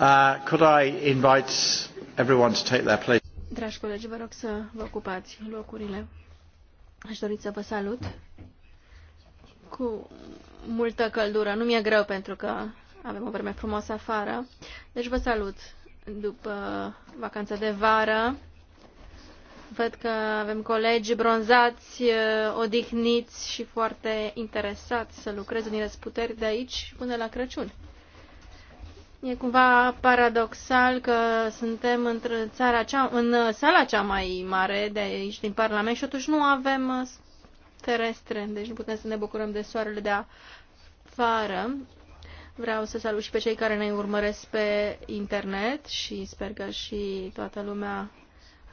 Uh, could I invite everyone to take their place? Dragi colegi, vă rog să vă ocupați locurile. Aș dori să vă salut cu multă căldură. Nu mi-e greu pentru că avem o vreme frumoasă afară. Deci vă salut după vacanța de vară. Văd că avem colegi bronzați, uh, odihniți și foarte interesați să lucreze din răsputeri de aici până la Crăciun. E cumva paradoxal că suntem într țara cea, în sala cea mai mare de aici din Parlament și totuși nu avem terestre, deci nu putem să ne bucurăm de soarele de afară. Vreau să salut și pe cei care ne urmăresc pe internet și sper că și toată lumea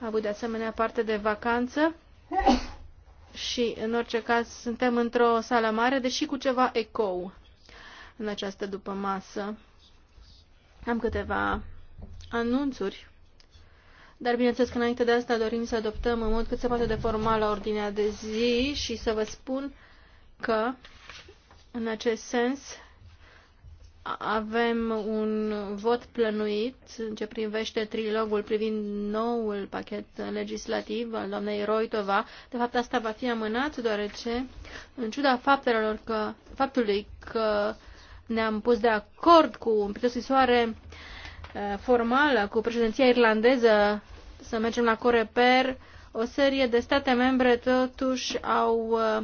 a avut de asemenea parte de vacanță. și, în orice caz, suntem într-o sală mare, deși cu ceva ecou în această după masă. Am câteva anunțuri, dar bineînțeles că înainte de asta dorim să adoptăm în mod cât se poate de formal la ordinea de zi și să vă spun că în acest sens avem un vot plănuit în ce privește trilogul privind noul pachet legislativ al doamnei Roitova. De fapt, asta va fi amânat, deoarece, în ciuda faptelor că, faptului că ne-am pus de acord cu o scrisoare eh, formală cu președinția irlandeză să mergem la Coreper. O serie de state membre totuși au eh,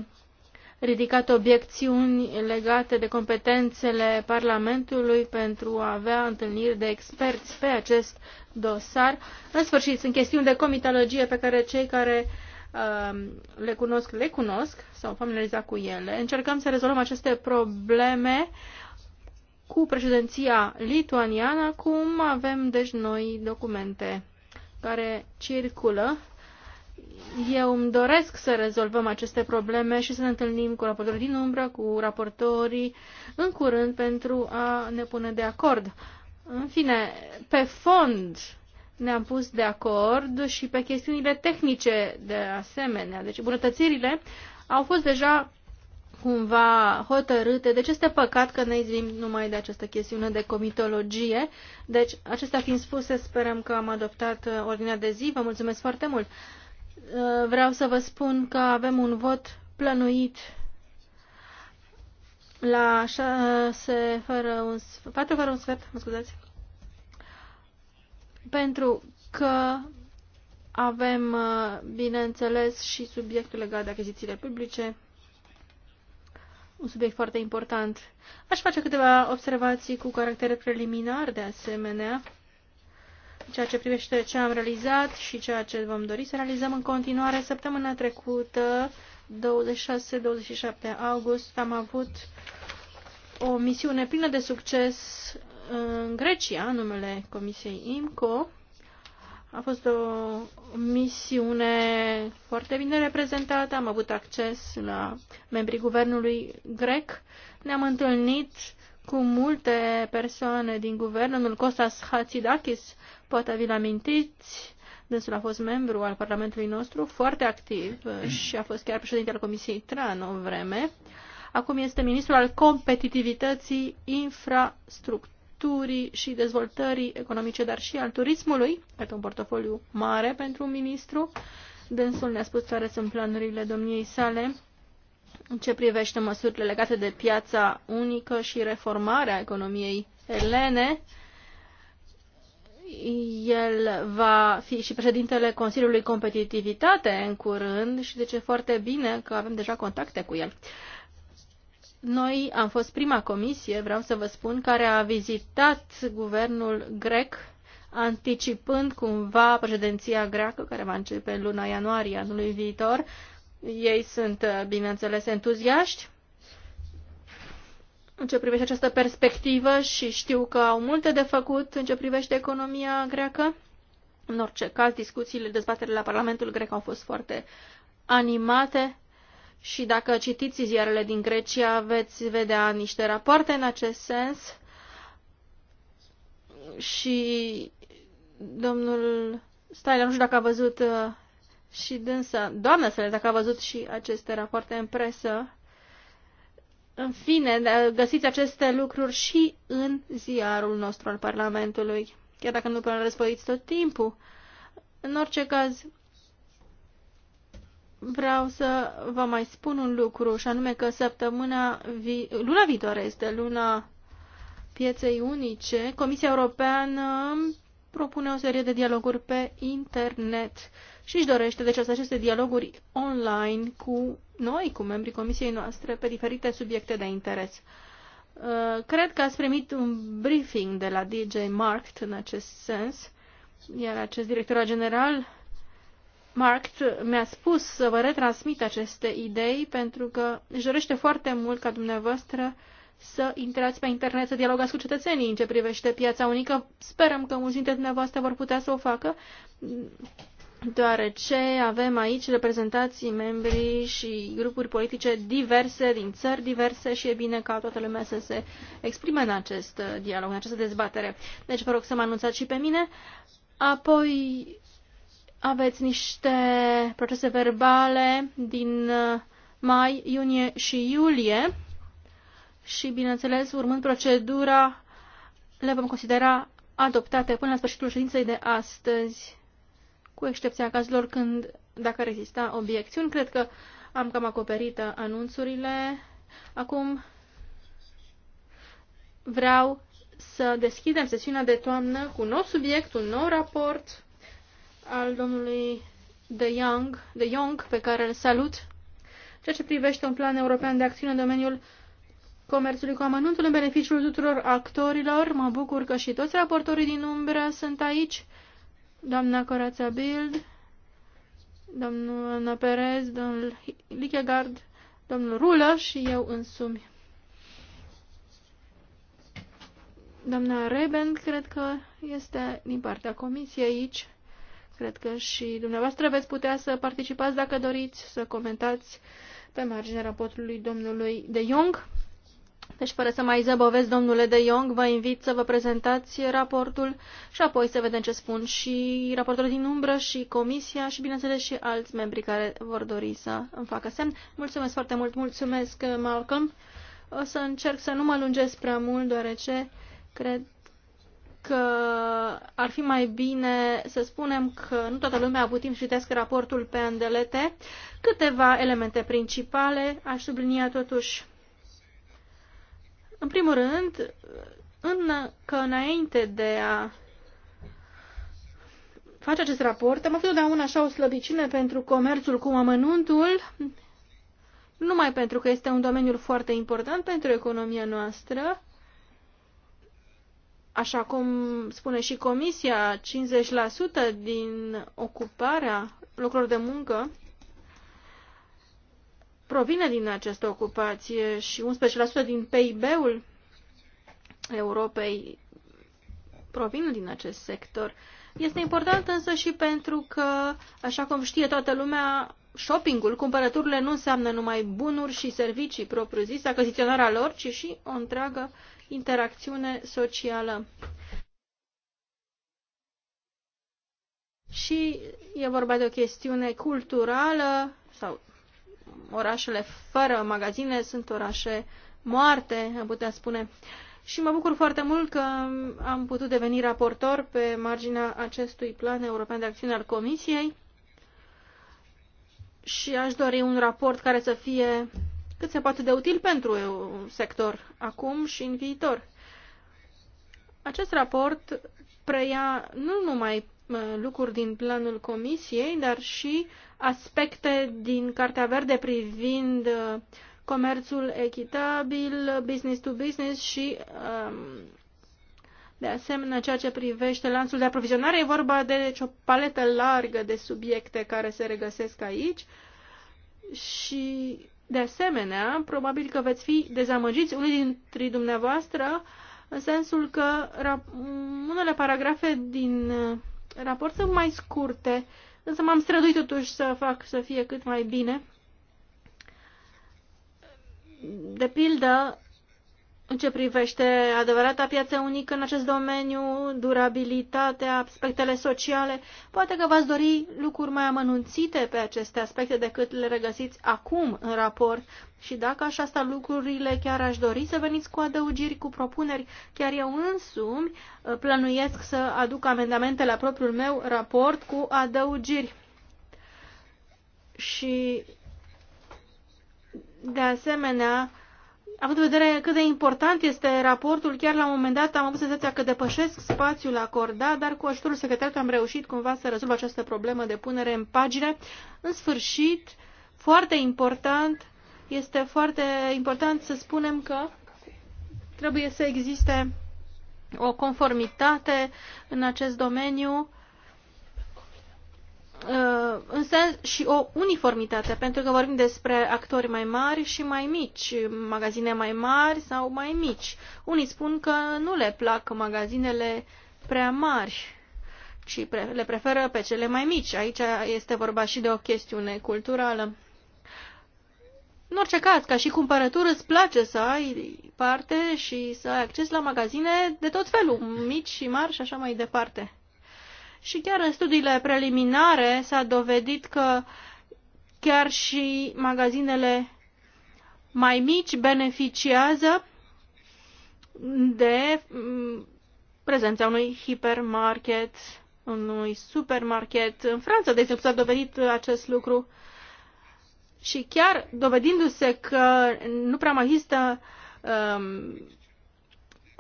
ridicat obiecțiuni legate de competențele Parlamentului pentru a avea întâlniri de experți pe acest dosar. În sfârșit, sunt chestiuni de comitologie pe care cei care uh, le cunosc, le cunosc, sau familiarizat cu ele. Încercăm să rezolvăm aceste probleme uh, cu președinția lituaniană. Acum avem, deci, noi documente care circulă. Eu îmi doresc să rezolvăm aceste probleme și să ne întâlnim cu raportorii din umbră, cu raportorii în curând pentru a ne pune de acord. În fine, pe fond ne-am pus de acord și pe chestiunile tehnice de asemenea. Deci bunătățirile au fost deja cumva hotărâte. Deci este păcat că ne izbim numai de această chestiune de comitologie. Deci, acestea fiind spuse, sperăm că am adoptat uh, ordinea de zi. Vă mulțumesc foarte mult. Uh, vreau să vă spun că avem un vot plănuit la 6 fără un, 4 fără un sfert, mă scuzați, pentru că avem, uh, bineînțeles, și subiectul legat de achizițiile publice un subiect foarte important. Aș face câteva observații cu caracter preliminar, de asemenea, ceea ce privește ce am realizat și ceea ce vom dori să realizăm în continuare. Săptămâna trecută, 26-27 august, am avut o misiune plină de succes în Grecia, numele Comisiei IMCO, a fost o misiune foarte bine reprezentată, am avut acces la membrii guvernului grec, ne-am întâlnit cu multe persoane din guvern, domnul Costas Hatzidakis, poate vi-l amintiți, dânsul a fost membru al Parlamentului nostru, foarte activ uh, și a fost chiar președintele Comisiei TRAN o vreme. Acum este ministrul al competitivității infrastructurii culturii și dezvoltării economice, dar și al turismului. Este un portofoliu mare pentru un ministru. Dânsul ne-a spus care sunt planurile domniei sale în ce privește măsurile legate de piața unică și reformarea economiei elene. El va fi și președintele Consiliului Competitivitate în curând și deci e foarte bine că avem deja contacte cu el. Noi am fost prima comisie, vreau să vă spun, care a vizitat guvernul grec anticipând cumva președinția greacă care va începe în luna ianuarie anului viitor. Ei sunt, uh, bineînțeles, entuziaști în ce privește această perspectivă și știu că au multe de făcut în ce privește economia greacă. În orice caz, discuțiile, dezbaterile la Parlamentul grec au fost foarte animate și dacă citiți ziarele din Grecia, veți vedea niște rapoarte în acest sens. Și domnul Stalin, nu știu dacă a văzut uh, și dânsa, doamna să dacă a văzut și aceste rapoarte în presă. În fine, da, găsiți aceste lucruri și în ziarul nostru al Parlamentului, chiar dacă nu prea răspăiți tot timpul. În orice caz, vreau să vă mai spun un lucru, și anume că săptămâna vi- luna viitoare este luna pieței unice. Comisia Europeană propune o serie de dialoguri pe internet și își dorește deci aceste dialoguri online cu noi, cu membrii comisiei noastre, pe diferite subiecte de interes. Uh, cred că ați primit un briefing de la DJ Markt în acest sens, iar acest director general Mark mi-a spus să vă retransmit aceste idei pentru că își dorește foarte mult ca dumneavoastră să intrați pe internet, să dialogați cu cetățenii în ce privește piața unică. Sperăm că mulți dintre dumneavoastră vor putea să o facă, deoarece avem aici reprezentații, membri și grupuri politice diverse, din țări diverse și e bine ca toată lumea să se exprime în acest dialog, în această dezbatere. Deci vă rog să mă anunțați și pe mine. Apoi aveți niște procese verbale din uh, mai, iunie și iulie și, bineînțeles, urmând procedura, le vom considera adoptate până la sfârșitul ședinței de astăzi, cu excepția cazurilor când, dacă ar exista obiecțiuni, cred că am cam acoperit anunțurile. Acum vreau să deschidem sesiunea de toamnă cu un nou subiect, un nou raport al domnului De Young, De Young pe care îl salut, ceea ce privește un plan european de acțiune în domeniul comerțului cu amănuntul în beneficiul tuturor actorilor. Mă bucur că și toți raportorii din umbră sunt aici. Doamna Corața Bild, domnul Ana Perez, domnul Lichegard, domnul Rulă și eu însumi. Doamna Reben, cred că este din partea comisiei aici. Cred că și dumneavoastră veți putea să participați dacă doriți să comentați pe marginea raportului domnului De Jong. Deci, fără să mai zăbovesc, domnule De Jong, vă invit să vă prezentați raportul și apoi să vedem ce spun și raportul din umbră și comisia și, bineînțeles, și alți membri care vor dori să îmi facă semn. Mulțumesc foarte mult, mulțumesc, Malcolm. O să încerc să nu mă lungesc prea mult, deoarece cred că ar fi mai bine să spunem că nu toată lumea a putut să citească raportul pe îndelete. Câteva elemente principale aș sublinia totuși. În primul rând, în, că înainte de a face acest raport, am avut totdeauna așa o slăbiciune pentru comerțul cu amănuntul, numai pentru că este un domeniu foarte important pentru economia noastră, așa cum spune și Comisia, 50% din ocuparea locurilor de muncă provine din această ocupație și 11% din PIB-ul Europei provine din acest sector. Este important însă și pentru că, așa cum știe toată lumea, shoppingul, cumpărăturile nu înseamnă numai bunuri și servicii propriu-zis, achiziționarea lor, ci și o întreagă uh, interacțiune socială. Și e vorba de o chestiune culturală sau orașele fără magazine sunt orașe moarte, am putea spune. Și mă bucur foarte mult că am putut deveni raportor pe marginea acestui plan european de acțiune al Comisiei și aș dori un raport care să fie cât se poate de util pentru sector acum și în viitor. Acest raport preia nu numai lucruri din planul Comisiei, dar și aspecte din Cartea Verde privind uh, comerțul echitabil, business to business și um, de asemenea ceea ce privește lanțul de aprovizionare. E vorba de deci, o paletă largă de subiecte care se regăsesc aici și de asemenea, probabil că veți fi dezamăgiți unii dintre dumneavoastră în sensul că unele paragrafe din uh, raport sunt mai scurte, însă m-am străduit totuși să fac să fie cât mai bine. De pildă, în ce privește adevărata piață unică în acest domeniu, durabilitatea, aspectele sociale, poate că v-ați dori lucruri mai amănunțite pe aceste aspecte decât le regăsiți acum în raport. Și dacă așa sta lucrurile, chiar aș dori să veniți cu adăugiri, cu propuneri. Chiar eu însumi uh, plănuiesc să aduc amendamente la propriul meu raport cu adăugiri. Și de asemenea, Având în vedere cât de important este raportul, chiar la un moment dat am avut senzația că depășesc spațiul acordat, dar cu ajutorul secretarului am reușit cumva să rezolv această problemă de punere în pagine. În sfârșit, foarte important, este foarte important să spunem că trebuie să existe o conformitate în acest domeniu Uh, în sens și o uniformitate, pentru că vorbim despre actori mai mari și mai mici, magazine mai mari sau mai mici. Unii spun că nu le plac magazinele prea mari, ci le preferă pe cele mai mici. Aici este vorba și de o chestiune culturală. În orice caz, ca și cumpărături, îți place să ai parte și să ai acces la magazine de tot felul, mici și mari și așa mai departe și chiar în studiile preliminare s-a dovedit că chiar și magazinele mai mici beneficiază de mm, prezența unui hipermarket, unui supermarket. În Franța, de exemplu, s-a dovedit acest lucru și chiar dovedindu-se că nu prea mai există um,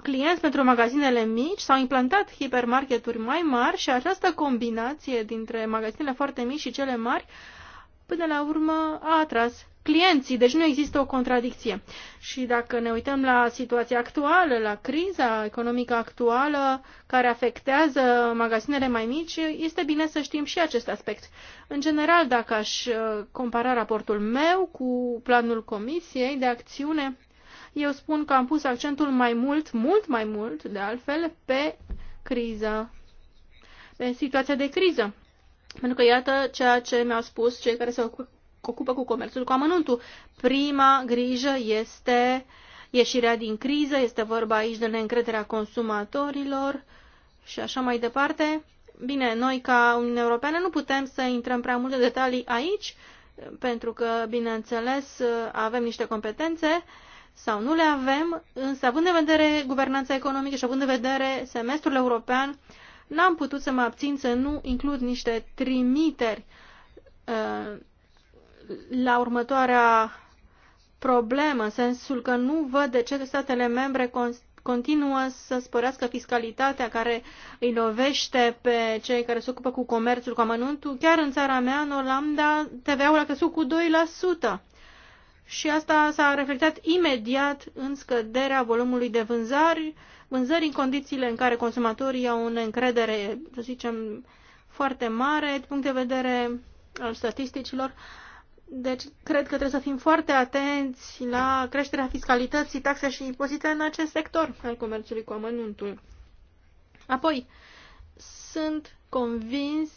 clienți pentru magazinele mici, s-au implantat hipermarketuri mai mari și această combinație dintre magazinele foarte mici și cele mari, până la urmă, a atras clienții, deci nu există o contradicție. Și dacă ne uităm la situația actuală, la criza economică actuală care afectează magazinele mai mici, este bine să știm și acest aspect. În general, dacă aș uh, compara raportul meu cu planul Comisiei de acțiune, eu spun că am pus accentul mai mult, mult mai mult, de altfel, pe criză, pe situația de criză. Pentru că iată ceea ce mi-au spus cei care se ocupă cu comerțul cu amănuntul. Prima grijă este ieșirea din criză, este vorba aici de neîncrederea consumatorilor și așa mai departe. Bine, noi ca Uniunea Europeană nu putem să intrăm prea multe detalii aici, pentru că, bineînțeles, avem niște competențe sau nu le avem, însă având în vedere guvernanța economică și având în vedere semestrul european, n-am putut să mă abțin să nu includ niște trimiteri uh, la următoarea problemă, în sensul că nu văd de ce statele membre continuă să sporească fiscalitatea care îi lovește pe cei care se ocupă cu comerțul, cu amănuntul. Chiar în țara mea, în Olanda, TVA-ul a crescut cu și asta s-a reflectat imediat în scăderea volumului de vânzări, vânzări în condițiile în care consumatorii au o încredere, să zicem, foarte mare din punct de vedere al statisticilor. Deci, cred că trebuie să fim foarte atenți la creșterea fiscalității, taxe și impozite în acest sector al comerțului cu amănuntul. Apoi, sunt convins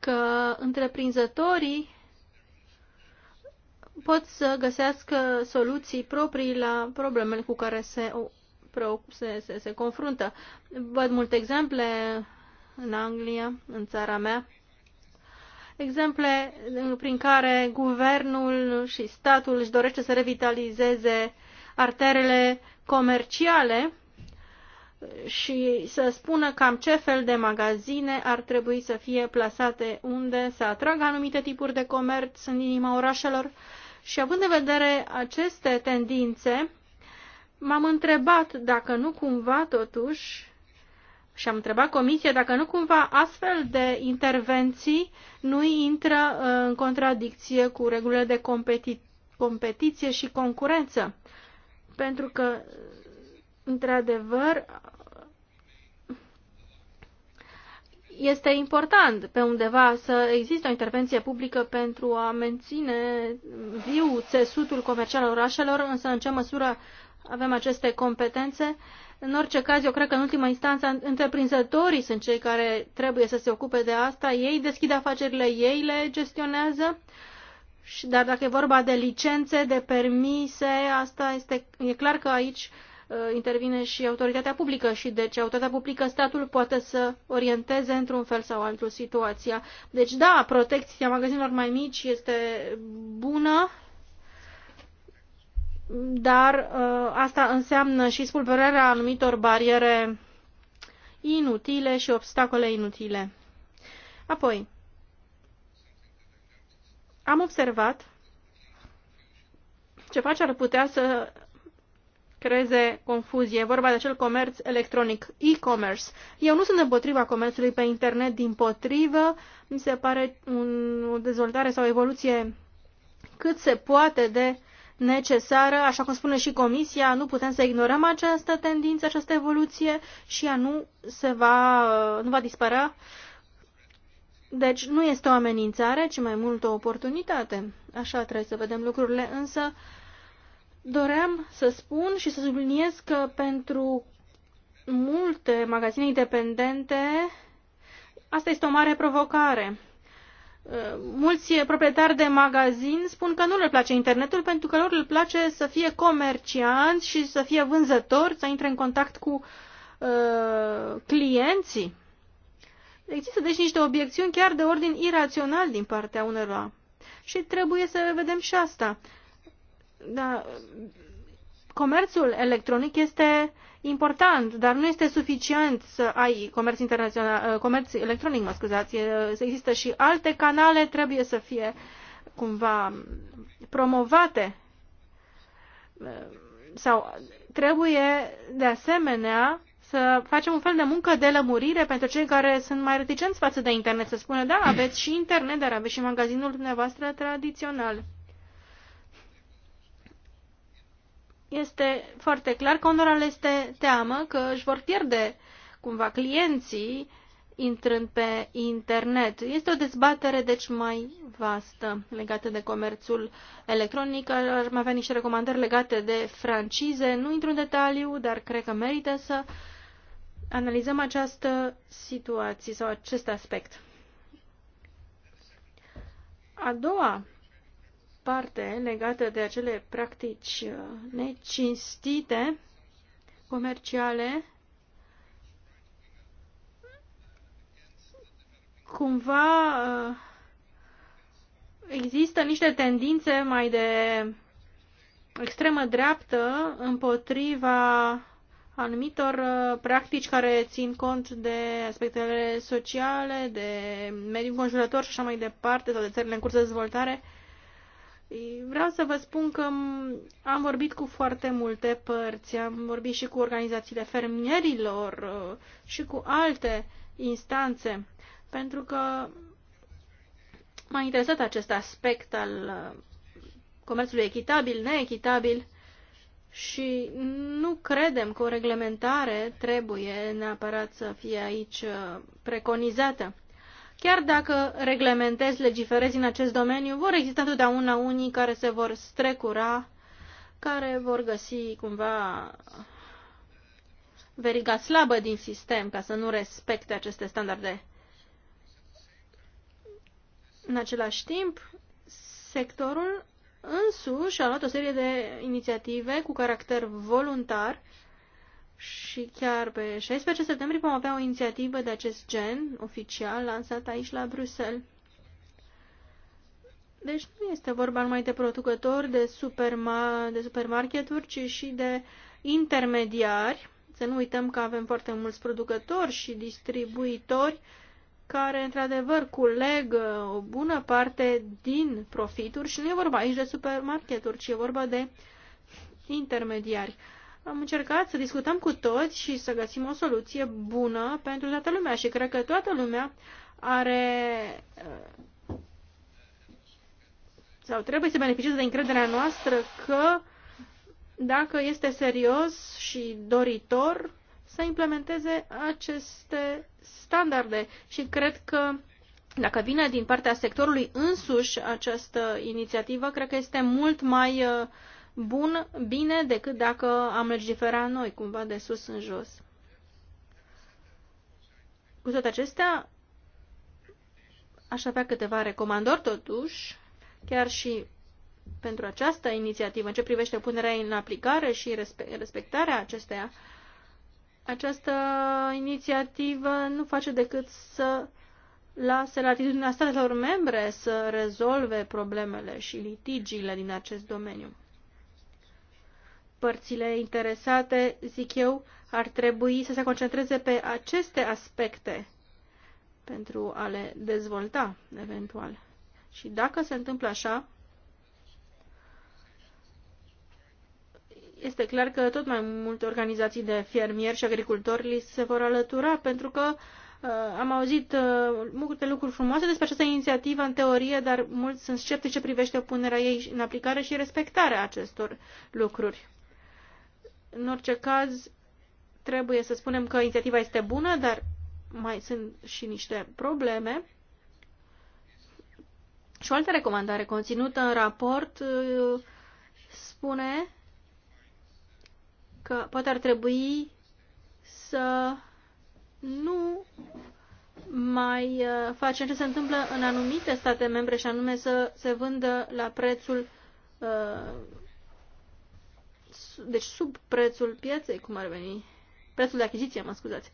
că întreprinzătorii pot să găsească soluții proprii la problemele cu care se, se, se, se confruntă. Văd multe exemple în Anglia, în țara mea, exemple prin care guvernul și statul își dorește să revitalizeze arterele comerciale și să spună cam ce fel de magazine ar trebui să fie plasate unde, să atragă anumite tipuri de comerț în inima orașelor și având în vedere aceste tendințe, m-am întrebat dacă nu cumva totuși și am întrebat comisia dacă nu cumva astfel de intervenții nu intră uh, în contradicție cu regulile de competi- competiție și concurență. Pentru că, într-adevăr, este important pe undeva să existe o intervenție publică pentru a menține viu țesutul comercial al orașelor, însă în ce măsură avem aceste competențe. În orice caz, eu cred că în ultima instanță întreprinzătorii sunt cei care trebuie să se ocupe de asta. Ei deschid afacerile, ei le gestionează. Dar dacă e vorba de licențe, de permise, asta este, e clar că aici uh, Uh, intervine și autoritatea publică și deci autoritatea publică, statul poate să orienteze într-un fel sau altul situația. Deci da, protecția magazinelor mai mici este bună, dar uh, asta înseamnă și spulberarea anumitor bariere inutile și obstacole inutile. Apoi, am observat ce face ar putea să creeze confuzie. E vorba de acel comerț electronic, e-commerce. Eu nu sunt împotriva comerțului pe internet, din potrivă, mi se pare un, o dezvoltare sau o evoluție cât se poate de necesară, așa cum spune și Comisia, nu putem să ignorăm această tendință, această evoluție și ea nu, se va, nu va dispărea. Deci nu este o amenințare, ci mai mult o oportunitate. Așa trebuie să vedem lucrurile, însă uh, Doream să spun și să subliniez că pentru multe magazine independente asta este o mare provocare. Uh, mulți proprietari de magazin spun că nu le place internetul pentru că lor le place să fie comercianți și să fie vânzători, să intre în contact cu uh, clienții. Există deci niște obiecțiuni chiar de ordin irațional din partea unora. Și trebuie să vedem și asta da, comerțul electronic este important, dar nu este suficient să ai comerț, internațional, uh, comerț electronic, mă scuzați, există și alte canale, trebuie să fie cumva promovate uh, sau trebuie de asemenea să facem un fel de muncă de lămurire pentru cei care sunt mai reticenți față de internet, să spună, da, aveți și internet, dar aveți și magazinul dumneavoastră tradițional. este foarte clar că unora le este teamă că își vor pierde cumva clienții intrând pe internet. Este o dezbatere, deci, mai vastă legată de comerțul electronic. Ar mai avea niște recomandări legate de francize. Nu intru în detaliu, dar cred că merită să analizăm această situație sau acest aspect. A doua parte legată de acele practici uh, necinstite, comerciale, cumva uh, există niște tendințe mai de extremă dreaptă împotriva anumitor uh, practici care țin cont de aspectele sociale, de mediul conjurător și așa mai departe, sau de țările în curs de dezvoltare, Vreau să vă spun că am vorbit cu foarte multe părți, am vorbit și cu organizațiile fermierilor uh, și cu alte instanțe, pentru că m-a interesat acest aspect al uh, comerțului echitabil, neechitabil și nu credem că o reglementare trebuie neapărat să fie aici uh, preconizată. Chiar dacă reglementezi, legiferezi în acest domeniu, vor exista întotdeauna unii care se vor strecura, care vor găsi cumva veriga slabă din sistem ca să nu respecte aceste standarde. În același timp, sectorul însuși a luat o serie de inițiative cu caracter voluntar și chiar pe 16 septembrie vom avea o inițiativă de acest gen, oficial, lansată aici la Bruxelles. Deci nu este vorba numai de producători, de, superma, de supermarketuri, ci și de intermediari. Să nu uităm că avem foarte mulți producători și distribuitori care, într-adevăr, culeg uh, o bună parte din profituri și nu e vorba aici de supermarketuri, ci e vorba de intermediari am încercat să discutăm cu toți și să găsim o soluție bună pentru toată lumea și cred că toată lumea are uh, sau trebuie să beneficieze de încrederea noastră că dacă este serios și doritor să implementeze aceste standarde și cred că dacă vine din partea sectorului însuși această inițiativă, cred că este mult mai uh, bun, bine, decât dacă am legifera noi, cumva de sus în jos. Cu toate acestea, aș avea câteva recomandări, totuși, chiar și pentru această inițiativă, în ce privește punerea în aplicare și respectarea acesteia, această inițiativă nu face decât să lase la atitudinea statelor membre să rezolve problemele și litigiile din acest domeniu părțile interesate, zic eu, ar trebui să se concentreze pe aceste aspecte pentru a le dezvolta, eventual. Și dacă se întâmplă așa, este clar că tot mai multe organizații de fermieri și agricultori li se vor alătura, pentru că uh, am auzit uh, multe lucruri frumoase despre această inițiativă în teorie, dar mulți sunt sceptici ce privește punerea ei în aplicare și respectarea acestor lucruri. În orice caz, trebuie să spunem că inițiativa este bună, dar mai sunt și niște probleme. Și o altă recomandare conținută în raport uh, spune că poate ar trebui să nu mai uh, facem ce se întâmplă în anumite state membre și anume să se vândă la prețul uh, deci sub prețul pieței, cum ar veni, prețul de achiziție, mă scuzați.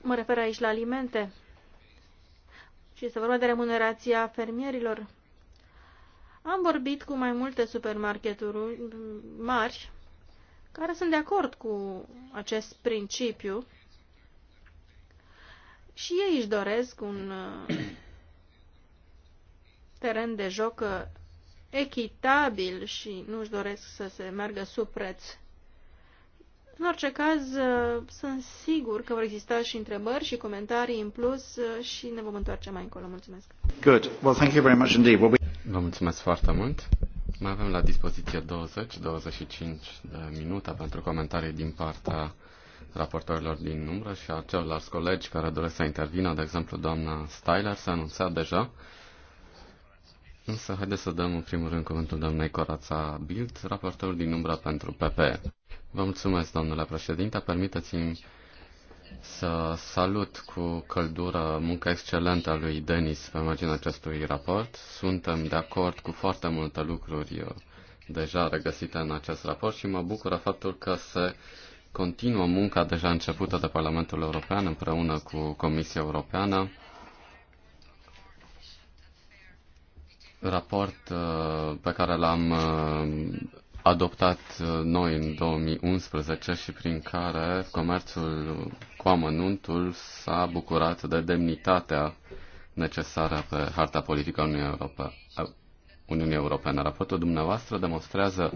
Mă refer aici la alimente și este vorba de remunerația fermierilor. Am vorbit cu mai multe supermarketuri mari care sunt de acord cu acest principiu și ei își doresc un uh, teren de joc uh, echitabil și nu-și doresc să se meargă sub preț. În orice caz, sunt sigur că vor exista și întrebări și comentarii în plus și ne vom întoarce mai încolo. Mulțumesc. Good. Well, thank you very much indeed. Well, be... Vă mulțumesc foarte mult. Mai avem la dispoziție 20-25 de minute pentru comentarii din partea raportorilor din număr și a celorlalți colegi care doresc să intervină, de exemplu doamna Styler s-a anunțat deja Însă, haideți să dăm în primul rând cuvântul doamnei Corața Bild, raportor din umbra pentru PP. Vă mulțumesc, domnule președinte. Permiteți-mi să salut cu căldură munca excelentă a lui Denis pe marginea acestui raport. Suntem de acord cu foarte multe lucruri uh, deja regăsite în acest raport și mă bucură faptul că se continuă munca deja începută de Parlamentul European împreună cu Comisia Europeană raport uh, pe care l-am uh, adoptat uh, noi în 2011 și prin care comerțul cu amănuntul s-a bucurat de demnitatea necesară pe harta politică a Uniunii Europene. Uniunii Europene. Raportul dumneavoastră demonstrează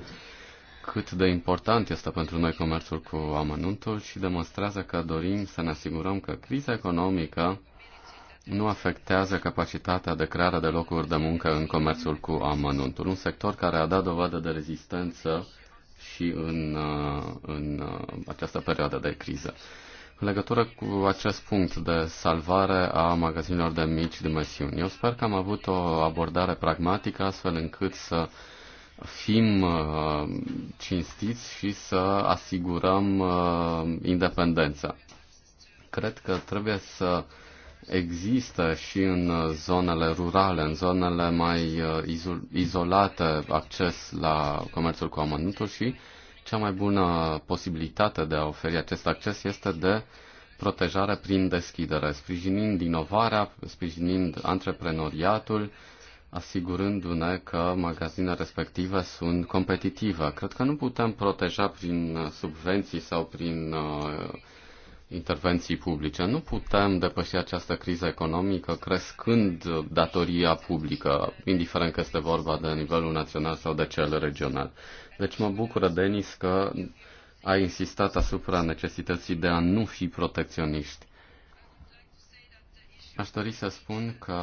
cât de important este pentru noi comerțul cu amănuntul și demonstrează că dorim să ne asigurăm că criza economică nu afectează capacitatea de creare de locuri de muncă în comerțul cu amănuntul, un sector care a dat dovadă de rezistență și în, uh, în uh, această perioadă de criză. În legătură cu acest punct de salvare a magazinelor de mici dimensiuni, eu sper că am avut o abordare pragmatică astfel încât să fim uh, cinstiți și să asigurăm independența. Cred că trebuie să există și în uh, zonele rurale, în zonele mai uh, izolate, acces la comerțul cu amănuntul și cea mai bună posibilitate de a oferi acest acces este de protejare prin deschidere, sprijinind inovarea, sprijinind antreprenoriatul, asigurându-ne că magazinele respective sunt competitive. Cred că nu putem proteja prin uh, subvenții sau prin uh, intervenții publice. Nu putem depăși această criză economică crescând datoria publică, indiferent că este vorba de nivelul național sau de cel regional. Deci mă bucură, Denis, că ai insistat asupra necesității de a nu fi protecționiști. Aș dori să spun că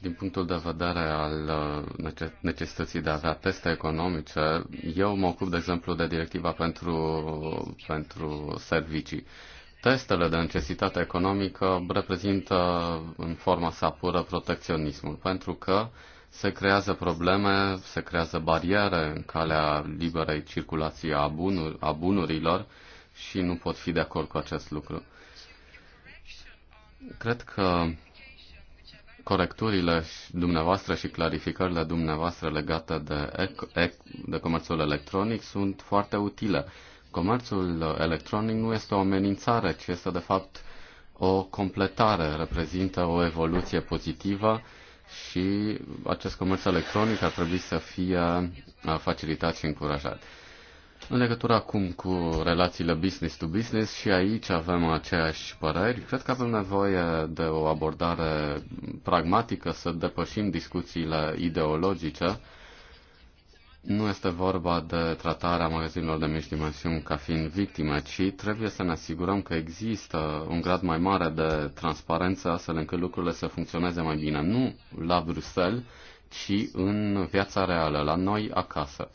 din punctul de vedere al uh, necesității de a avea teste economice, eu mă ocup, de exemplu, de directiva pentru, pentru servicii. Testele de necesitate economică reprezintă în forma sa pură protecționismul, pentru că se creează probleme, se creează bariere în calea liberei circulații a, bunur, a bunurilor și nu pot fi de acord cu acest lucru. Cred că corecturile dumneavoastră și clarificările dumneavoastră legate de, ec- ec- de comerțul electronic sunt foarte utile. Comerțul electronic nu este o amenințare, ci este de fapt o completare, reprezintă o evoluție pozitivă și acest comerț electronic ar trebui să fie facilitat și încurajat. În legătură acum cu relațiile business to business și aici avem aceeași păreri. Cred că avem nevoie de o abordare pragmatică, să depășim discuțiile ideologice. Nu este vorba de tratarea magazinelor de mici dimensiuni ca fiind victime, ci trebuie să ne asigurăm că există un grad mai mare de transparență astfel încât lucrurile să funcționeze mai bine, nu la Bruxelles, ci în viața reală, la noi acasă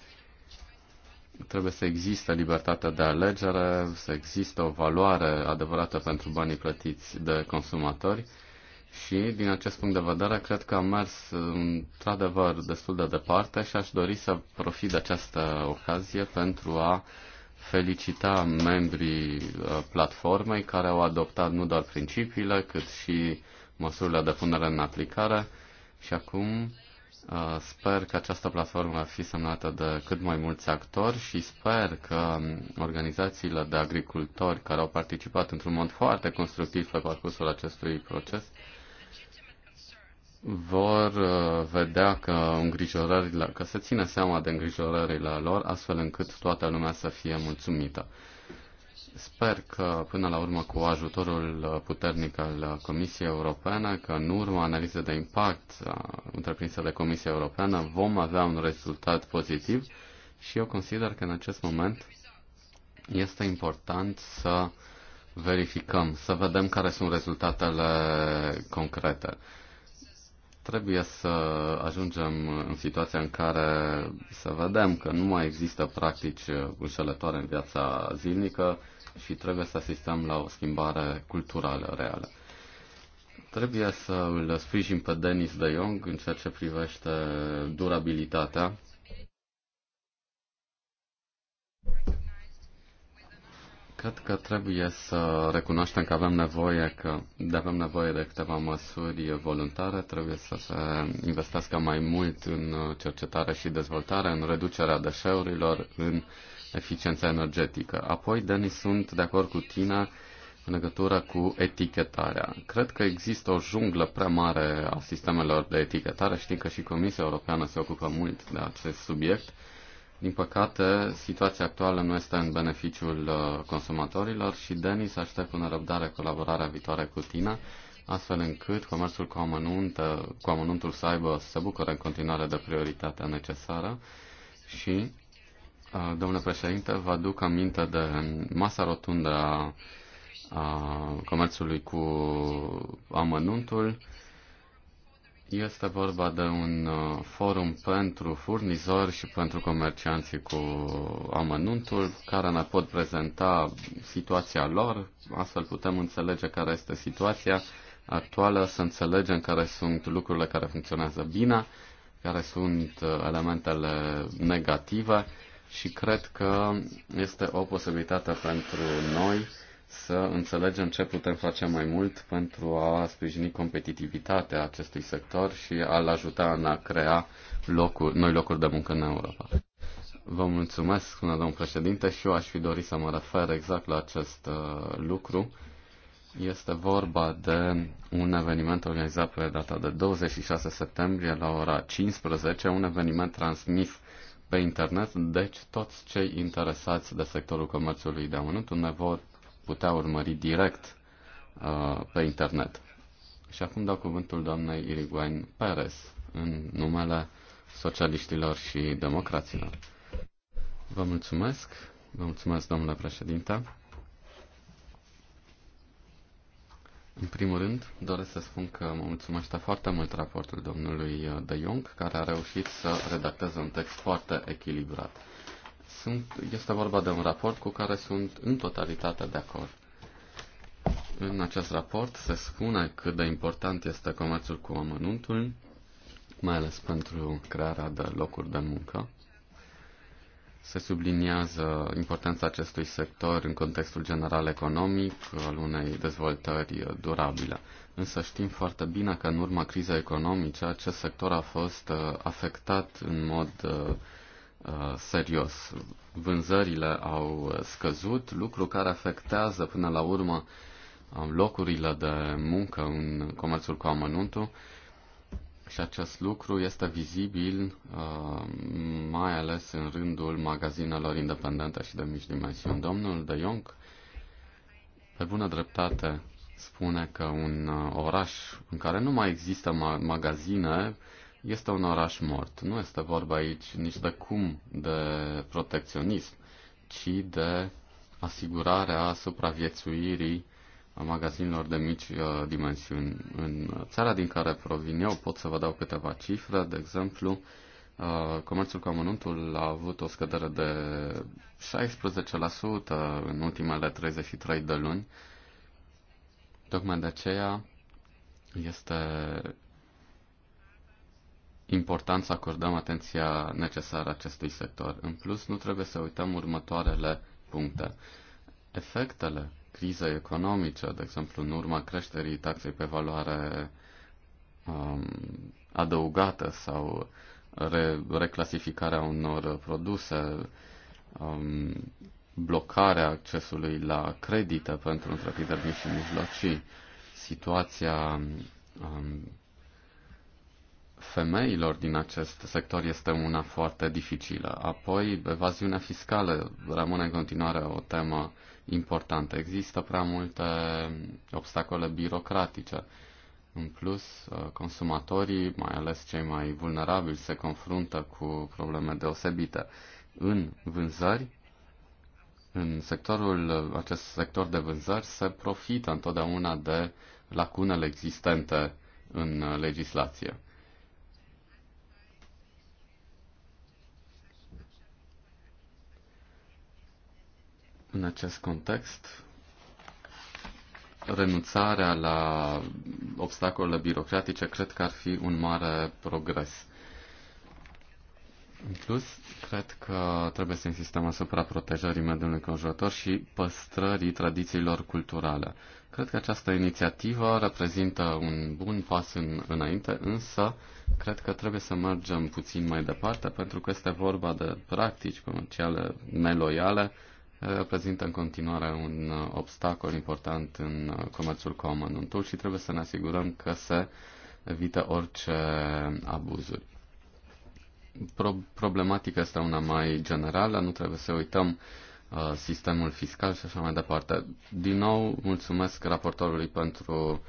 trebuie să existe libertatea de alegere, să existe o valoare adevărată pentru banii plătiți de consumatori și, din acest punct de vedere, cred că am mers într-adevăr destul de departe și aș dori să profit de această ocazie pentru a felicita membrii uh, platformei care au adoptat nu doar principiile, cât și măsurile de punere în aplicare și acum Uh, sper că această platformă va fi semnată de cât mai mulți actori și sper că organizațiile de agricultori care au participat într-un mod foarte constructiv pe parcursul acestui proces vor uh, vedea că îngrijorările, că se ține seama de îngrijorările lor, astfel încât toată lumea să fie mulțumită. Sper că până la urmă cu ajutorul uh, puternic al uh, Comisiei Europene, că în urma analizei de impact uh, întreprinsă de Comisia Europeană vom avea un rezultat pozitiv și eu consider că în acest moment este important să verificăm, să vedem care sunt rezultatele concrete. Trebuie să ajungem în situația în care să vedem că nu mai există practici înșelătoare în viața zilnică, și trebuie să asistăm la o schimbare culturală reală. Trebuie să îl sprijin pe Denis de Jong în ceea ce privește durabilitatea. Cred că trebuie să recunoaștem că avem nevoie, că de avem nevoie de câteva măsuri voluntare, trebuie să se investească mai mult în cercetare și dezvoltare, în reducerea deșeurilor, în uh, eficiența energetică. Apoi, Dani, sunt de acord cu tine în legătură cu etichetarea. Cred că există o junglă prea mare a sistemelor de etichetare. Știm că și Comisia Europeană se ocupă mult de acest subiect. Din păcate, situația actuală nu este în beneficiul uh, consumatorilor și Denis aștept cu nerăbdare colaborarea viitoare cu tine, astfel încât comerțul cu, amănunt, cu amănuntul să aibă să bucure în continuare de prioritatea necesară și domnule președinte, vă aduc aminte de masa rotundă a, a comerțului cu amănuntul. Este vorba de un forum pentru furnizori și pentru comercianții cu amănuntul care ne pot prezenta situația lor, astfel putem înțelege care este situația actuală, să înțelegem care sunt lucrurile care funcționează bine, care sunt elementele negative și cred că este o posibilitate pentru noi să înțelegem ce putem face mai mult pentru a sprijini competitivitatea acestui sector și a-l ajuta în a crea locuri, noi locuri de muncă în Europa. Vă mulțumesc, spune domnul președinte, și eu aș fi dorit să mă refer exact la acest uh, lucru. Este vorba de un eveniment organizat pe data de 26 septembrie la ora 15, un eveniment transmis pe internet, deci toți cei interesați de sectorul comerțului de amănuntul ne vor putea urmări direct uh, pe internet. Și acum dau cuvântul doamnei Iriguen Perez în numele socialiștilor și democraților. Vă mulțumesc, vă mulțumesc domnule președinte. În primul rând, doresc să spun că mă mulțumește foarte mult raportul domnului uh, De Jong, care a reușit să redacteze un text foarte echilibrat. Sunt, este vorba de un raport cu care sunt în totalitate de acord. În acest raport se spune cât de important este comerțul cu amănuntul, mai ales pentru crearea de locuri de muncă. Se subliniază importanța acestui sector în contextul general economic al unei dezvoltări durabile. Însă știm foarte bine că în urma crizei economice acest sector a fost uh, afectat în mod uh, uh, serios. Vânzările au scăzut, lucru care afectează până la urmă locurile de muncă în comerțul cu amănuntul și acest lucru este vizibil uh, mai ales în rândul magazinelor independente și de mici dimensiuni. Domnul De Jong, pe bună dreptate, spune că un uh, oraș în care nu mai există ma- magazine este un oraș mort. Nu este vorba aici nici de cum de protecționism, ci de asigurarea supraviețuirii magazinelor de mici uh, dimensiuni. În țara din care provin eu pot să vă dau câteva cifre, de exemplu, uh, comerțul cu amănuntul a avut o scădere de 16% în ultimele 33 de luni. Tocmai de aceea este important să acordăm atenția necesară acestui sector. În plus, nu trebuie să uităm următoarele puncte. Efectele crizei economice, de exemplu, în urma creșterii taxei pe valoare um, adăugată sau re- reclasificarea unor produse, um, blocarea accesului la credite pentru întreprinderi mici și mijlocii, situația um, femeilor din acest sector este una foarte dificilă. Apoi, evaziunea fiscală rămâne în continuare o temă importantă. Există prea multe obstacole birocratice. În plus, uh, consumatorii, mai ales cei mai vulnerabili, se confruntă cu probleme deosebite în vânzări. În sectorul, acest sector de vânzări se profită întotdeauna de lacunele existente în uh, legislație. În acest context, renunțarea la obstacolele birocratice cred că ar fi un mare progres. În plus, cred că trebuie să insistăm asupra protejării mediului conjurător și păstrării tradițiilor culturale. Cred că această inițiativă reprezintă un bun pas în, înainte, însă cred că trebuie să mergem puțin mai departe pentru că este vorba de practici comerciale neloiale reprezintă în continuare un uh, obstacol important în uh, comerțul cu amănuntul și trebuie să ne asigurăm că se evită orice abuzuri. Pro- problematica este una mai generală, nu trebuie să uităm uh, sistemul fiscal și așa mai departe. Din nou, mulțumesc raportorului pentru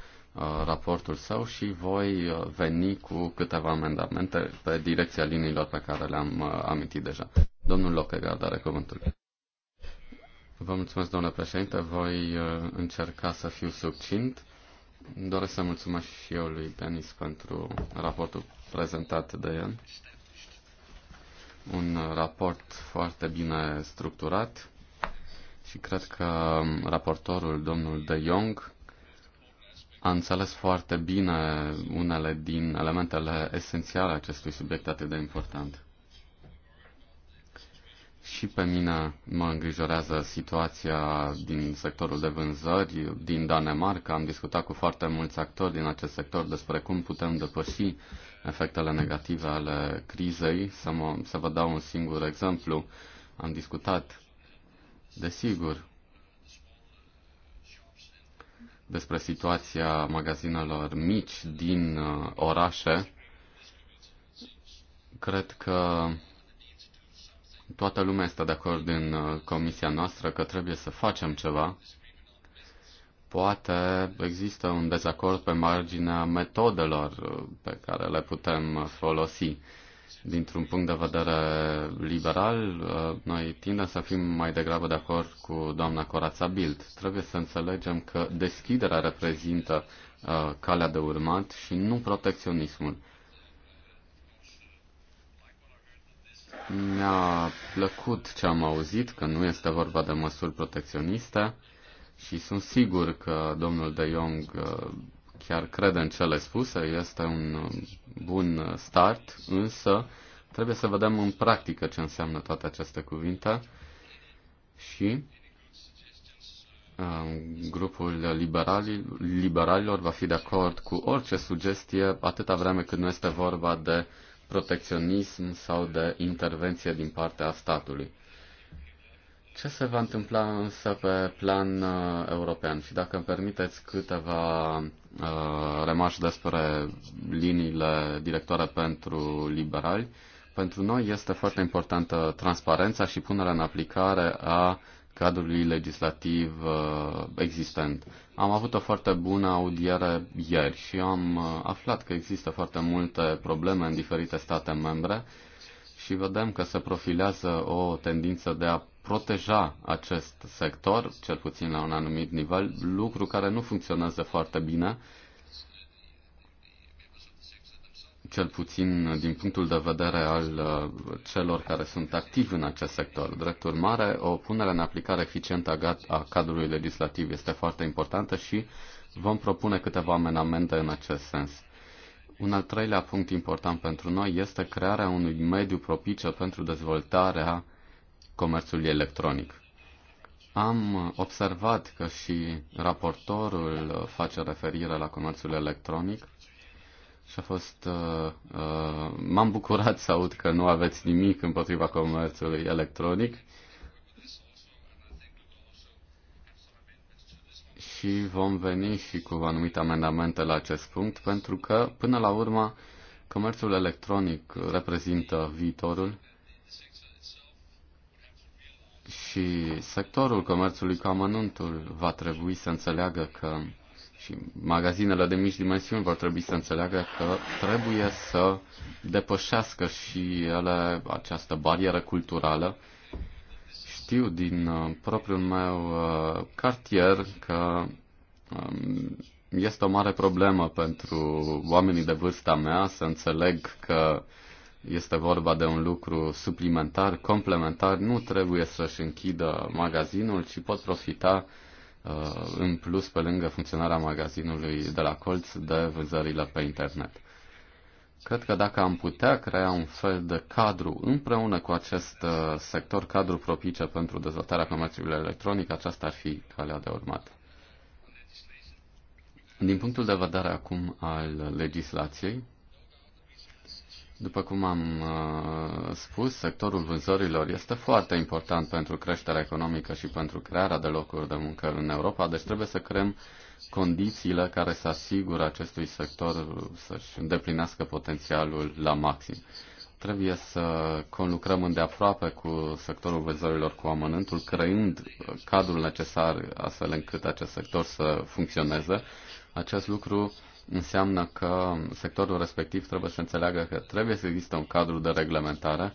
raportul său și voi veni cu câteva amendamente pe direcția liniilor pe care le-am amintit deja. Domnul Lockegaard are cuvântul. Vă mulțumesc, domnule președinte. Voi uh, încerca să fiu succint. Doresc să mulțumesc și eu lui Denis pentru raportul prezentat de el. Un raport foarte bine structurat și cred că raportorul, domnul De Jong, a înțeles foarte bine unele din elementele esențiale acestui subiect atât de important. Și pe mine mă îngrijorează situația din sectorul de vânzări din Danemarca. Am discutat cu foarte mulți actori din acest sector despre cum putem depăși efectele negative ale crizei. Să, mă, să vă dau un singur exemplu. Am discutat, desigur, despre situația magazinelor mici din uh, orașe. Cred că Toată lumea este de acord în uh, comisia noastră că trebuie să facem ceva. Poate există un dezacord pe marginea metodelor uh, pe care le putem uh, folosi. Dintr-un punct de vedere liberal, noi tindem să fim mai degrabă de acord cu doamna Corața Bild. Trebuie să înțelegem că deschiderea reprezintă calea de urmat și nu protecționismul. Mi-a plăcut ce am auzit, că nu este vorba de măsuri protecționiste și sunt sigur că domnul De Jong uh, chiar crede în cele spuse, este un uh, bun start, însă trebuie să vedem în practică ce înseamnă toate aceste cuvinte și uh, grupul liberalilor va fi de acord cu orice sugestie, atâta vreme cât nu este vorba de protecționism sau de intervenție din partea statului. Ce se va întâmpla însă pe plan uh, european? Și dacă îmi permiteți câteva uh, remarci despre liniile directoare pentru liberali, pentru noi este foarte importantă transparența și punerea în aplicare a cadrului legislativ uh, existent. Am avut o foarte bună audiere ieri și am uh, aflat că există foarte multe probleme în diferite state membre și vedem că se profilează o tendință de a proteja acest sector, cel puțin la un anumit nivel, lucru care nu funcționează foarte bine cel puțin din punctul de vedere al uh, celor care sunt activi în acest sector. Drept urmare, o punere în aplicare eficientă a cadrului legislativ este foarte importantă și vom propune câteva amendamente în acest sens. Un al treilea punct important pentru noi este crearea unui mediu propice pentru dezvoltarea comerțului electronic. Am observat că și raportorul face referire la comerțul electronic și a fost... Uh, uh, m-am bucurat să aud că nu aveți nimic împotriva comerțului electronic. Și vom veni și cu anumite amendamente la acest punct, pentru că, până la urmă, comerțul electronic reprezintă viitorul și sectorul comerțului cu amănuntul va trebui să înțeleagă că și magazinele de mici dimensiuni vor trebui să înțeleagă că trebuie să depășească și ele această barieră culturală. Știu din uh, propriul meu uh, cartier că um, este o mare problemă pentru oamenii de vârsta mea să înțeleg că este vorba de un lucru suplimentar, complementar, nu trebuie să-și închidă magazinul, ci pot profita uh, Uh, în plus pe lângă funcționarea magazinului de la colț de vânzările pe internet. Cred că dacă am putea crea un fel de cadru împreună cu acest uh, sector, cadru propice pentru dezvoltarea comerțului electronic, aceasta ar fi calea de urmat. Din punctul de vedere acum al legislației, după cum am uh, spus, sectorul vânzărilor este foarte important pentru creșterea economică și pentru crearea de locuri de muncă în Europa, deci trebuie să creăm condițiile care să asigură acestui sector să-și îndeplinească potențialul la maxim. Trebuie să conlucrăm îndeaproape cu sectorul vânzărilor cu amănântul, creând cadrul necesar astfel încât acest sector să funcționeze. Acest lucru înseamnă că sectorul respectiv trebuie să înțeleagă că trebuie să existe un cadru de reglementare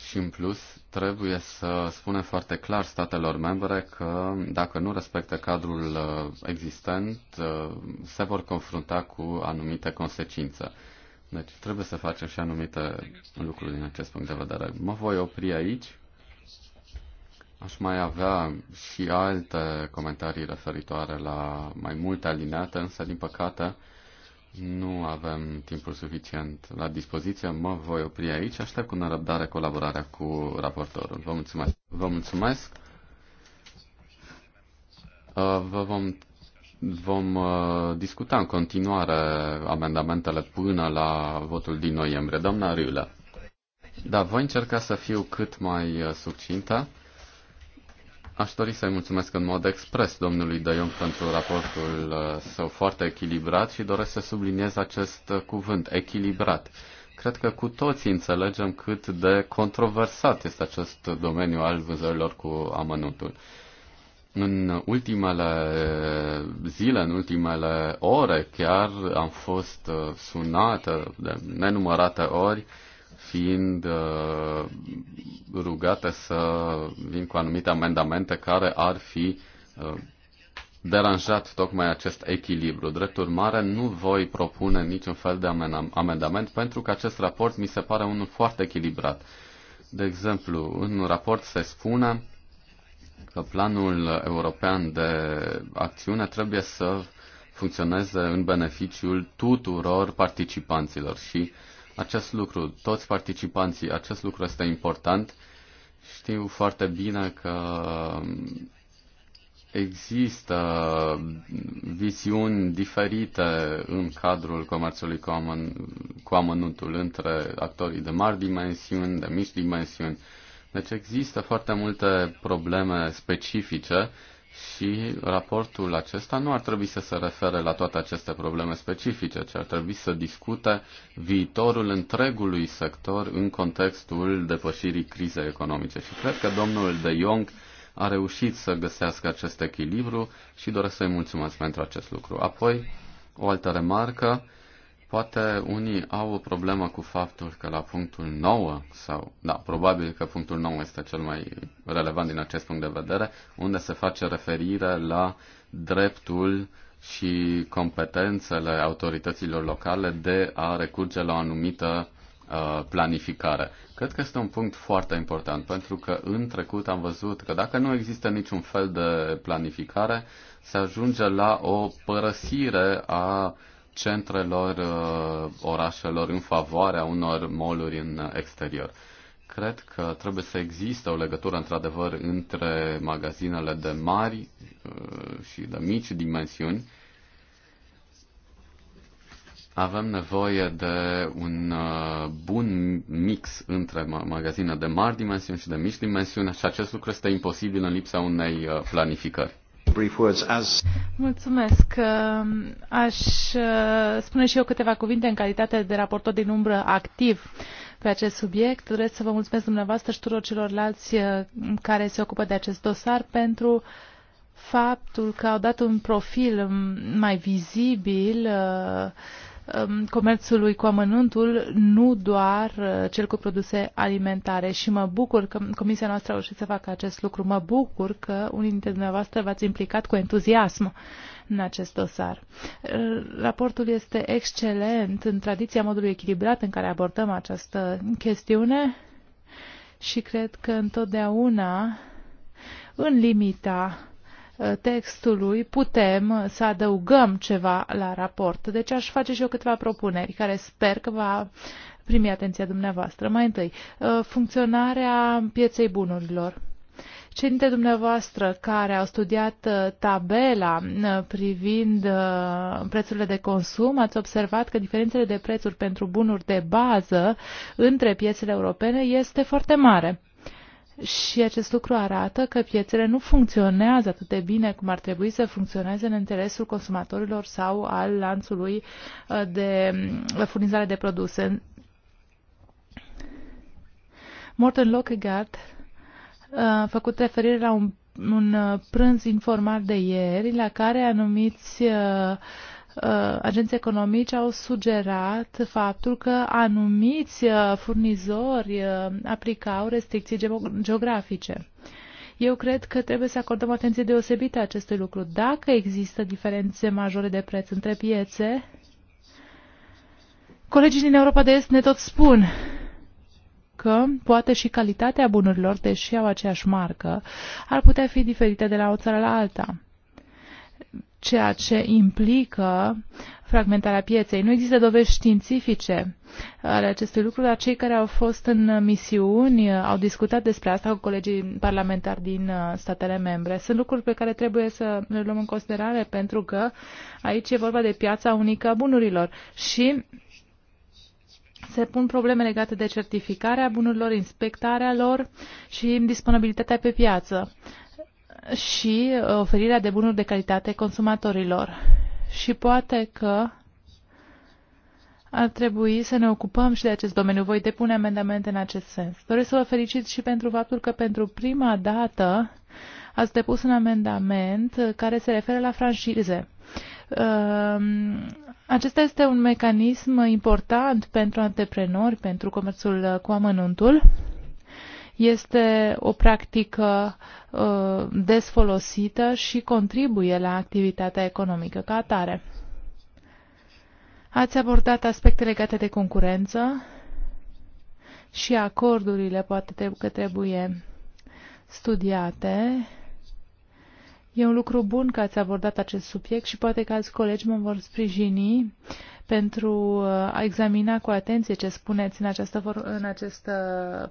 și în plus trebuie să spunem foarte clar statelor membre că dacă nu respectă cadrul uh, existent uh, se vor confrunta cu anumite consecințe. Deci trebuie să facem și anumite lucruri din acest punct de vedere. Mă voi opri aici Aș mai avea și alte comentarii referitoare la mai multe alineate, însă, din păcate, nu avem timpul suficient la dispoziție. Mă voi opri aici. Aștept cu nerăbdare colaborarea cu raportorul. Vă mulțumesc. Vă mulțumesc. Uh, vă vom, vom uh, discuta în continuare amendamentele până la votul din noiembrie. Doamna Riulă. Da, voi încerca să fiu cât mai uh, succintă. Aș dori să-i mulțumesc în mod expres domnului De Jong pentru raportul uh, său foarte echilibrat și doresc să subliniez acest uh, cuvânt, echilibrat. Cred că cu toții înțelegem cât de controversat este acest domeniu al vânzărilor cu amănuntul. În ultimele zile, în ultimele ore chiar, am fost uh, sunată de nenumărate ori uh, fiind uh, rugate să vin cu anumite amendamente care ar fi uh, deranjat tocmai acest echilibru. Drept urmare, nu voi propune niciun fel de amendament pentru că acest raport mi se pare unul foarte echilibrat. De exemplu, în raport se spune că planul european de acțiune trebuie să funcționeze în beneficiul tuturor participanților și uh, acest lucru, toți participanții, acest lucru este important. Știu foarte bine că există viziuni diferite în cadrul comerțului cu, amân, cu amănuntul între actorii de mari dimensiuni, de mici dimensiuni. Deci există foarte multe probleme specifice și raportul acesta nu ar trebui să se refere la toate aceste probleme specifice, ci ar trebui să discute viitorul întregului sector în contextul depășirii crizei economice. Și cred că domnul de Jong a reușit să găsească acest echilibru și doresc să-i mulțumesc pentru acest lucru. Apoi, o altă remarcă Poate unii au o problemă cu faptul că la punctul 9, sau da, probabil că punctul 9 este cel mai relevant din acest punct de vedere, unde se face referire la dreptul și competențele autorităților locale de a recurge la o anumită uh, planificare. Cred că este un punct foarte important, pentru că în trecut am văzut că dacă nu există niciun fel de planificare, se ajunge la o părăsire a centrelor uh, orașelor în favoarea unor moluri în exterior. Cred că trebuie să există o legătură într-adevăr între magazinele de mari uh, și de mici dimensiuni. Avem nevoie de un uh, bun mix între magazine de mari dimensiuni și de mici dimensiuni și acest lucru este imposibil în lipsa unei planificări. Mulțumesc. Ehm, aș eh, spune și eu câteva cuvinte în calitate de raportor din umbră activ pe acest subiect. Doresc să vă mulțumesc dumneavoastră și tuturor celorlalți eh, care se ocupă de acest dosar pentru faptul că au dat un profil mm, mai vizibil uh, Um, comerțului cu amănuntul, nu doar uh, cel cu produse alimentare. Și mă bucur că comisia noastră a reușit să facă acest lucru. Mă bucur că unii dintre dumneavoastră v-ați implicat cu entuziasm în acest dosar. Uh, raportul este excelent în tradiția modului echilibrat în care abordăm această chestiune și cred că întotdeauna în limita Uh, textului putem să adăugăm ceva la raport. Deci aș face și eu câteva propuneri care sper că va primi atenția dumneavoastră. Mai întâi, uh, funcționarea pieței bunurilor. Cei dintre dumneavoastră care au studiat uh, tabela privind prețurile de consum, ați observat că diferențele de prețuri pentru bunuri de bază între piețele europene este foarte mare. Și acest lucru arată că piețele nu funcționează atât de bine cum ar trebui să funcționeze în interesul consumatorilor sau al lanțului uh, de uh, furnizare de produse. Morten Lockegaard uh, a făcut referire la un, un prânz informal de ieri la care anumiți uh, Uh, agenții economici au sugerat faptul că anumiți uh, furnizori uh, aplicau restricții geografice. Eu cred că trebuie să acordăm atenție deosebită acestui lucru. Dacă există diferențe majore de preț între piețe, colegii din Europa de Est ne tot spun că poate și calitatea bunurilor, deși au aceeași marcă, ar putea fi diferită de la o țară la alta ceea ce implică fragmentarea pieței. Nu există dovezi științifice ale acestui lucru, dar cei care au fost în misiuni au discutat despre asta cu colegii parlamentari din uh, statele membre. Sunt lucruri pe care trebuie să le luăm în considerare pentru că aici e vorba de piața unică a bunurilor și se pun probleme legate de certificarea bunurilor, inspectarea lor și disponibilitatea pe piață și oferirea de bunuri de calitate consumatorilor. Și poate că ar trebui să ne ocupăm și de acest domeniu. Voi depune amendamente în acest sens. Doresc să vă felicit și pentru faptul că pentru prima dată ați depus un amendament care se referă la franșize. Ehm, acesta este un mecanism important pentru antreprenori, pentru comerțul cu amănuntul este o practică uh, desfolosită și contribuie la activitatea economică ca atare. Ați abordat aspecte legate de concurență și acordurile poate că trebuie studiate E un lucru bun că ați abordat acest subiect și poate că alți colegi mă vor sprijini pentru uh, a examina cu atenție ce spuneți în această, în această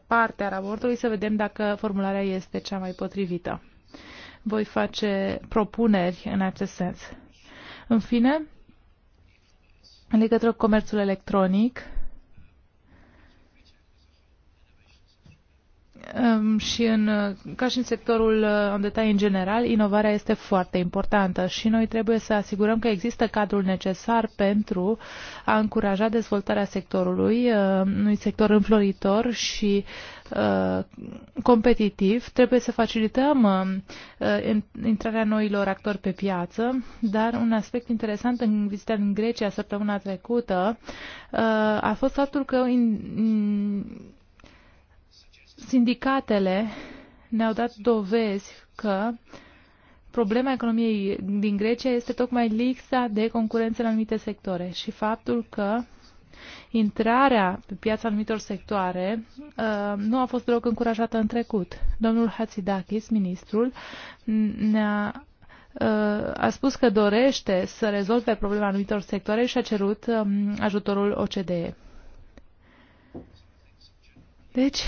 parte a raportului, să vedem dacă formularea este cea mai potrivită. Voi face propuneri în acest sens. În fine, în legătură cu comerțul electronic, Ehm, și în, uh, ca și în sectorul uh, în detalii în general, inovarea este foarte importantă și noi trebuie să asigurăm că există cadrul necesar pentru a încuraja dezvoltarea sectorului, uh, unui sector înfloritor și competitiv. Trebuie să facilităm intrarea noilor actori pe piață, dar un aspect interesant în vizita în Grecia săptămâna trecută a fost faptul că Sindicatele ne-au dat dovezi că problema economiei din Grecia este tocmai lipsa de concurență în anumite sectoare și faptul că intrarea pe piața anumitor sectoare uh, nu a fost deloc încurajată în trecut. Domnul Hatzidakis, ministrul, ne-a uh, a spus că dorește să rezolve problema anumitor sectoare și a cerut um, ajutorul OCDE. Deci,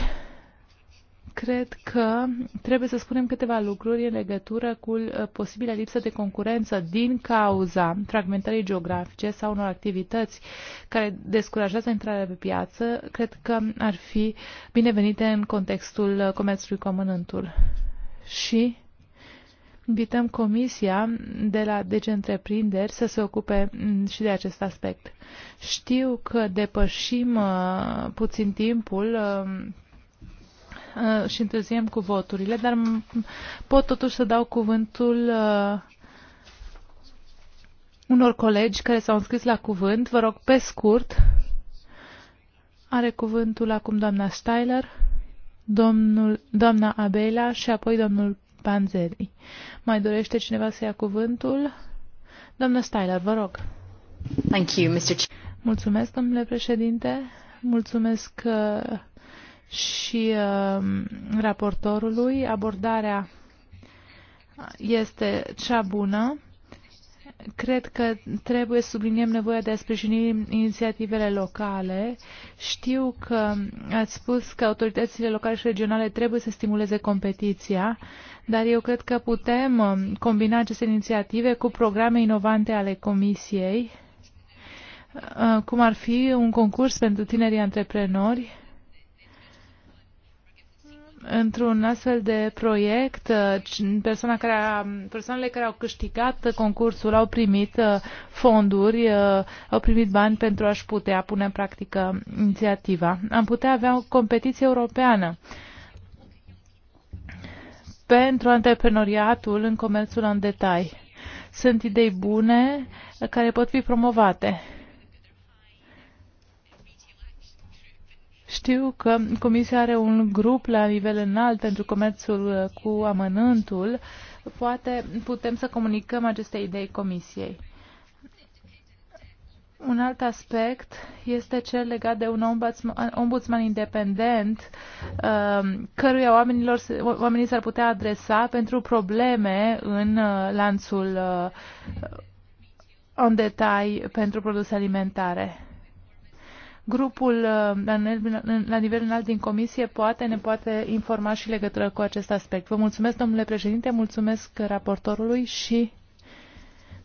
cred că trebuie să spunem câteva lucruri în legătură cu uh, posibilă lipsă de concurență din cauza fragmentării geografice sau unor activități care descurajează intrarea pe piață. Cred că ar fi binevenite în contextul uh, comerțului cu amănântul. Și invităm Comisia de la DG deci Întreprinderi să se ocupe mm, și de acest aspect. Știu că depășim uh, puțin timpul. Uh, Uh, și întârziem cu voturile, dar pot totuși să dau cuvântul uh, unor colegi care s-au înscris la cuvânt. Vă rog, pe scurt, are cuvântul acum doamna Steiler, domnul, doamna Abela și apoi domnul Panzeri. Mai dorește cineva să ia cuvântul? Doamna Steiler, vă rog. Thank you, Mr. Mulțumesc, domnule președinte. Mulțumesc uh, și uh, raportorului. Abordarea este cea bună. Cred că trebuie să subliniem nevoia de a sprijini inițiativele locale. Știu că ați spus că autoritățile locale și regionale trebuie să stimuleze competiția, dar eu cred că putem uh, combina aceste inițiative cu programe inovante ale Comisiei, uh, cum ar fi un concurs pentru tinerii antreprenori într-un astfel de proiect, uh, persoana care a, persoanele care au câștigat concursul au primit uh, fonduri, uh, au primit bani pentru a-și putea pune în practică inițiativa. Am putea avea o competiție europeană pentru antreprenoriatul în comerțul în detai. Sunt idei bune care pot fi promovate Știu că Comisia are un grup la nivel înalt pentru comerțul uh, cu amănântul. Poate putem să comunicăm aceste idei Comisiei. Un alt aspect este cel legat de un ombudsman, ombudsman independent uh, căruia oamenilor, oamenii s-ar putea adresa pentru probleme în uh, lanțul în detalii pentru produse alimentare grupul uh, la nivel înalt din comisie poate ne poate informa și legătură cu acest aspect. Vă mulțumesc, domnule președinte, mulțumesc raportorului și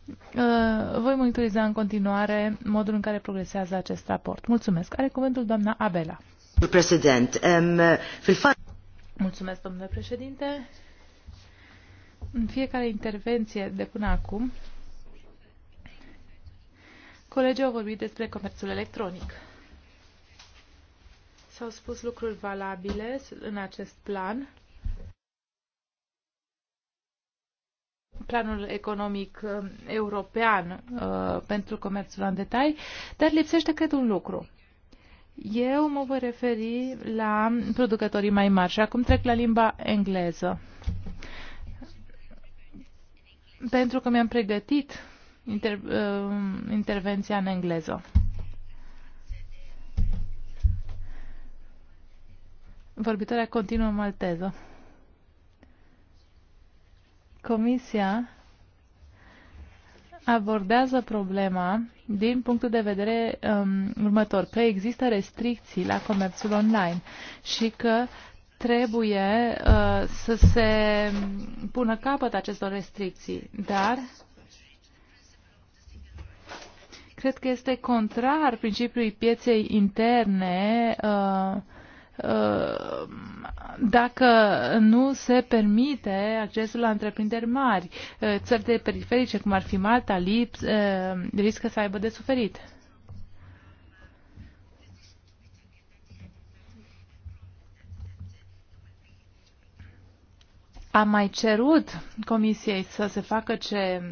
uh, voi monitoriza în continuare modul în care progresează acest raport. Mulțumesc. Are cuvântul doamna Abela. Um, mulțumesc, domnule președinte. În fiecare intervenție de până acum, colegii au vorbit despre comerțul electronic. S-au spus lucruri valabile în acest plan. planul economic uh, european uh, pentru comerțul în detai, dar lipsește, cred, un lucru. Eu mă voi referi la producătorii mai mari și acum trec la limba engleză. Pentru că mi-am pregătit inter, uh, intervenția în engleză. Vorbitoarea continuă malteză. Comisia abordează problema din punctul de vedere um, următor, că există restricții la comerțul online și că trebuie uh, să se pună capăt acestor restricții, dar cred că este contrar principiului pieței interne uh, Uh, dacă nu se permite accesul la întreprinderi mari. Uh, țări de periferice, cum ar fi Malta, Lips, uh, riscă să aibă de suferit. A mai cerut Comisiei să se facă ce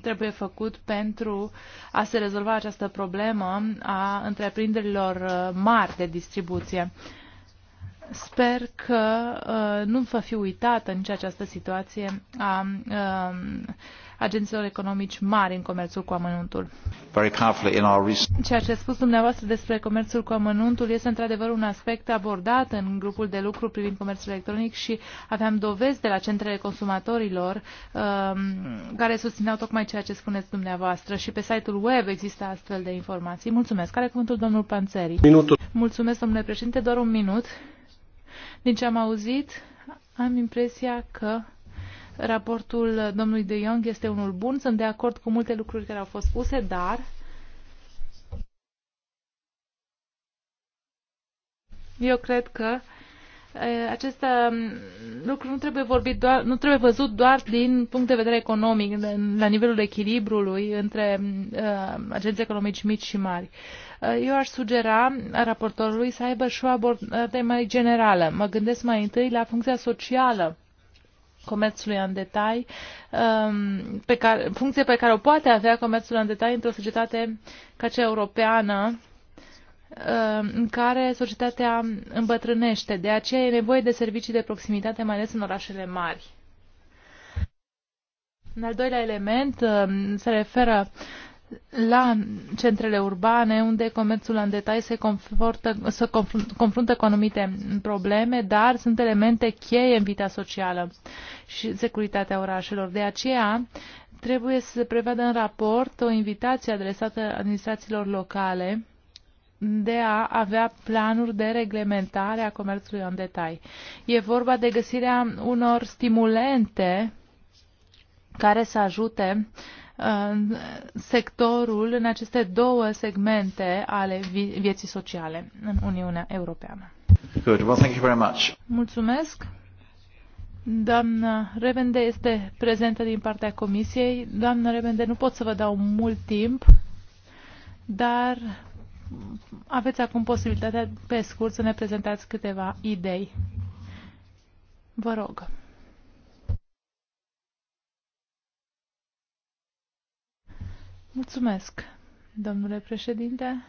trebuie făcut pentru a se rezolva această problemă a întreprinderilor mari de distribuție. Uh, Sper că uh, nu va fi uitată nici această situație a uh, agenților economici mari în comerțul cu amănuntul. Ceea ce a spus dumneavoastră despre comerțul cu amănuntul este într-adevăr un aspect abordat în grupul de lucru privind comerțul electronic și aveam dovezi de la centrele consumatorilor um, care susțineau tocmai ceea ce spuneți dumneavoastră și pe site-ul web există astfel de informații. Mulțumesc. Care cuvântul domnul Panțeri? Minutul. Mulțumesc, domnule președinte. Doar un minut. Din ce am auzit, am impresia că raportul domnului De Jong este unul bun. Sunt de acord cu multe lucruri care au fost spuse, dar eu cred că acest lucru nu trebuie, vorbit doar, nu trebuie văzut doar din punct de vedere economic, la nivelul echilibrului între uh, agenții economici mici și mari. Uh, eu aș sugera raportorului să aibă și o abordare mai generală. Mă gândesc mai întâi la funcția socială comerțului în detai, pe care, funcție pe care o poate avea comerțul în detai într-o societate ca cea europeană, Uh, în care societatea îmbătrânește. De aceea e nevoie de servicii de proximitate, mai ales în orașele mari. În al doilea element uh, se referă la centrele urbane, unde comerțul în detai se, confortă, se confruntă cu anumite probleme, dar sunt elemente cheie în vita socială și securitatea orașelor. De aceea trebuie să se prevadă în raport o invitație adresată administrațiilor locale de a avea planuri de reglementare a comerțului în detai. E vorba de găsirea unor stimulente care să ajute uh, sectorul în aceste două segmente ale vieții sociale în Uniunea Europeană. Good. Well, thank you very much. Mulțumesc. Doamna Revende este prezentă din partea Comisiei. Doamna Revende, nu pot să vă dau mult timp, dar aveți acum posibilitatea, pe scurt, să ne prezentați câteva idei. Vă rog. Mulțumesc, domnule președinte.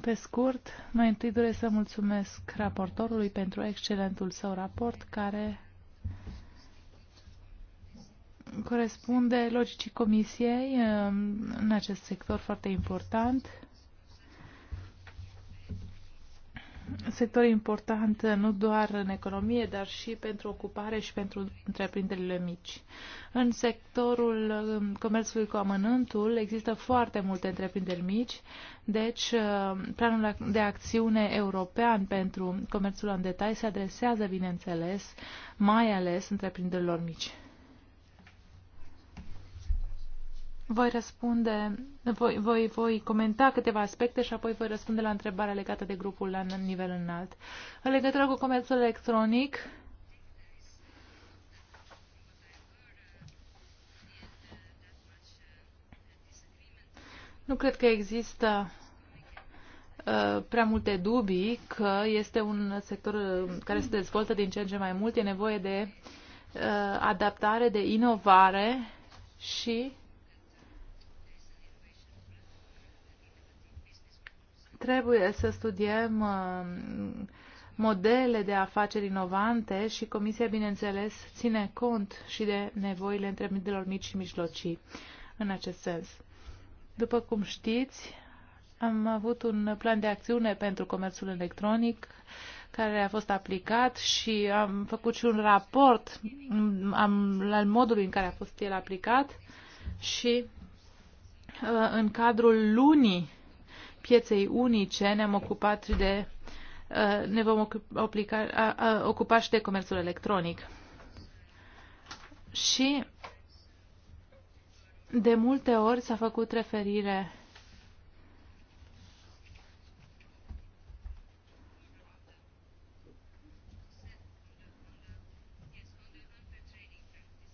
Pe scurt, mai întâi doresc să mulțumesc raportorului pentru excelentul său raport, care corespunde logicii comisiei um, în acest sector foarte important. Sector important uh, nu doar în economie, dar și pentru ocupare și pentru întreprinderile mici. În sectorul um, comerțului cu amănântul există foarte multe întreprinderi mici, deci uh, planul de acțiune european pentru comerțul în detai se adresează, bineînțeles, mai ales întreprinderilor mici. Voi răspunde, voi, voi, voi comenta câteva aspecte și apoi voi răspunde la întrebarea legată de grupul la nivel înalt. În legătură cu comerțul electronic, nu cred că există uh, prea multe dubii că este un sector uh, care se dezvoltă din ce în ce mai mult, e nevoie de uh, adaptare, de inovare și Trebuie să studiem um, modele de afaceri inovante și Comisia, bineînțeles, ține cont și de nevoile întreprinderilor mici și mijlocii în acest sens. După cum știți, am avut un plan de acțiune pentru comerțul electronic care a fost aplicat și am făcut și un raport la al modului în care a fost el aplicat și uh, în cadrul lunii pieței unice ne-am ocupat de uh, ne vom ocupa, ocupa și de comerțul electronic. Și de multe ori s-a făcut referire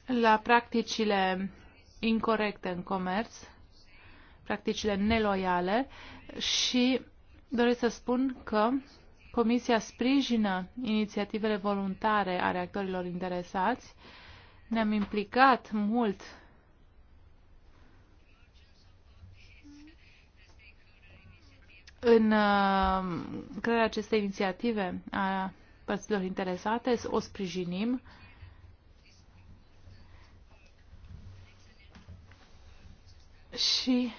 la practicile incorrecte în comerț practicile neloiale și doresc să spun că Comisia sprijină inițiativele voluntare ale actorilor interesați. Ne-am implicat mult în uh, crearea acestei inițiative a părților interesate, o sprijinim. Și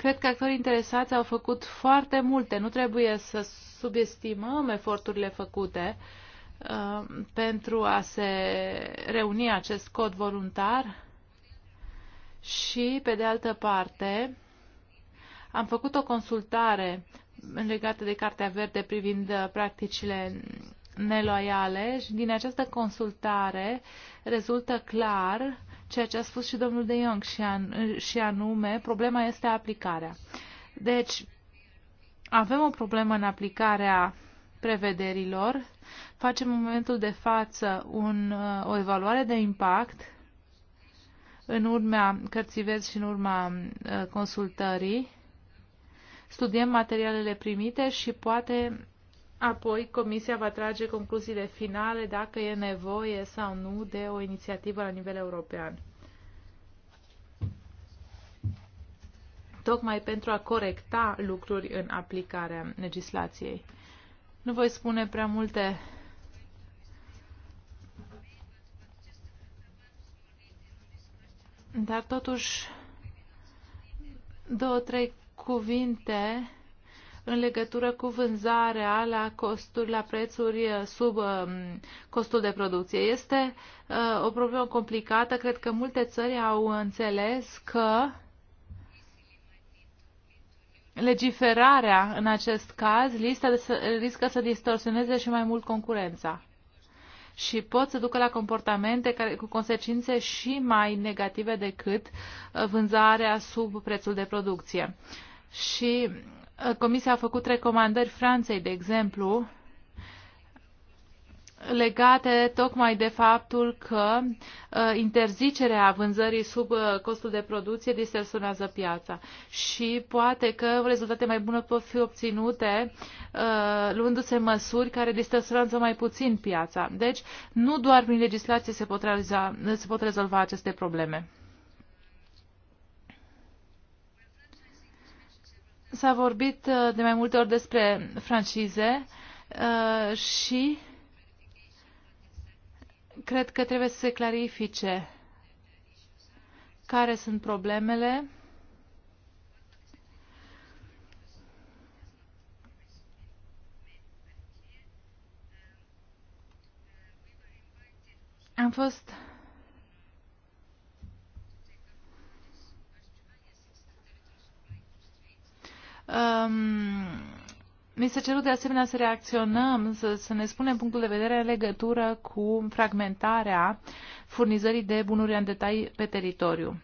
Cred că actorii interesați au făcut foarte multe. Nu trebuie să subestimăm eforturile făcute uh, pentru a se reuni acest cod voluntar și, pe de altă parte, am făcut o consultare legată de Cartea Verde privind uh, practicile neloiale și din această consultare rezultă clar ceea ce a spus și domnul De Jong și, an, și anume, problema este aplicarea. Deci, avem o problemă în aplicarea prevederilor, facem în momentul de față un, o evaluare de impact în urma cărții verzi și în urma uh, consultării, studiem materialele primite și poate Apoi, Comisia va trage concluziile finale dacă e nevoie sau nu de o inițiativă la nivel european. Tocmai pentru a corecta lucruri în aplicarea legislației. Nu voi spune prea multe Dar totuși, două, trei cuvinte în legătură cu vânzarea la costuri, la prețuri uh, sub um, costul de producție. Este uh, o problemă complicată. Cred că multe țări au înțeles că legiferarea în acest caz lista de să, riscă să distorsioneze și mai mult concurența și pot să ducă la comportamente care, cu consecințe și mai negative decât uh, vânzarea sub prețul de producție. Și Comisia a făcut recomandări Franței, de exemplu, legate tocmai de faptul că uh, interzicerea vânzării sub uh, costul de producție distorsionează piața și poate că rezultate mai bune pot fi obținute uh, luându-se măsuri care distorsionează mai puțin piața. Deci, nu doar prin legislație se pot, realiza, se pot rezolva aceste probleme. S-a vorbit uh, de mai multe ori despre francize uh, și cred că trebuie să se clarifice care sunt problemele Am fost este cerut de asemenea să reacționăm, să, să ne spunem punctul de vedere în legătură cu fragmentarea furnizării de bunuri în detai pe teritoriu.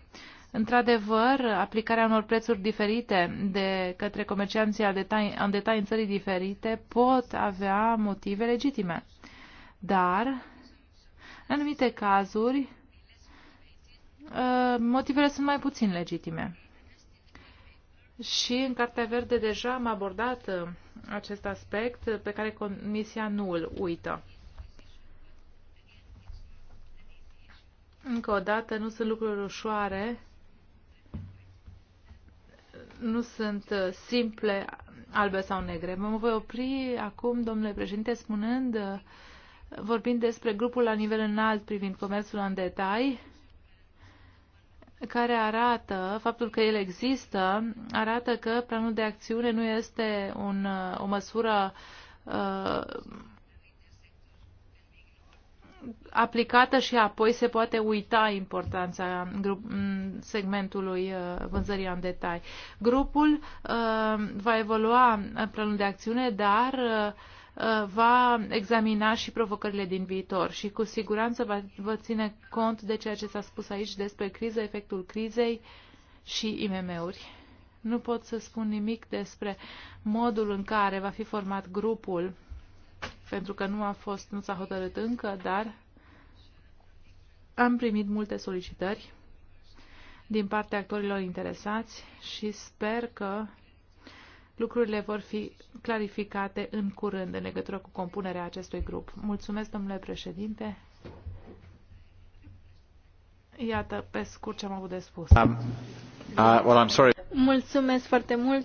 Într-adevăr, aplicarea unor prețuri diferite de către comercianții în detai, în detai în țării diferite pot avea motive legitime. Dar, în anumite cazuri, ă, motivele sunt mai puțin legitime. Și în Cartea Verde deja am abordat uh, acest aspect pe care Comisia nu îl uită. Încă o dată, nu sunt lucruri ușoare, nu sunt uh, simple, albe sau negre. Mă voi opri acum, domnule președinte, spunând, uh, vorbind despre grupul la nivel înalt privind comerțul în detalii, care arată, faptul că el există, arată că planul de acțiune nu este un, uh, o măsură uh, aplicată și apoi se poate uita importanța grup, segmentului uh, vânzării în detai. Grupul uh, va evolua planul de acțiune, dar uh, Uh, va examina și provocările din viitor și cu siguranță va, va ține cont de ceea ce s-a spus aici despre criză, efectul crizei și IMM-uri. Nu pot să spun nimic despre modul în care va fi format grupul, pentru că nu a fost, nu s-a hotărât încă, dar am primit multe solicitări din partea actorilor interesați și sper că lucrurile vor fi clarificate în curând în legătură cu compunerea acestui grup. Mulțumesc, domnule președinte. Iată, pe scurt, ce am avut de spus. Um, uh, well, I'm sorry. Mulțumesc foarte mult.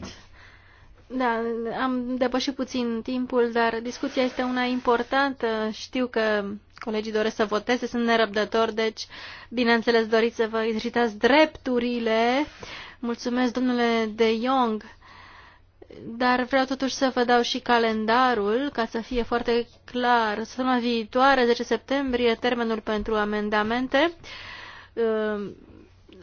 Da, am depășit puțin timpul, dar discuția este una importantă. Știu că colegii doresc să voteze, sunt nerăbdători, deci, bineînțeles, doriți să vă exercitați drepturile. Mulțumesc, domnule De Jong dar vreau totuși să vă dau și calendarul ca să fie foarte clar. Săptămâna viitoare, 10 septembrie, termenul pentru amendamente. Ehm,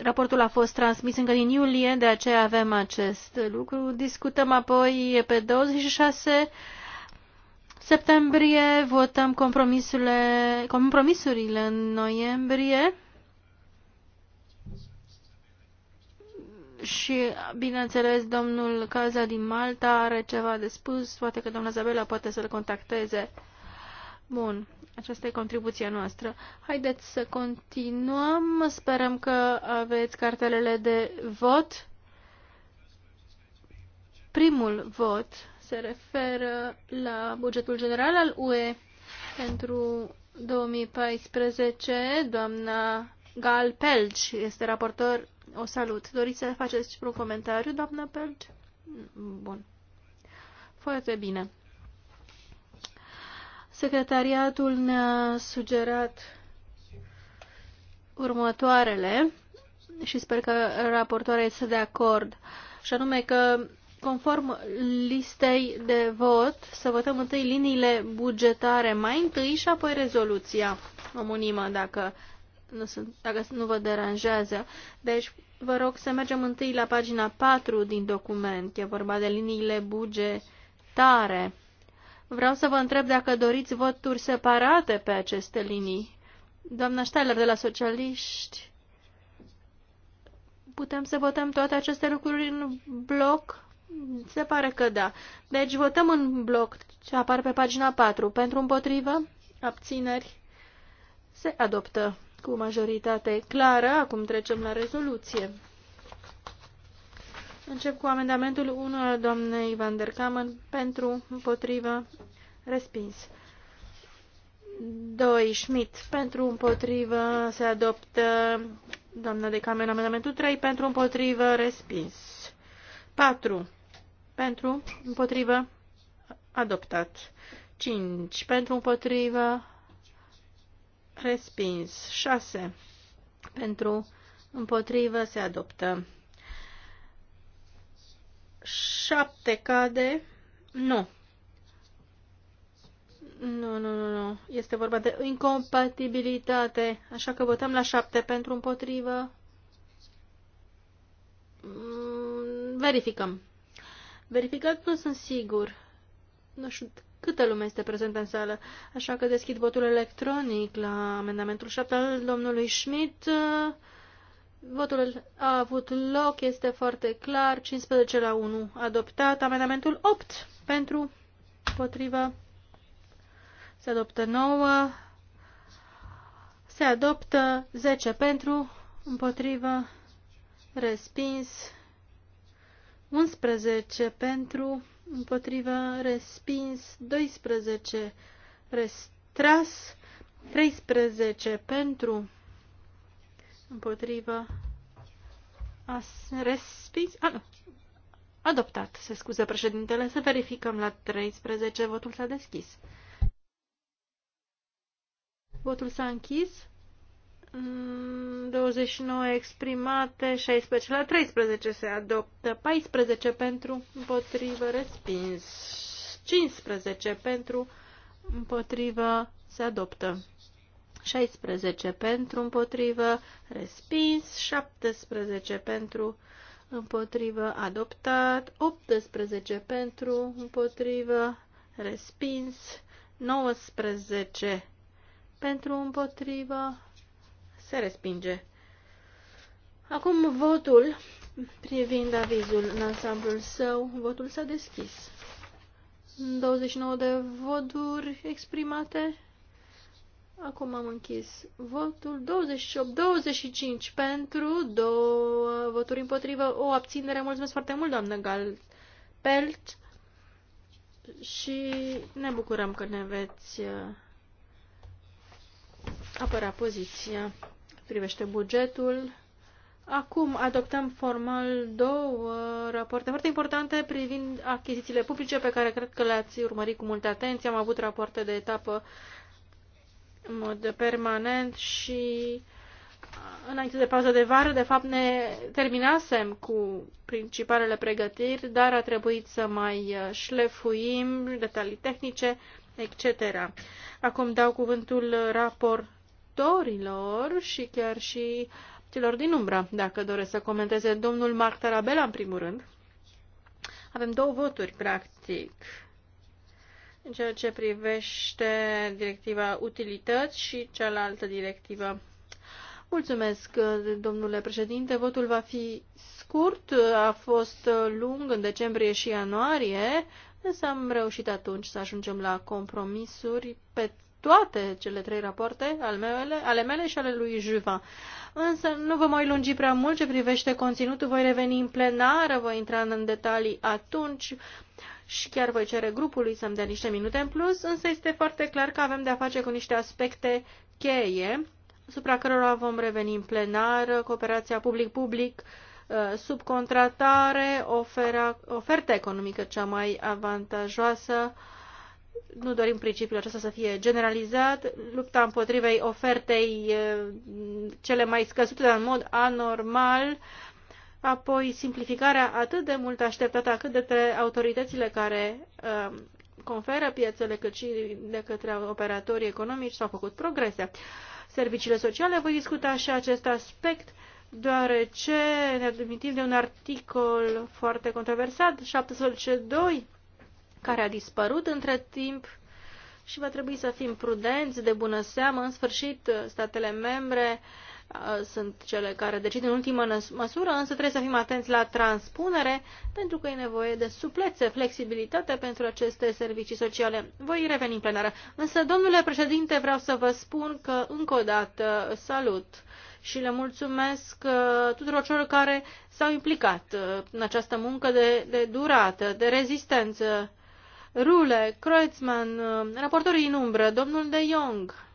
raportul a fost transmis încă din iulie, de aceea avem acest lucru. Discutăm apoi pe 26 septembrie, votăm compromisurile, compromisurile în noiembrie Și, bineînțeles, domnul Caza din Malta are ceva de spus, poate că doamna Zabela poate să-l contacteze. Bun, aceasta e contribuția noastră. Haideți să continuăm. Sperăm că aveți cartelele de vot. Primul vot se referă la bugetul general al UE pentru 2014. Doamna Gal Pelci este raportor. O salut. Doriți să faceți un comentariu, doamnă Pelci? Bun. Foarte bine. Secretariatul ne-a sugerat următoarele și sper că raportoarea este de acord, și anume că conform listei de vot să votăm întâi liniile bugetare mai întâi și apoi rezoluția omonimă dacă nu sunt, dacă nu vă deranjează. Deci, vă rog să mergem întâi la pagina 4 din document. E vorba de liniile bugetare. Vreau să vă întreb dacă doriți voturi separate pe aceste linii. Doamna Steiler de la Socialiști, putem să votăm toate aceste lucruri în bloc? Se pare că da. Deci votăm în bloc ce apar pe pagina 4. Pentru împotrivă, abțineri, se adoptă cu majoritate clară. Acum trecem la rezoluție. Încep cu amendamentul 1 al doamnei Van der Kamen pentru, împotrivă, respins. 2. Schmidt pentru, împotrivă, se adoptă doamna de Kamen amendamentul 3 pentru, împotrivă, respins. 4. Pentru, împotrivă, adoptat. 5. Pentru, împotrivă, respins. 6 pentru, împotrivă, se adoptă. 7 cade, nu. Nu, nu, nu, nu. Este vorba de incompatibilitate. Așa că votăm la 7 pentru împotrivă. Mm, verificăm. Verificat nu sunt sigur. Nu știu câtă lume este prezentă în sală. Așa că deschid votul electronic la amendamentul 7 al domnului Schmidt. Votul a avut loc, este foarte clar, 15 la 1 adoptat. Amendamentul 8 pentru, potrivă, se adoptă 9, se adoptă 10 pentru, împotriva, respins, 11 pentru, împotriva respins, 12 restras, 13 pentru, împotriva a respins, a, nu, adoptat, se scuze președintele, să verificăm la 13, votul s-a deschis. Votul s-a închis. 29 mm, exprimate, 16 la 13 se adoptă, 14 pentru împotrivă respins, 15 pentru împotrivă se adoptă, 16 pentru împotrivă respins, 17 pentru împotrivă adoptat, 18 pentru împotrivă respins, 19 pentru împotrivă se respinge. Acum votul privind avizul în ansamblul său. Votul s-a deschis. 29 de voturi exprimate. Acum am închis votul. 28, 25 pentru, două voturi împotrivă, o abținere. Mulțumesc foarte mult, doamnă Gal Pelt. Și ne bucurăm că ne veți uh, apăra poziția privește bugetul. Acum adoptăm formal două rapoarte foarte importante privind achizițiile publice pe care cred că le-ați urmărit cu multă atenție. Am avut rapoarte de etapă în mod permanent și înainte de pauza de vară, de fapt, ne terminasem cu principalele pregătiri, dar a trebuit să mai șlefuim detalii tehnice, etc. Acum dau cuvântul raport raportorilor și chiar și celor din umbră, dacă doresc să comenteze domnul Marc Tarabela, în primul rând. Avem două voturi, practic, în ceea ce privește directiva utilități și cealaltă directivă. Mulțumesc, domnule președinte. Votul va fi scurt, a fost lung în decembrie și ianuarie, însă am reușit atunci să ajungem la compromisuri pe toate cele trei rapoarte ale mele, ale mele și ale lui Juva. Însă nu vă mai lungi prea mult ce privește conținutul, voi reveni în plenară, voi intra în detalii atunci și chiar voi cere grupului să-mi dea niște minute în plus, însă este foarte clar că avem de-a face cu niște aspecte cheie, supra cărora vom reveni în plenară, cooperația public-public, uh, subcontratare, ofera, oferta economică cea mai avantajoasă, nu dorim principiul acesta să fie generalizat, lupta împotriva ofertei eh, cele mai scăzute, dar în mod anormal, apoi simplificarea atât de mult așteptată atât de către autoritățile care eh, conferă piețele, cât și de către operatorii economici, s-au făcut progrese. Serviciile sociale voi discuta și acest aspect, deoarece ne admitim de un articol foarte controversat, 17.2, care a dispărut între timp și va trebui să fim prudenți, de bună seamă. În sfârșit, statele membre uh, sunt cele care decid în ultimă măsură, însă trebuie să fim atenți la transpunere, pentru că e nevoie de suplețe, flexibilitate pentru aceste servicii sociale. Voi reveni în plenară. Însă, domnule președinte, vreau să vă spun că, încă o dată, salut și le mulțumesc uh, tuturor celor care s-au implicat uh, în această muncă de, de durată, de rezistență Rule, Kreutzmann, uh, raportorii în umbră, domnul de Jong.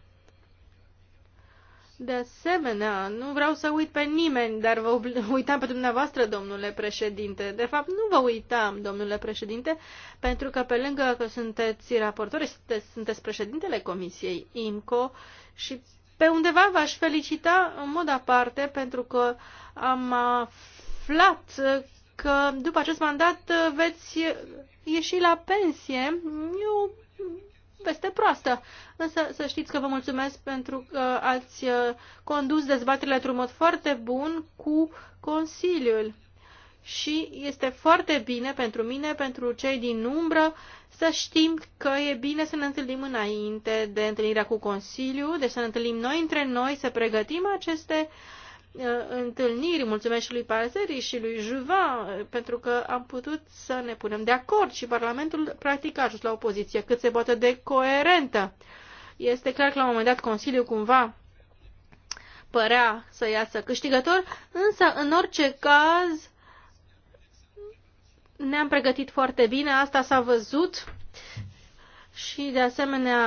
De asemenea, nu vreau să uit pe nimeni, dar vă uitam pe dumneavoastră, domnule președinte. De fapt, nu vă uitam, domnule președinte, pentru că pe lângă că sunteți raportori, sunteți, sunteți președintele Comisiei IMCO și pe undeva v-aș felicita în mod aparte pentru că am aflat că după acest mandat uh, veți ieși la pensie. Eu veste proastă. Însă să știți că vă mulțumesc pentru că ați uh, condus dezbaterile într-un mod foarte bun cu Consiliul. Și este foarte bine pentru mine, pentru cei din umbră, să știm că e bine să ne întâlnim înainte de întâlnirea cu Consiliu, deci să ne întâlnim noi între noi, să pregătim aceste uh, Uh, întâlniri. Mulțumesc și lui Parzeri și lui Juva uh, pentru că am putut să ne punem de acord și Parlamentul practic a ajuns la o poziție cât se poate de coerentă. Este clar că la un moment dat Consiliul cumva părea să iasă câștigător, însă în orice caz ne-am pregătit foarte bine, asta s-a văzut și, de asemenea,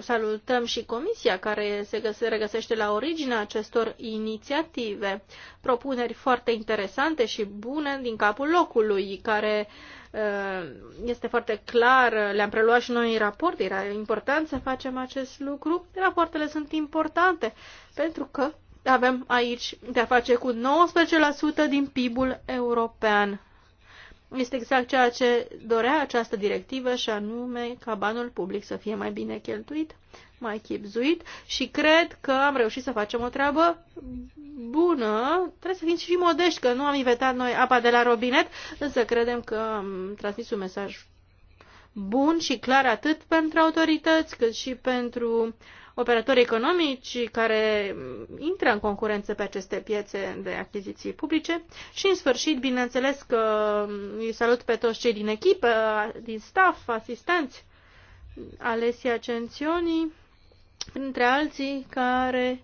salutăm și comisia care se regăsește la originea acestor inițiative. Propuneri foarte interesante și bune din capul locului, care ă, este foarte clar, le-am preluat și noi în raport, era important să facem acest lucru. Rapoartele sunt importante pentru că avem aici de-a face cu 19% din PIB-ul european este exact ceea ce dorea această directivă și anume ca banul public să fie mai bine cheltuit, mai chipzuit și cred că am reușit să facem o treabă bună. Trebuie să fim și modești că nu am inventat noi apa de la robinet, însă credem că am transmis un mesaj bun și clar atât pentru autorități cât și pentru operatori economici care intră în concurență pe aceste piețe de achiziții publice și, în sfârșit, bineînțeles că îi salut pe toți cei din echipă, din staff, asistenți, Alessia cenzioni, printre alții care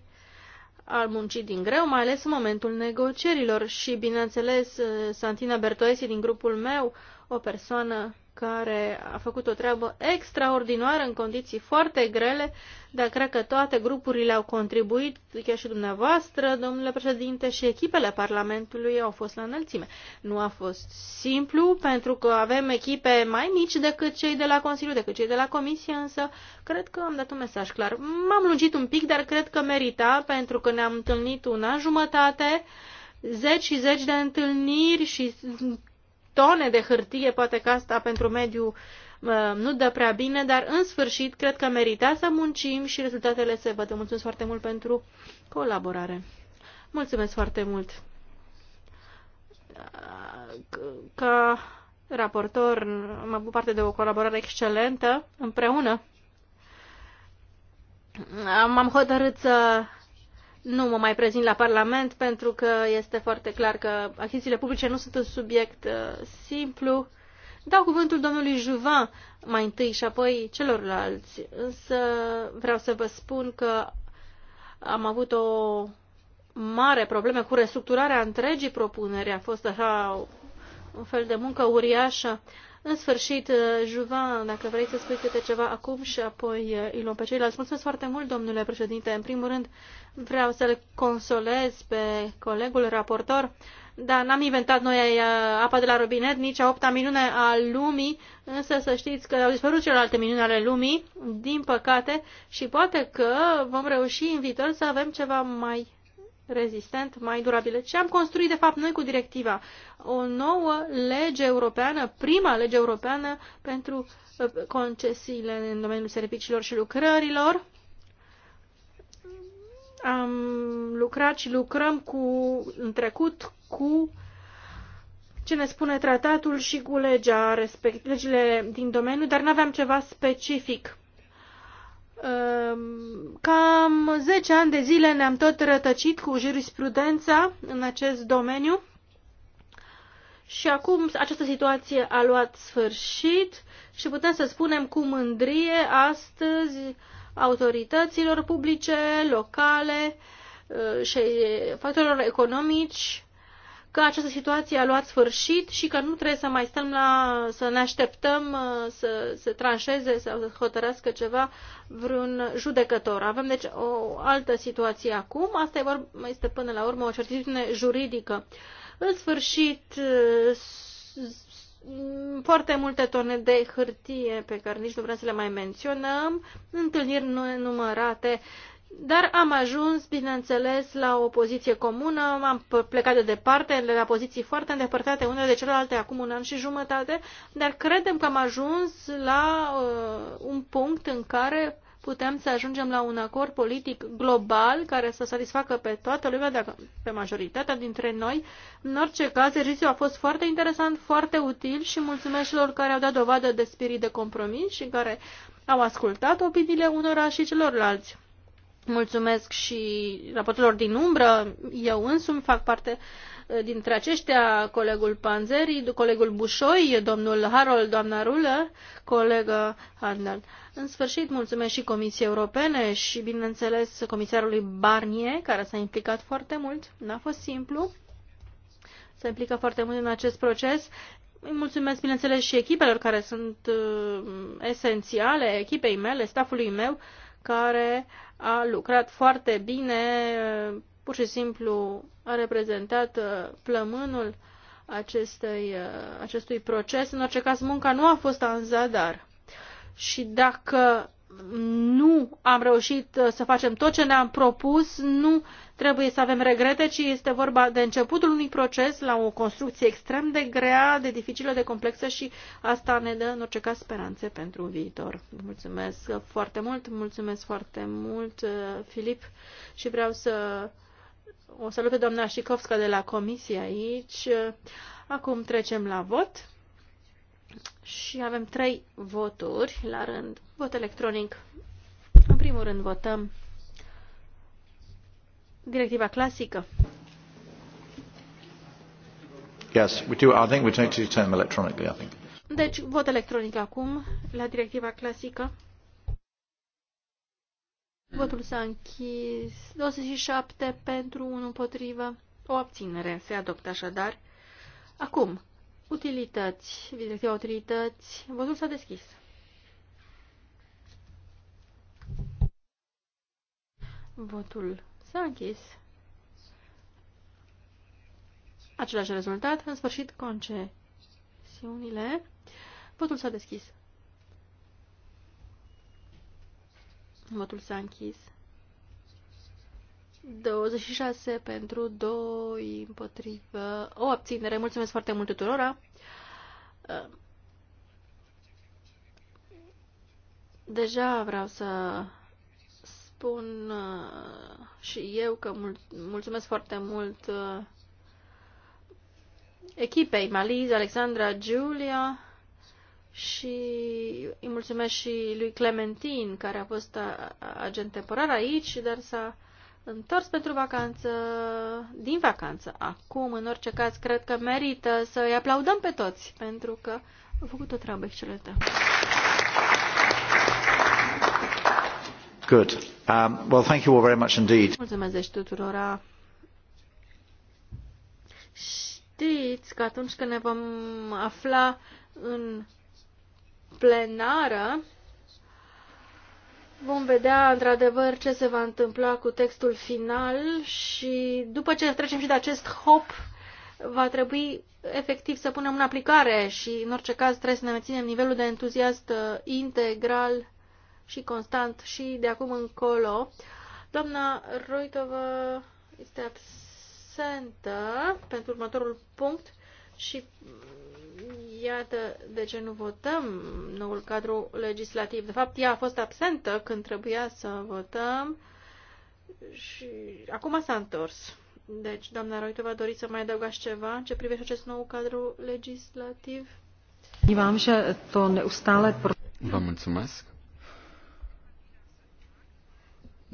al muncit din greu, mai ales în momentul negocierilor și, bineînțeles, Santina Bertoesi din grupul meu, o persoană care a făcut o treabă extraordinară în condiții foarte grele, dar cred că toate grupurile au contribuit, chiar și dumneavoastră, domnule președinte, și echipele Parlamentului au fost la înălțime. Nu a fost simplu, pentru că avem echipe mai mici decât cei de la Consiliu, decât cei de la Comisie, însă cred că am dat un mesaj clar. M-am lungit un pic, dar cred că merita, pentru că ne-am întâlnit una jumătate, zeci și zeci de întâlniri și tone de hârtie, poate că asta pentru mediu nu dă prea bine, dar în sfârșit cred că merita să muncim și rezultatele se văd. Mulțumesc foarte mult pentru colaborare. Mulțumesc foarte mult. Ca raportor am avut parte de o colaborare excelentă împreună. M-am hotărât să nu mă mai prezint la Parlament pentru că este foarte clar că achizițiile publice nu sunt un subiect uh, simplu. Dau cuvântul domnului Juvan mai întâi și apoi celorlalți, însă vreau să vă spun că am avut o mare problemă cu restructurarea întregii propuneri. A fost așa un fel de muncă uriașă. Uh, în sfârșit, uh, Juvan, dacă vrei să spui câte ceva acum și apoi uh, îi luăm pe ceilalți. Mulțumesc foarte mult, domnule președinte. În primul rând, vreau să-l consolez pe colegul raportor. Da, n-am inventat noi uh, apa de la robinet, nici a opta minune a lumii, însă să știți că au dispărut celelalte minuni ale lumii, din păcate, și poate că vom reuși în viitor să avem ceva mai rezistent, mai durabile. Ce am construit, de fapt, noi cu directiva? O nouă lege europeană, prima lege europeană pentru uh, concesiile în domeniul serviciilor și lucrărilor. Am lucrat și lucrăm cu, în trecut cu ce ne spune tratatul și cu legea, respect, legile din domeniu, dar nu aveam ceva specific Ehm, cam 10 ani de zile ne-am tot rătăcit cu jurisprudența în acest domeniu și acum această situație a luat sfârșit și putem să spunem cu mândrie astăzi autorităților publice, locale eh, și factorilor economici că această situație a luat sfârșit și că nu trebuie să mai stăm la, să ne așteptăm uh, să se tranșeze, să hotărească ceva vreun judecător. Avem deci o altă situație acum, asta e vorba, este până la urmă o certitudine juridică. În sfârșit, uh, foarte multe tone de hârtie pe care nici nu vrem să le mai menționăm, întâlniri numărate dar am ajuns, bineînțeles, la o poziție comună, am plecat de departe, la poziții foarte îndepărtate unele de celelalte acum un an și jumătate, dar credem că am ajuns la uh, un punct în care putem să ajungem la un acord politic global care să satisfacă pe toată lumea, dacă pe majoritatea dintre noi. În orice caz, exercițiul a fost foarte interesant, foarte util și mulțumesc celor care au dat dovadă de spirit de compromis și care au ascultat opiniile unora și celorlalți. Mulțumesc și raportelor din umbră. Eu însumi fac parte eh, dintre aceștia, colegul Panzeri, colegul Bușoi, domnul Harold, doamna Rulă, colegă Handel. În sfârșit, mulțumesc și Comisiei Europene și, bineînțeles, comisarului Barnier, care s-a implicat foarte mult. N-a fost simplu. S-a implicat foarte mult în acest proces. Îi mulțumesc, bineînțeles, și echipelor care sunt uh, esențiale, echipei mele, staffului meu, uh, care a lucrat foarte bine, pur și simplu a reprezentat uh, plămânul acestei, uh, acestui proces. În orice caz, munca nu a fost în zadar. Și dacă nu am reușit uh, să facem tot ce ne-am propus, nu trebuie să avem regrete, ci este vorba de începutul unui proces la o construcție extrem de grea, de dificilă, de complexă și asta ne dă în orice caz speranțe pentru viitor. Mulțumesc foarte mult, mulțumesc foarte mult, uh, Filip, și vreau să o salut pe doamna Șicovska de la comisie aici. Acum trecem la vot și avem trei voturi la rând. Vot electronic. În primul rând votăm directiva clasică. Yes, we do. I think we take to term electronically, I think. Deci, vot electronic acum la directiva clasică. Votul s-a închis. 27 pentru, 1 împotrivă. O abținere se adoptă așadar. Acum, utilități, directiva utilități. Votul s-a deschis. Votul S-a închis. Același rezultat. În sfârșit, concesiunile. Votul s-a deschis. Votul s-a închis. 26 pentru 2 împotrivă. O abținere. Mulțumesc foarte mult tuturora. Deja vreau să spun uh, și eu că mulțumesc foarte mult uh, echipei Maliz, Alexandra, Giulia și îi mulțumesc și lui Clementin, care a fost uh, agent temporar aici, dar s-a întors pentru vacanță, din vacanță. Acum, în orice caz, cred că merită să i aplaudăm pe toți, pentru că au făcut o treabă excelentă. Good. Um, well, thank you all very much indeed. Mulțumesc deci tuturora. Știți că atunci când ne vom afla în plenară, vom vedea într-adevăr ce se va întâmpla cu textul final și după ce trecem și de acest hop, va trebui efectiv să punem în aplicare și în orice caz trebuie să ne menținem nivelul de entuziast uh, integral și constant și de acum încolo. Doamna Roitova este absentă pentru următorul punct și iată de ce nu votăm noul cadru legislativ. De fapt, ea a fost absentă când trebuia să votăm și acum s-a întors. Deci, doamna Roitova, doriți să mai adăugați ceva în ce privește acest nou cadru legislativ? Vă mulțumesc.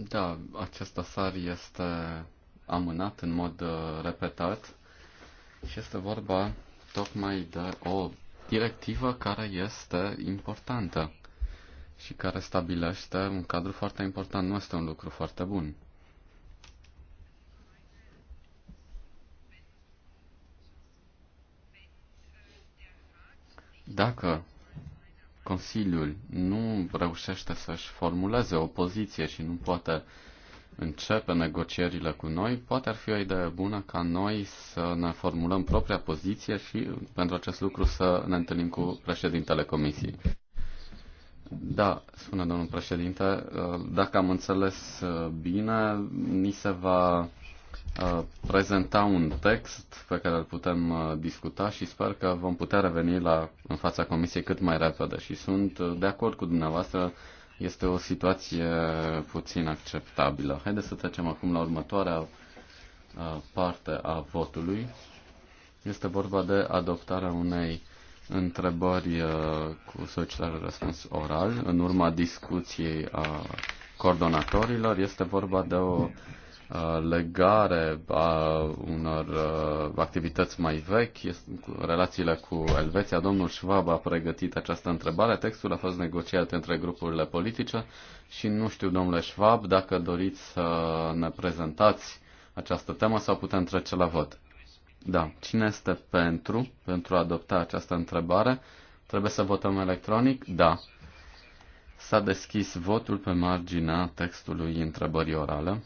Da, acest dosar este amânat în mod uh, repetat și este vorba tocmai de o directivă care este importantă și care stabilește un cadru foarte important. Nu este un lucru foarte bun. Dacă Consiliul nu reușește să-și formuleze o poziție și nu poate începe negocierile cu noi, poate ar fi o idee bună ca noi să ne formulăm propria poziție și pentru acest lucru să ne întâlnim cu președintele Comisiei. Da, spune domnul președinte, dacă am înțeles uh, bine, ni se va Uh, prezenta un text pe care îl putem uh, discuta și sper că vom putea reveni la, în fața comisiei cât mai repede. Și sunt uh, de acord cu dumneavoastră, este o situație puțin acceptabilă. Haideți să trecem acum la următoarea parte a votului. Este vorba de adoptarea unei întrebări cu solicitare răspuns oral în urma discuției a coordonatorilor. Este vorba de o Uh, legare a unor uh, activități mai vechi, relațiile cu Elveția. Domnul Schwab a pregătit această întrebare. Textul a fost negociat între grupurile politice și nu știu, domnule Schwab, dacă doriți să ne prezentați această temă sau putem trece la vot. Da, cine este pentru, pentru a adopta această întrebare? Trebuie să votăm electronic? Da. S-a deschis votul pe marginea textului întrebării orale.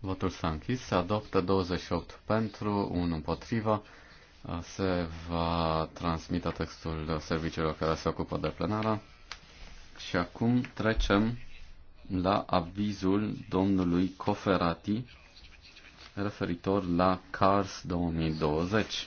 Votul s-a închis. Se adoptă 28 pentru, 1 împotriva. Se va transmite textul serviciilor care se ocupă de plenară. Și acum trecem la avizul domnului Coferati referitor la CARS 2020.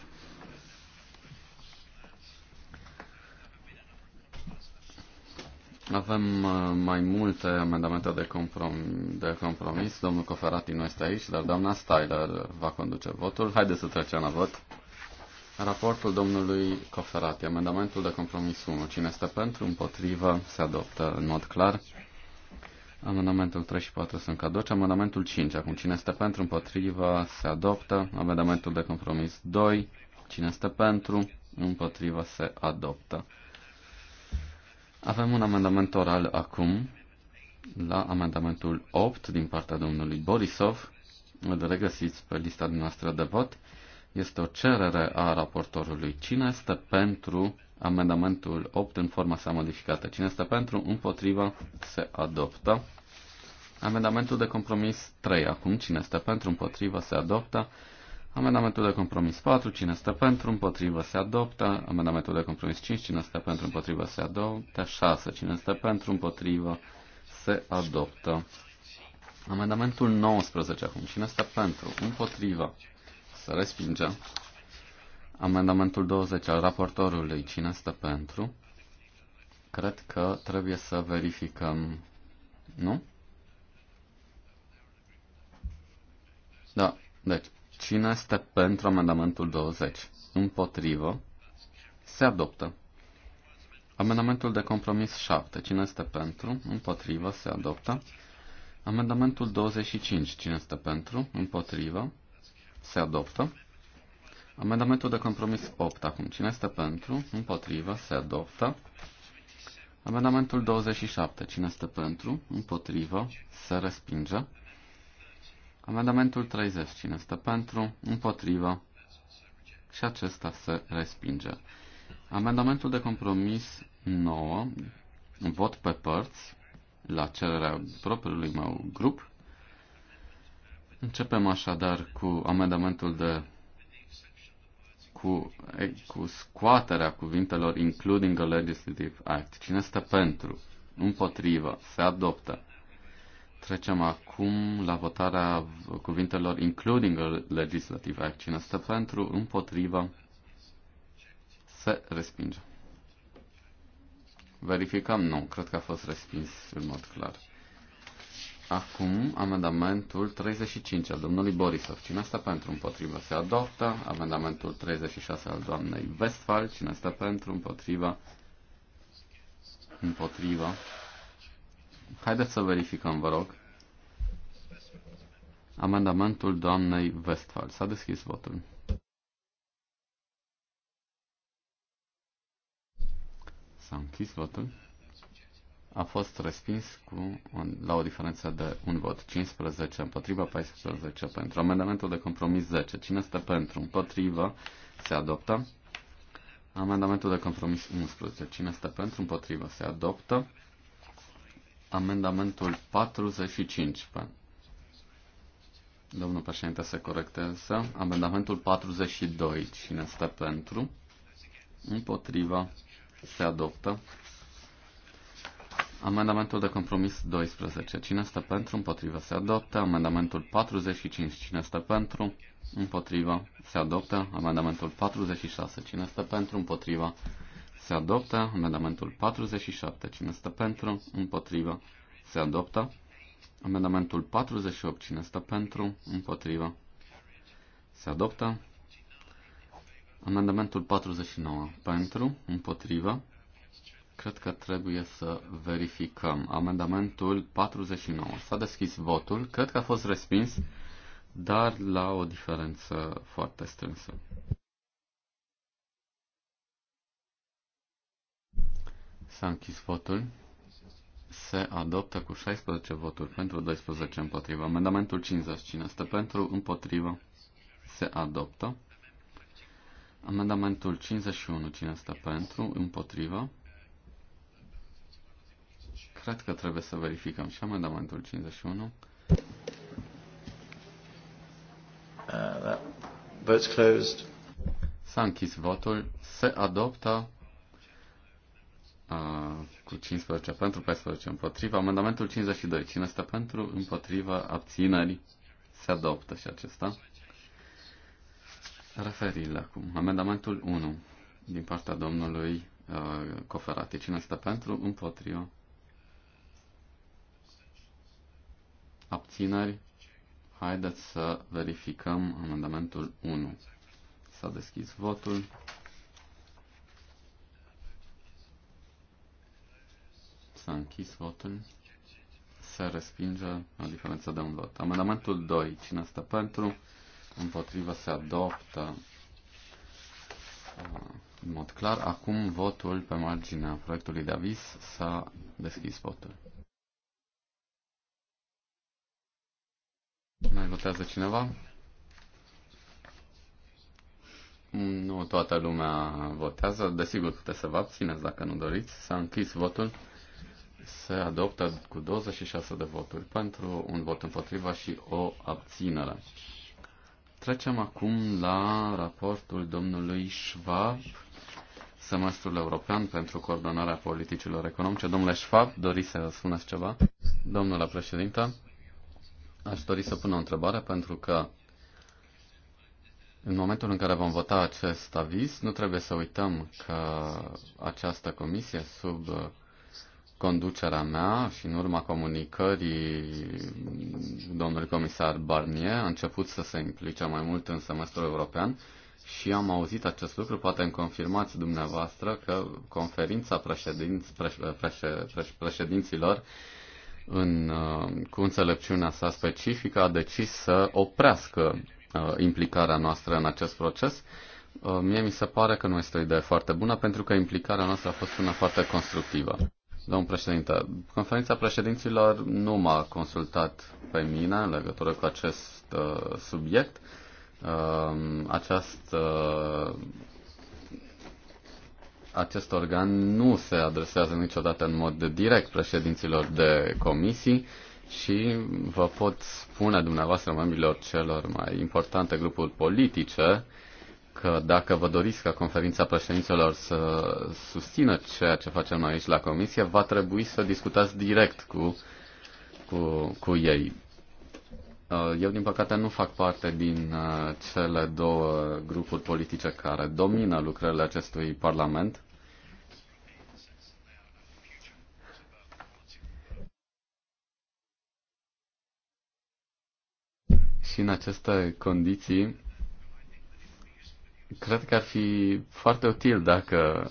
Avem uh, mai multe amendamente de, comprom- de compromis. Domnul Coferati nu este aici, dar doamna Styler va conduce votul. Haideți să trecem la vot. Raportul domnului Coferati, amendamentul de compromis 1. Cine este pentru, împotrivă, se adoptă în mod clar. Amendamentul 3 și 4 sunt caduce. Amendamentul 5. Acum, cine este pentru, împotrivă, se adoptă. Amendamentul de compromis 2. Cine este pentru, împotrivă, se adoptă. Avem un amendament oral acum la amendamentul 8 din partea domnului Borisov. Îl regăsiți pe lista noastră de vot. Este o cerere a raportorului. Cine este pentru amendamentul 8 în forma sa modificată? Cine este pentru? Împotriva? Se adoptă. Amendamentul de compromis 3. Acum, cine este pentru? Împotriva? Se adoptă. Amendamentul de compromis 4, cine stă pentru, împotrivă, se adoptă. Amendamentul de compromis 5, cine stă pentru, împotrivă, se adoptă. 6, cine stă pentru, împotrivă, se adoptă. Amendamentul 19 acum, cine stă pentru, împotrivă, se respinge. Amendamentul 20 al raportorului, cine stă pentru? Cred că trebuie să verificăm, nu? Da, deci Cine este pentru amendamentul 20? Împotrivă. Se adoptă. Amendamentul de compromis 7. Cine este pentru? Împotrivă. Se adoptă. Amendamentul 25. Cine este pentru? Împotrivă. Se adoptă. Amendamentul de compromis 8. Acum, cine este pentru? Împotrivă. Se adoptă. Amendamentul 27. Cine este pentru? Împotrivă. Se respinge. Amendamentul 30. Cine stă pentru? Împotrivă. Și acesta se respinge. Amendamentul de compromis 9. Vot pe părți la cererea propriului meu grup. Începem așadar cu amendamentul de cu, cu scoaterea cuvintelor including a legislative act. Cine stă pentru? Împotrivă. Se adoptă. Trecem acum la votarea cuvintelor including a legislative action. Este pentru, împotriva, se respinge. Verificăm, nu, cred că a fost respins în mod clar. Acum, amendamentul 35 al domnului Borisov. Cine este pentru împotriva se adoptă. Amendamentul 36 al doamnei Westphal. Cine este pentru împotriva? Împotriva. Haideți să verificăm, vă rog. Amendamentul doamnei Westphal. S-a deschis votul. S-a închis votul. A fost respins cu, la o diferență de un vot. 15 împotriva, 14 pentru. Amendamentul de compromis 10. Cine este pentru? Împotriva. Se adoptă. Amendamentul de compromis 11. Cine este pentru? Împotriva. Se adoptă. Amendamentul 45. Domnul președinte se corectează. Amendamentul 42. Cine stă pentru? Împotriva. Se adoptă. Amendamentul de compromis 12. Cine stă pentru? Împotriva. Se adoptă. Amendamentul 45. Cine stă pentru? Împotriva. Se adoptă. Amendamentul 46. Cine stă pentru? Împotriva se adoptă. Amendamentul 47. Cine stă pentru? Împotrivă. Se adoptă. Amendamentul 48. Cine stă pentru? Împotrivă. Se adoptă. Amendamentul 49. Pentru? Împotrivă. Cred că trebuie să verificăm. Amendamentul 49. S-a deschis votul. Cred că a fost respins, dar la o diferență foarte strânsă. S-a închis votul. Se adoptă cu 16 voturi pentru 12 împotriva. Amendamentul 50. Cine este pentru? Împotrivă. Se adoptă. Amendamentul 51. Cine este pentru? Împotrivă. Cred că trebuie să verificăm și amendamentul 51. Uh, vote's closed. S-a închis votul. Se adoptă cu 15 pentru, 14 împotriva. Amendamentul 52. Cine este pentru, împotriva, abținerii, se adoptă și acesta. Referirile. acum. Amendamentul 1 din partea domnului uh, Coferati. Cine este pentru, împotriva, abținerii. Haideți să verificăm amendamentul 1. S-a deschis votul. S-a închis votul. Se respinge la diferență de un vot. Amendamentul 2. Cine stă pentru? Împotrivă se adoptă uh, în mod clar. Acum votul pe marginea proiectului de avis s-a deschis votul. Mai votează cineva? Nu toată lumea votează. Desigur, puteți să vă abțineți dacă nu doriți. S-a închis votul se adoptă cu 26 de voturi pentru, un vot împotriva și o abținere. Trecem acum la raportul domnului Schwab, semestrul european pentru coordonarea politicilor economice. Domnule Schwab, doriți să spuneți ceva? Domnule președinte, aș dori să pun o întrebare pentru că în momentul în care vom vota acest aviz, nu trebuie să uităm că această comisie sub conducerea mea și în urma comunicării domnului comisar Barnier a început să se implice mai mult în semestrul european și am auzit acest lucru, poate îmi confirmați dumneavoastră că conferința președinț, preș, preș, preș, președinților în, uh, cu înțelepciunea sa specifică a decis să oprească uh, implicarea noastră în acest proces. Uh, mie mi se pare că nu este o idee foarte bună pentru că implicarea noastră a fost una foarte constructivă. Domnul președinte, conferința președinților nu m-a consultat pe mine în legătură cu acest uh, subiect. Uh, acest, uh, acest organ nu se adresează niciodată în mod direct președinților de comisii și vă pot spune dumneavoastră membrilor celor mai importante grupuri politice că dacă vă doriți ca conferința președinților să susțină ceea ce facem noi aici la comisie, va trebui să discutați direct cu, cu, cu ei. Uh, eu, din păcate, nu fac parte din uh, cele două grupuri politice care domină lucrările acestui Parlament. Și în aceste condiții, Cred că ar fi foarte util dacă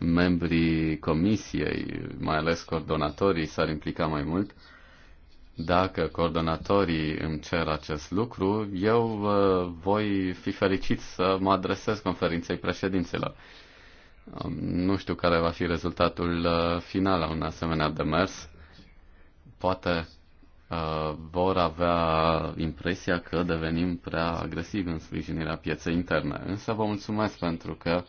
membrii comisiei, mai ales coordonatorii, s-ar implica mai mult. Dacă coordonatorii îmi cer acest lucru, eu uh, voi fi fericit să mă adresez conferinței președinților. Um, nu știu care va fi rezultatul uh, final a un asemenea demers. Poate Uh, vor avea impresia că devenim prea agresivi în sprijinirea pieței interne. Însă vă mulțumesc pentru că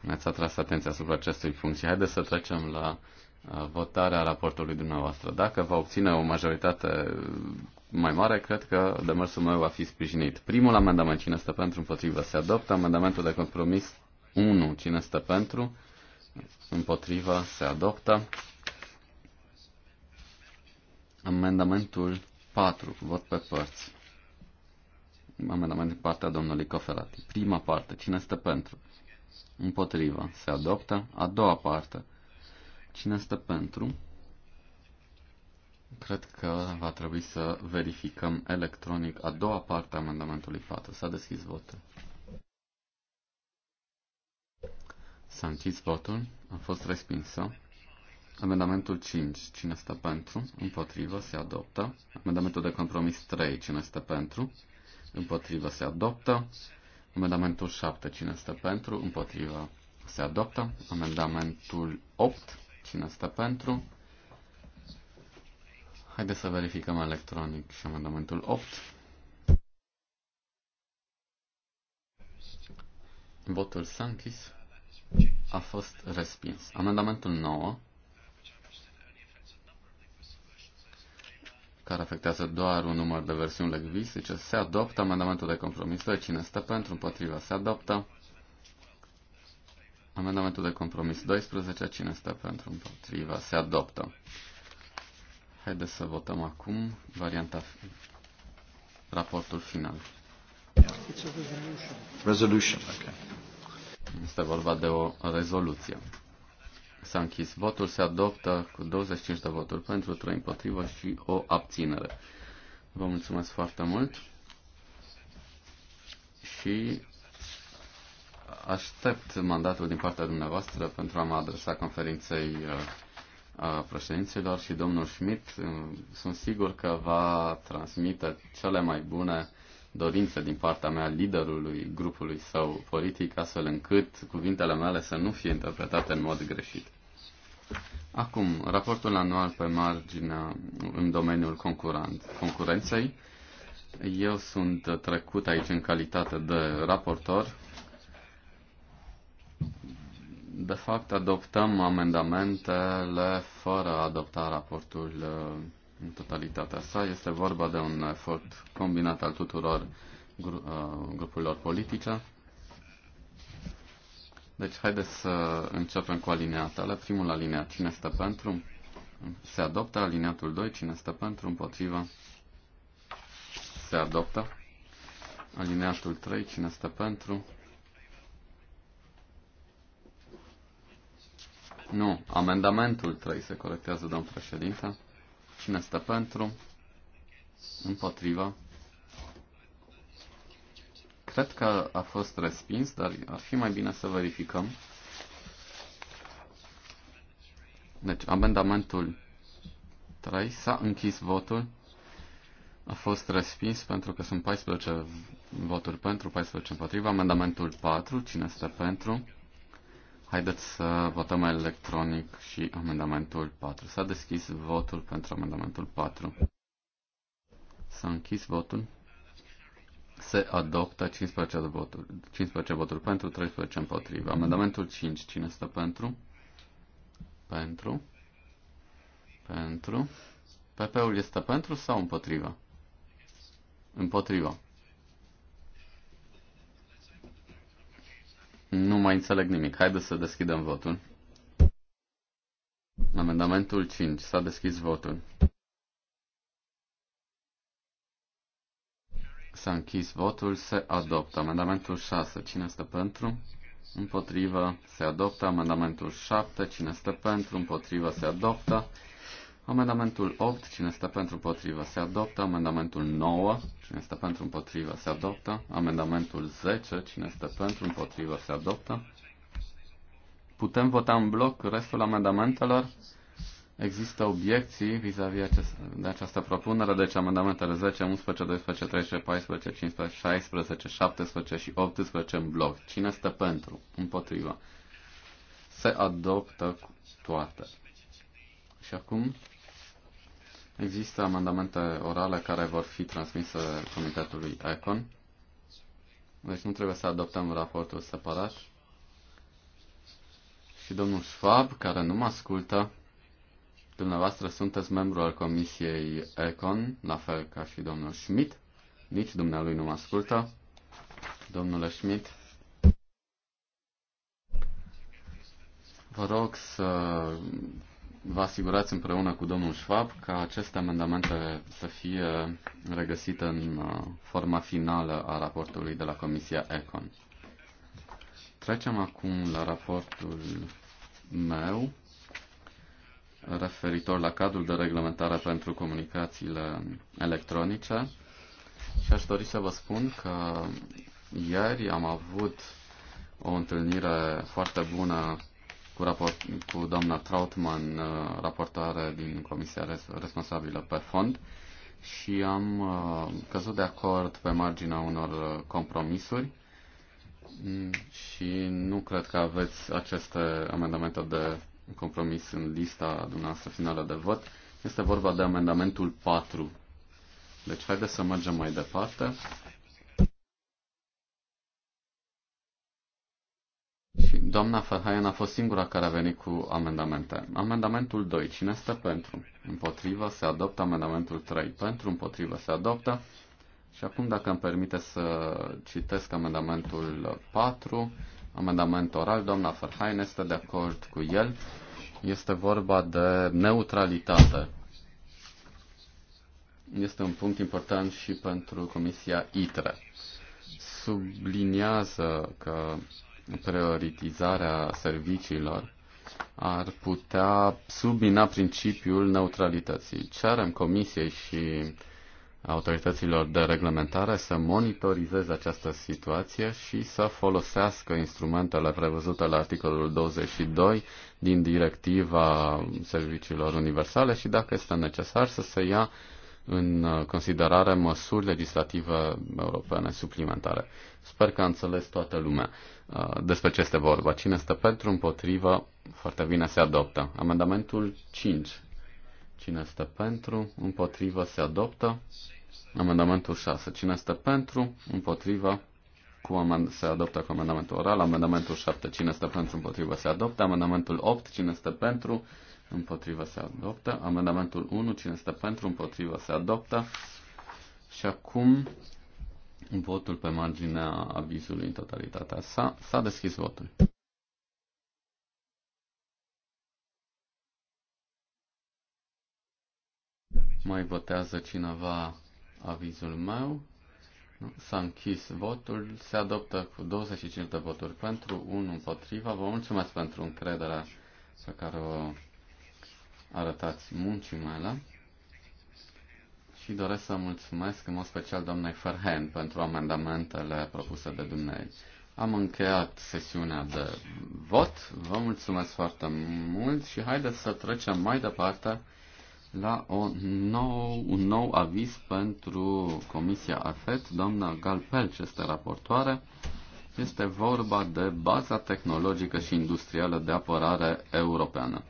ne-ați atras atenția asupra acestui punct și haideți să trecem la uh, votarea raportului dumneavoastră. Dacă va obține o majoritate mai mare, cred că demersul meu va fi sprijinit. Primul amendament, cine stă pentru, împotrivă, se adoptă. Amendamentul de compromis 1, cine stă pentru, împotrivă, se adoptă. Amendamentul 4, vot pe părți. Amendament din partea domnului Coferati. Prima parte, cine este pentru? Împotriva, se adoptă. A doua parte, cine este pentru? Cred că va trebui să verificăm electronic a doua parte a amendamentului 4. S-a deschis votul. S-a închis votul, a fost respinsă. Amendamentul 5. Cine stă pentru? Împotrivă. Se adoptă. Amendamentul de compromis 3. Cine stă pentru? Împotrivă. Se adoptă. Amendamentul 7. Cine stă pentru? Împotrivă. Se adoptă. Amendamentul 8. Cine stă pentru? Haideți să verificăm electronic și amendamentul 8. Votul s-a închis. A fost respins. Amendamentul 9. care afectează doar un număr de versiuni lingvistice, se adoptă amendamentul de compromis 2. Cine stă pentru, împotriva, se adoptă. Amendamentul de compromis 12. Cine stă pentru, împotriva, se adoptă. Haideți să votăm acum varianta raportul final. Resolution. Okay. Este vorba de o rezoluție. S-a închis votul, se adoptă cu 25 de voturi pentru, 3 împotrivă și o abținere. Vă mulțumesc foarte mult și aștept mandatul din partea dumneavoastră pentru a mă adresa conferinței uh, a președinților și domnul Schmidt sunt sigur că va transmite cele mai bune dorință din partea mea liderului grupului sau politic, astfel încât cuvintele mele să nu fie interpretate în mod greșit. Acum, raportul anual pe marginea în domeniul concurent, concurenței. Eu sunt trecut aici în calitate de raportor. De fapt, adoptăm amendamentele fără a adopta raportul în totalitatea sa. Este vorba de un efort combinat al tuturor gru- uh, grupurilor politice. Deci, haideți să începem cu alineatele. Primul alineat, cine stă pentru? Se adoptă alineatul 2, cine stă pentru, împotriva? Se adoptă. Alineatul 3, cine stă pentru? Nu, amendamentul 3 se corectează, domn președinte. Cine este pentru? Împotriva? Cred că a fost respins, dar ar fi mai bine să verificăm. Deci, amendamentul 3 s-a închis votul. A fost respins pentru că sunt 14 voturi pentru, 14 împotriva. Amendamentul 4, cine este pentru? Haideți să votăm electronic și amendamentul 4. S-a deschis votul pentru amendamentul 4. S-a închis votul. Se adoptă 15 voturi, 15 voturi pentru, 13 împotriva. Amendamentul 5. Cine stă pentru? Pentru. Pentru. PP-ul este pentru sau împotriva? Împotriva. Nu mai înțeleg nimic. Haideți să deschidem votul. Amendamentul 5. S-a deschis votul. S-a închis votul. Se adoptă. Amendamentul 6. Cine este pentru? Împotrivă. Se adoptă. Amendamentul 7. Cine este pentru? Împotrivă. Se adoptă. Amendamentul 8, cine stă pentru împotrivă, se adoptă. Amendamentul 9, cine stă pentru împotrivă, se adoptă. Amendamentul 10, cine stă pentru împotrivă, se adoptă. Putem vota în bloc restul amendamentelor? Există obiecții vis-a-vis acest, de această propunere, deci amendamentele 10, 11, 12, 13, 14, 15, 16, 17 și 18 în bloc. Cine stă pentru? Împotrivă. Se adoptă toate. Și acum Există amendamente orale care vor fi transmise Comitetului ECON. Deci nu trebuie să adoptăm raportul separat. Și domnul Schwab, care nu mă ascultă, dumneavoastră sunteți membru al Comisiei ECON, la fel ca și domnul Schmidt. Nici dumnealui nu mă ascultă. Domnule Schmidt, vă rog să vă asigurați împreună cu domnul Schwab ca aceste amendamente să fie regăsite în uh, forma finală a raportului de la Comisia Econ. Trecem acum la raportul meu referitor la cadrul de reglementare pentru comunicațiile electronice și aș dori să vă spun că ieri am avut o întâlnire foarte bună cu, raport, cu doamna Trautman, uh, raportoare din Comisia Responsabilă pe Fond, și am uh, căzut de acord pe marginea unor uh, compromisuri mm, și nu cred că aveți aceste amendamente de compromis în lista dumneavoastră finală de vot. Este vorba de amendamentul 4. Deci haideți să mergem mai departe. Doamna Fahayan a fost singura care a venit cu amendamente. Amendamentul 2. Cine stă pentru? Împotrivă se adoptă. Amendamentul 3. Pentru împotrivă se adoptă. Și acum, dacă îmi permite să citesc amendamentul 4, amendament oral, doamna Ferhaien este de acord cu el. Este vorba de neutralitate. Este un punct important și pentru Comisia ITRE. Subliniază că prioritizarea serviciilor ar putea submina principiul neutralității. Cerem Comisiei și autorităților de reglementare să monitorizeze această situație și să folosească instrumentele prevăzute la articolul 22 din directiva serviciilor universale și, dacă este necesar, să se ia în uh, considerare măsuri legislative europene suplimentare. Sper că a înțeles toată lumea uh, despre ce este vorba. Cine este pentru, împotrivă, foarte bine se adoptă. Amendamentul 5. Cine este pentru, împotrivă, se adoptă. Amendamentul 6. Cine este pentru, împotrivă, cu amend- se adoptă cu amendamentul oral. Amendamentul 7. Cine este pentru, împotrivă, se adoptă. Amendamentul 8. Cine este pentru, împotrivă se adoptă. Amendamentul 1, cine este pentru, împotrivă se adoptă. Și acum votul pe marginea avizului în totalitatea sa. S-a deschis votul. Mai votează cineva avizul meu. S-a închis votul, se adoptă cu 25 de voturi pentru, 1 împotriva. Vă mulțumesc pentru încrederea pe care o arătați muncii mele și doresc să mulțumesc în mod special doamnei Ferhen pentru amendamentele propuse de dumnei. Am încheiat sesiunea de vot. Vă mulțumesc foarte mult și haideți să trecem mai departe la o nou, un nou aviz pentru Comisia AFET. Doamna ce este raportoare. Este vorba de baza tehnologică și industrială de apărare europeană.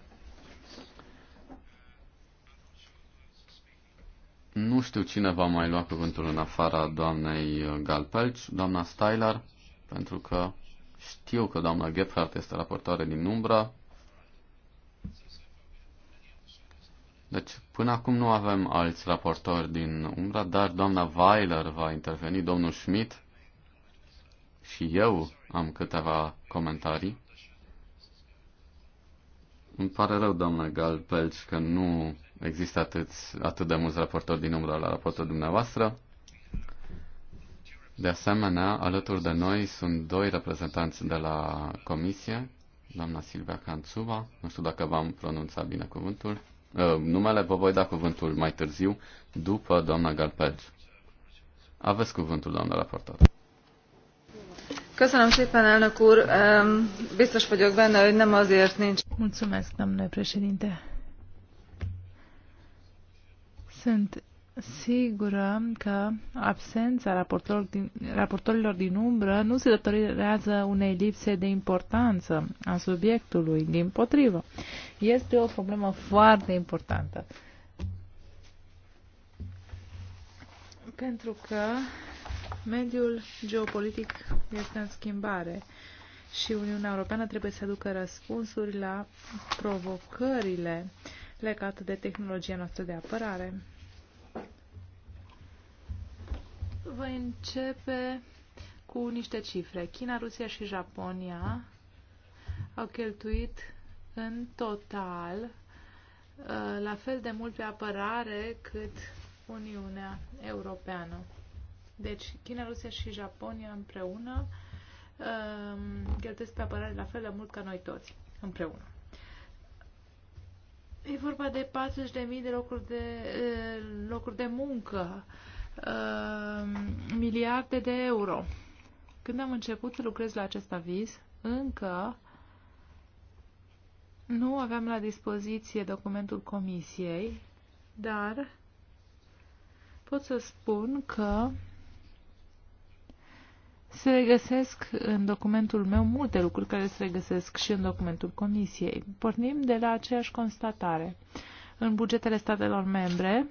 Nu știu cine va mai lua cuvântul în afara doamnei Galpelci, doamna Stylar, pentru că știu că doamna Gephardt este raportoare din umbra. Deci, până acum nu avem alți raportori din umbra, dar doamna Weiler va interveni, domnul Schmidt și eu am câteva comentarii. Îmi pare rău, doamna Galpelci, că nu există atât, atât de mulți raportori din umbră la raportul dumneavoastră. De asemenea, alături de noi sunt doi reprezentanți de la comisie, doamna Silvia Canțuva, nu știu dacă v-am pronunțat bine cuvântul, uh, numele vă voi da cuvântul mai târziu, după doamna Galpelci. Aveți cuvântul, doamna raportor. Köszönöm szépen, elnök úr. Biztos vagyok benne, hogy nem azért nincs. Mulțumesc, domnule președinte. Sunt sigură că absența raportorilor din, raportorilor din umbră nu se datorează unei lipse de importanță a subiectului, din potrivă. Este o problemă foarte importantă. Pentru că mediul geopolitic este în schimbare și Uniunea Europeană trebuie să aducă răspunsuri la provocările uh, legat de tehnologia noastră de apărare. Voi începe cu niște cifre. China, Rusia și Japonia au cheltuit în total uh, la fel de mult pe apărare cât Uniunea Europeană. Deci China, Rusia și Japonia împreună um, cheltuiesc pe apărare la fel de mult ca noi toți împreună. E vorba de 40.000 de locuri de, locuri de muncă, miliarde de euro. Când am început să lucrez la acest aviz, încă nu aveam la dispoziție documentul comisiei, dar pot să spun că se regăsesc în documentul meu multe lucruri care se regăsesc și în documentul Comisiei. Pornim de la aceeași constatare. În bugetele statelor membre,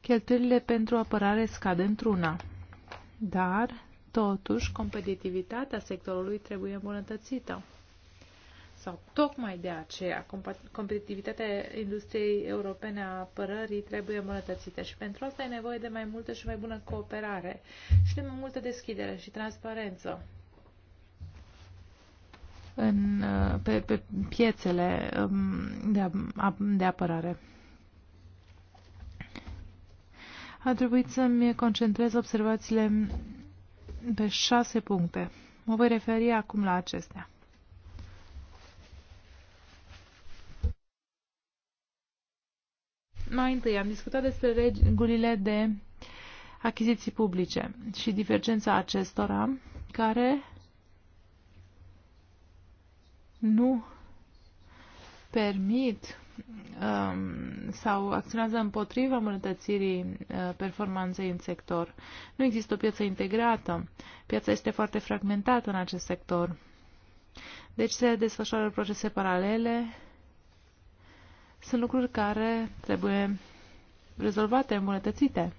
cheltuielile pentru apărare scad într-una, dar, totuși, competitivitatea sectorului trebuie îmbunătățită sau tocmai de aceea competitivitatea industriei europene a apărării trebuie îmbunătățită și pentru asta e nevoie de mai multă și mai bună cooperare și de mai multă deschidere și transparență în, pe, pe piețele um, de, de apărare. A trebuit să-mi concentrez observațiile pe șase puncte. Mă voi referi acum la acestea. Mai întâi am discutat despre regulile de achiziții publice și divergența acestora care nu permit um, sau acționează împotriva îmbunătățirii uh, performanței în sector. Nu există o piață integrată. Piața este foarte fragmentată în acest sector. Deci se desfășoară procese paralele sunt lucruri care trebuie rezolvate, îmbunătățite.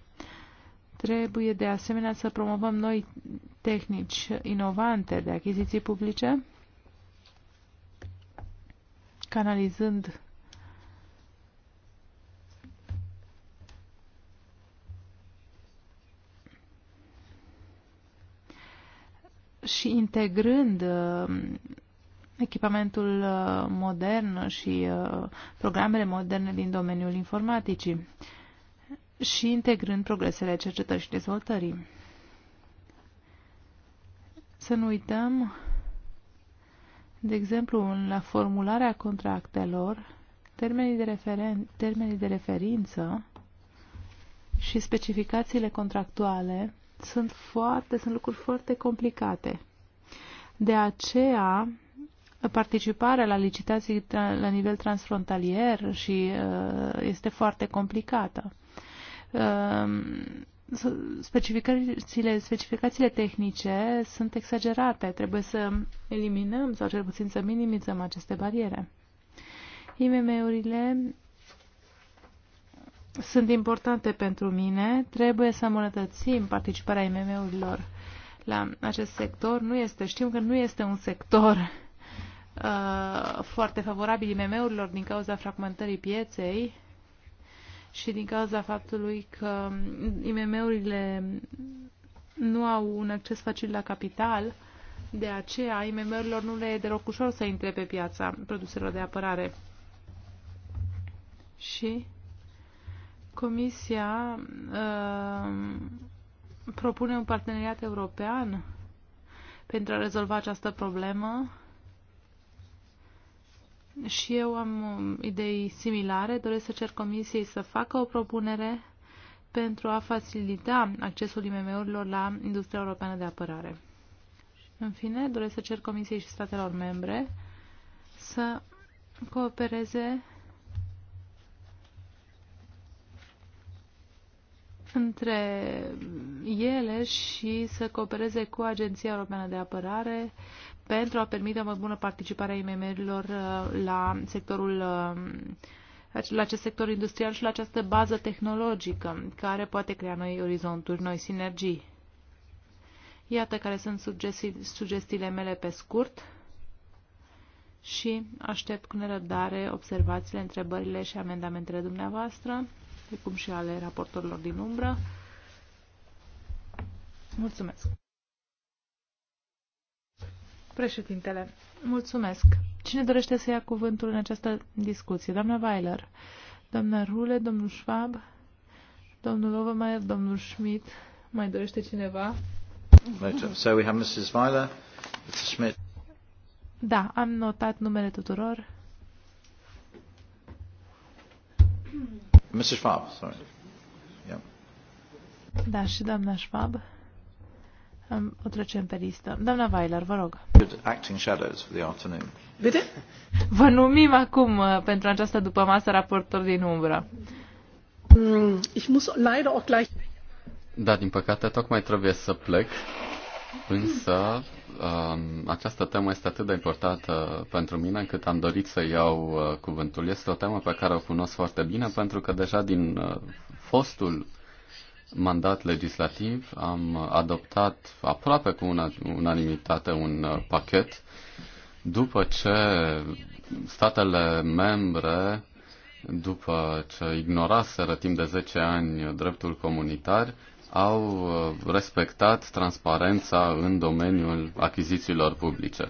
Trebuie de asemenea să promovăm noi tehnici inovante de achiziții publice, canalizând și integrând uh, echipamentul uh, modern și uh, programele moderne din domeniul informaticii și integrând progresele cercetării și dezvoltării. Să nu uităm, de exemplu, la formularea contractelor, termenii de, referen termenii de referință și specificațiile contractuale sunt foarte, sunt lucruri foarte complicate. De aceea, participarea la licitații la nivel transfrontalier și uh, este foarte complicată. Um, specificațiile, specificațiile tehnice sunt exagerate. Trebuie să eliminăm sau cel puțin să minimizăm aceste bariere. IMM-urile sunt importante pentru mine. Trebuie să îmbunătățim participarea IMM-urilor la acest sector. Nu este, știm că nu este un sector Uh, foarte favorabil IMM-urilor din cauza fragmentării pieței și din cauza faptului că IMM-urile nu au un acces facil la capital, de aceea IMM-urilor nu le e deloc ușor să intre pe piața produselor de apărare. Și Comisia uh, propune un parteneriat european pentru a rezolva această problemă și eu am um, idei similare. Doresc să cer comisiei să facă o propunere pentru a facilita accesul IMM-urilor la industria europeană de apărare. În fine, doresc să cer comisiei și statelor membre să coopereze între ele și să coopereze cu Agenția Europeană de Apărare pentru a permite o mai bună participare a IMM-urilor uh, la sectorul uh, la acest sector industrial și la această bază tehnologică care poate crea noi orizonturi, noi sinergii. Iată care sunt sugestiile mele pe scurt și aștept cu nerăbdare observațiile, întrebările și amendamentele dumneavoastră, precum și ale raportorilor din umbră. Mulțumesc! Președintele, mulțumesc. Cine dorește să ia cuvântul în această discuție? Doamna Weiler, doamna Rule, domnul Schwab, domnul Overmeyer, domnul Schmidt. Mai dorește cineva? So we have Mrs. Weiler, Mr. Schmidt. Da, am notat numele tuturor. Mr. Schwab, sorry. Yeah. Da, și doamna Schwab. O trecem pe listă. Doamna Weiler, vă rog. Acting shadows Bine? Vă numim acum uh, pentru această după masă raportor din umbră. Mm, ich muss leider auch gleich... Da, din păcate, tocmai trebuie să plec, însă um, această temă este atât de importantă pentru mine încât am dorit să iau uh, cuvântul. Este o temă pe care o cunosc foarte bine pentru că deja din uh, fostul mandat legislativ am adoptat aproape cu unanimitate un uh, pachet după ce statele membre, după ce ignoraseră timp de 10 ani dreptul comunitar, au uh, respectat transparența în domeniul achizițiilor publice.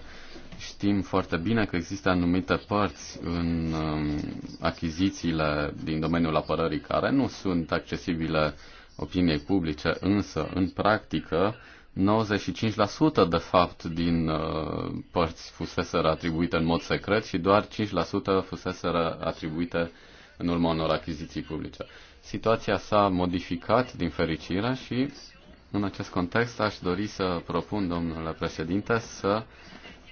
Știm foarte bine că există anumite părți în um, achizițiile din domeniul apărării care nu sunt accesibile opiniei publice, însă, în practică, 95% de fapt din uh, părți fusese atribuite în mod secret și doar 5% fusese atribuite în urma unor achiziții publice. Situația s-a modificat din fericire și în acest context aș dori să propun, domnule președinte, să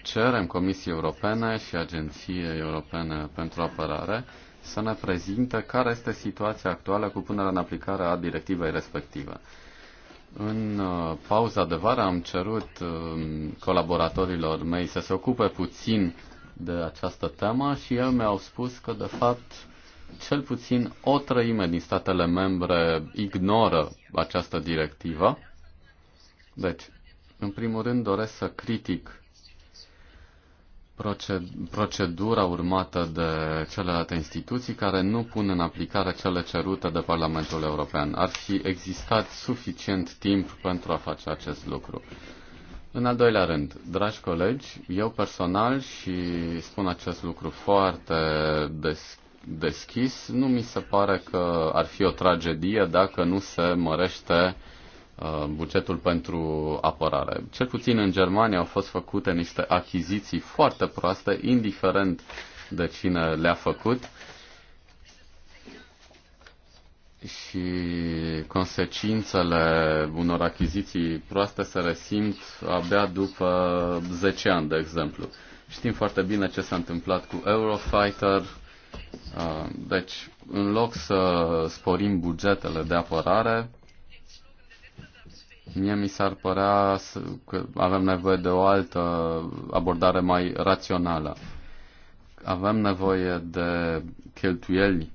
cerem Comisiei Europene și Agenției Europene pentru Apărare să ne prezinte care este situația actuală cu punerea în aplicare a directivei respective. În uh, pauza de vară am cerut um, colaboratorilor mei să se ocupe puțin de această temă și ei mi-au spus că, de fapt, cel puțin o trăime din statele membre ignoră această directivă. Deci, în primul rând, doresc să critic procedura urmată de celelalte instituții care nu pun în aplicare cele cerute de Parlamentul European. Ar fi existat suficient timp pentru a face acest lucru. În al doilea rând, dragi colegi, eu personal și spun acest lucru foarte des, deschis, nu mi se pare că ar fi o tragedie dacă nu se mărește Uh, bugetul pentru apărare. Cel puțin în Germania au fost făcute niște achiziții foarte proaste, indiferent de cine le-a făcut. Și consecințele unor achiziții proaste se resimt abia după 10 ani, de exemplu. Știm foarte bine ce s-a întâmplat cu Eurofighter. Uh, deci, în loc să sporim bugetele de apărare, Mie mi s-ar părea că avem nevoie de o altă abordare mai rațională. Avem nevoie de cheltuieli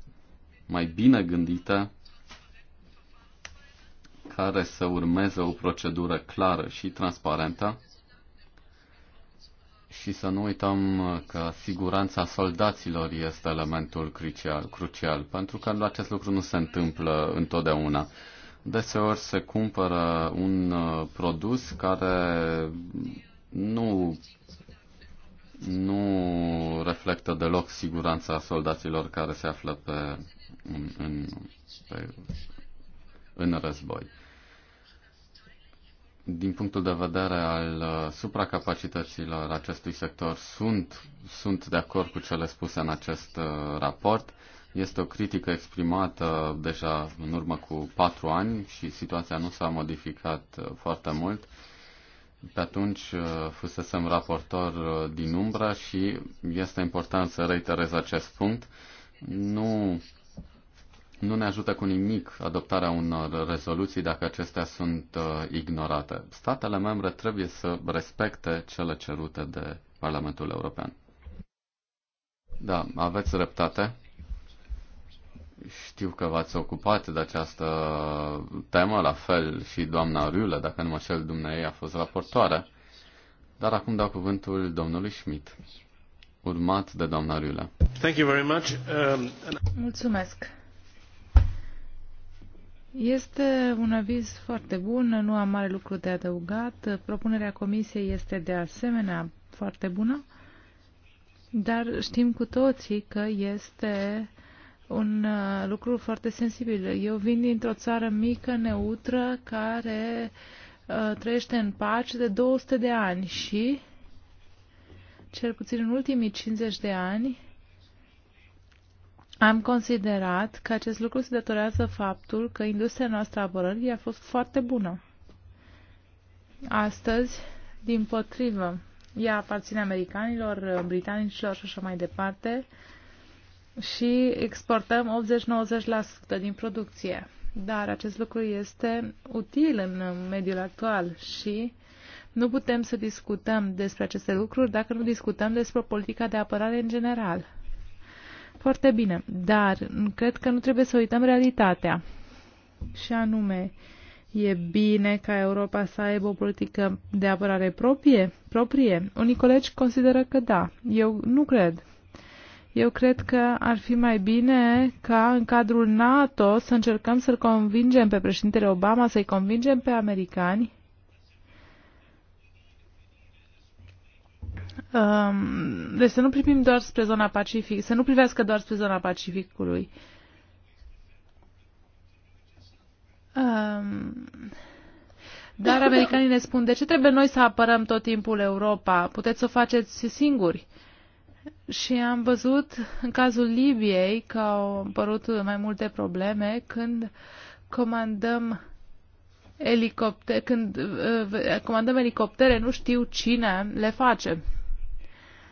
mai bine gândite care să urmeze o procedură clară și transparentă și să nu uităm că siguranța soldaților este elementul crucial, crucial pentru că acest lucru nu se întâmplă întotdeauna. Deseori se cumpără un uh, produs care nu, nu reflectă deloc siguranța soldaților care se află pe, în, în, pe, în război din punctul de vedere al uh, supracapacităților acestui sector, sunt, sunt de acord cu cele spuse în acest uh, raport. Este o critică exprimată deja în urmă cu patru ani și situația nu s-a modificat uh, foarte mult. Pe atunci uh, fusesem raportor uh, din umbra și este important să reiterez acest punct. Nu, nu ne ajută cu nimic adoptarea unor rezoluții dacă acestea sunt ignorate. Statele membre trebuie să respecte cele cerute de Parlamentul European. Da, aveți dreptate. Știu că v-ați ocupat de această temă, la fel și doamna Riulă, dacă nu mă șel ei a fost raportoare. Dar acum dau cuvântul domnului Schmidt, urmat de doamna Riulă. Thank you very much. Um, Mulțumesc. Este un aviz foarte bun, nu am mare lucru de adăugat. Propunerea comisiei este de asemenea foarte bună, dar știm cu toții că este un uh, lucru foarte sensibil. Eu vin dintr-o țară mică, neutră, care uh, trăiește în pace de 200 de ani și, cel puțin în ultimii 50 de ani, am considerat că acest lucru se datorează faptul că industria noastră a apărării a fost foarte bună. Astăzi, din potrivă, ea aparține americanilor, britanicilor și așa mai departe, uh, și exportăm 80-90% din producție. Dar acest lucru este util în mediul actual și nu putem să discutăm despre aceste lucruri dacă nu discutăm despre politica de apărare în general. Foarte bine, dar cred că nu trebuie să uităm realitatea. Și anume, e bine ca Europa să aibă o politică de apărare proprie? proprie? Unii colegi consideră că da, eu nu cred. Eu cred că ar fi mai bine ca în cadrul NATO să încercăm să-l convingem pe președintele Obama, să-i convingem pe americani um, deci să nu privim doar spre zona Pacific, să nu privească doar spre zona Pacificului. Um, dar americanii ne spun, de ce trebuie noi să apărăm tot timpul Europa? Puteți să o faceți singuri. Uh, și am văzut în cazul Libiei că au apărut mai multe probleme când comandăm elicoptere, când uh, comandăm elicoptere, nu știu cine le face.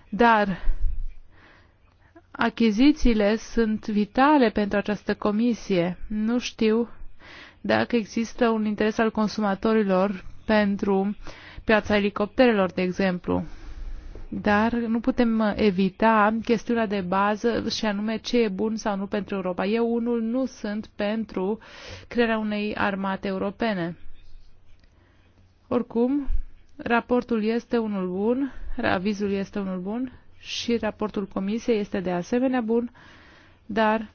Dar achizițiile sunt vitale pentru această comisie. Nu știu dacă există un interes al consumatorilor pentru piața elicopterelor, de exemplu dar nu putem evita chestiunea de bază și anume ce e bun sau nu pentru Europa. Eu unul nu sunt pentru crearea unei armate europene. Oricum, raportul este unul bun, avizul este unul bun și raportul comisiei este de asemenea bun, dar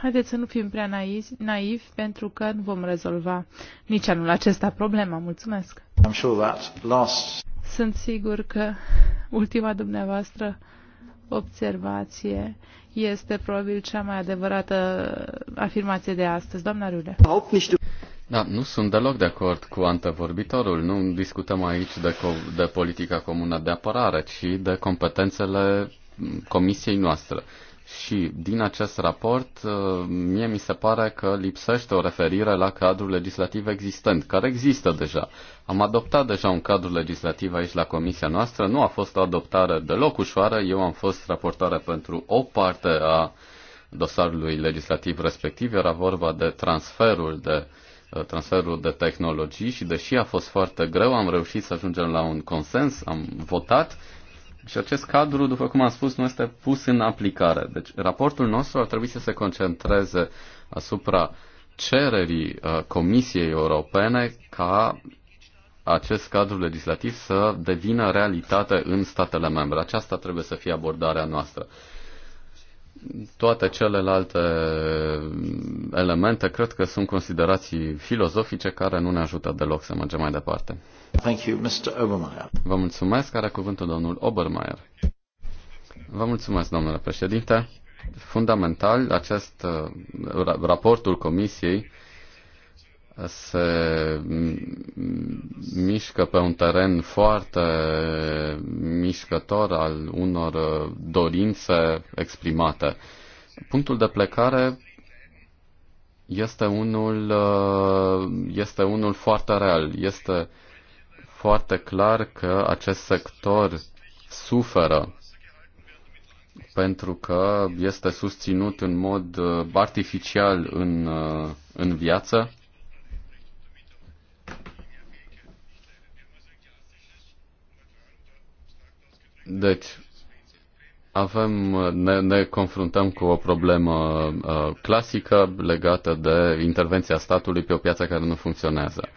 Haideți să nu fim prea naivi, naivi pentru că nu vom rezolva nici anul acesta problema. Mulțumesc! I'm sure that last... Sunt sigur că ultima dumneavoastră observație este probabil cea mai adevărată afirmație de astăzi. Doamna Rule. Da, nu sunt deloc de acord cu antevorbitorul. Nu discutăm aici de, co- de politica comună de apărare, ci de competențele comisiei noastre. Și din acest raport, uh, mie mi se pare că lipsește o referire la cadrul legislativ existent, care există deja. Am adoptat deja un cadru legislativ aici la comisia noastră, nu a fost o adoptare deloc ușoară, eu am fost raportare pentru o parte a dosarului legislativ respectiv, era vorba de transferul de uh, transferul de tehnologii și deși a fost foarte greu, am reușit să ajungem la un consens, am votat și acest cadru, după cum am spus, nu este pus în aplicare. Deci raportul nostru ar trebui să se concentreze asupra cererii uh, Comisiei Europene ca acest cadru legislativ să devină realitate în statele membre. Aceasta trebuie să fie abordarea noastră toate celelalte elemente cred că sunt considerații filozofice care nu ne ajută deloc să mergem mai departe. Thank you, Mr. Obermeier. Vă mulțumesc. Are cuvântul domnul Obermeier. Vă mulțumesc, domnule președinte. Fundamental, acest uh, raportul comisiei se mișcă pe un teren foarte mișcător al unor dorințe exprimate. Punctul de plecare este unul, este unul foarte real. Este foarte clar că acest sector suferă pentru că este susținut în mod uh, artificial în, uh, în viață Deci, avem, ne, ne confruntăm cu o problemă uh, clasică legată de intervenția statului pe o piață care nu funcționează.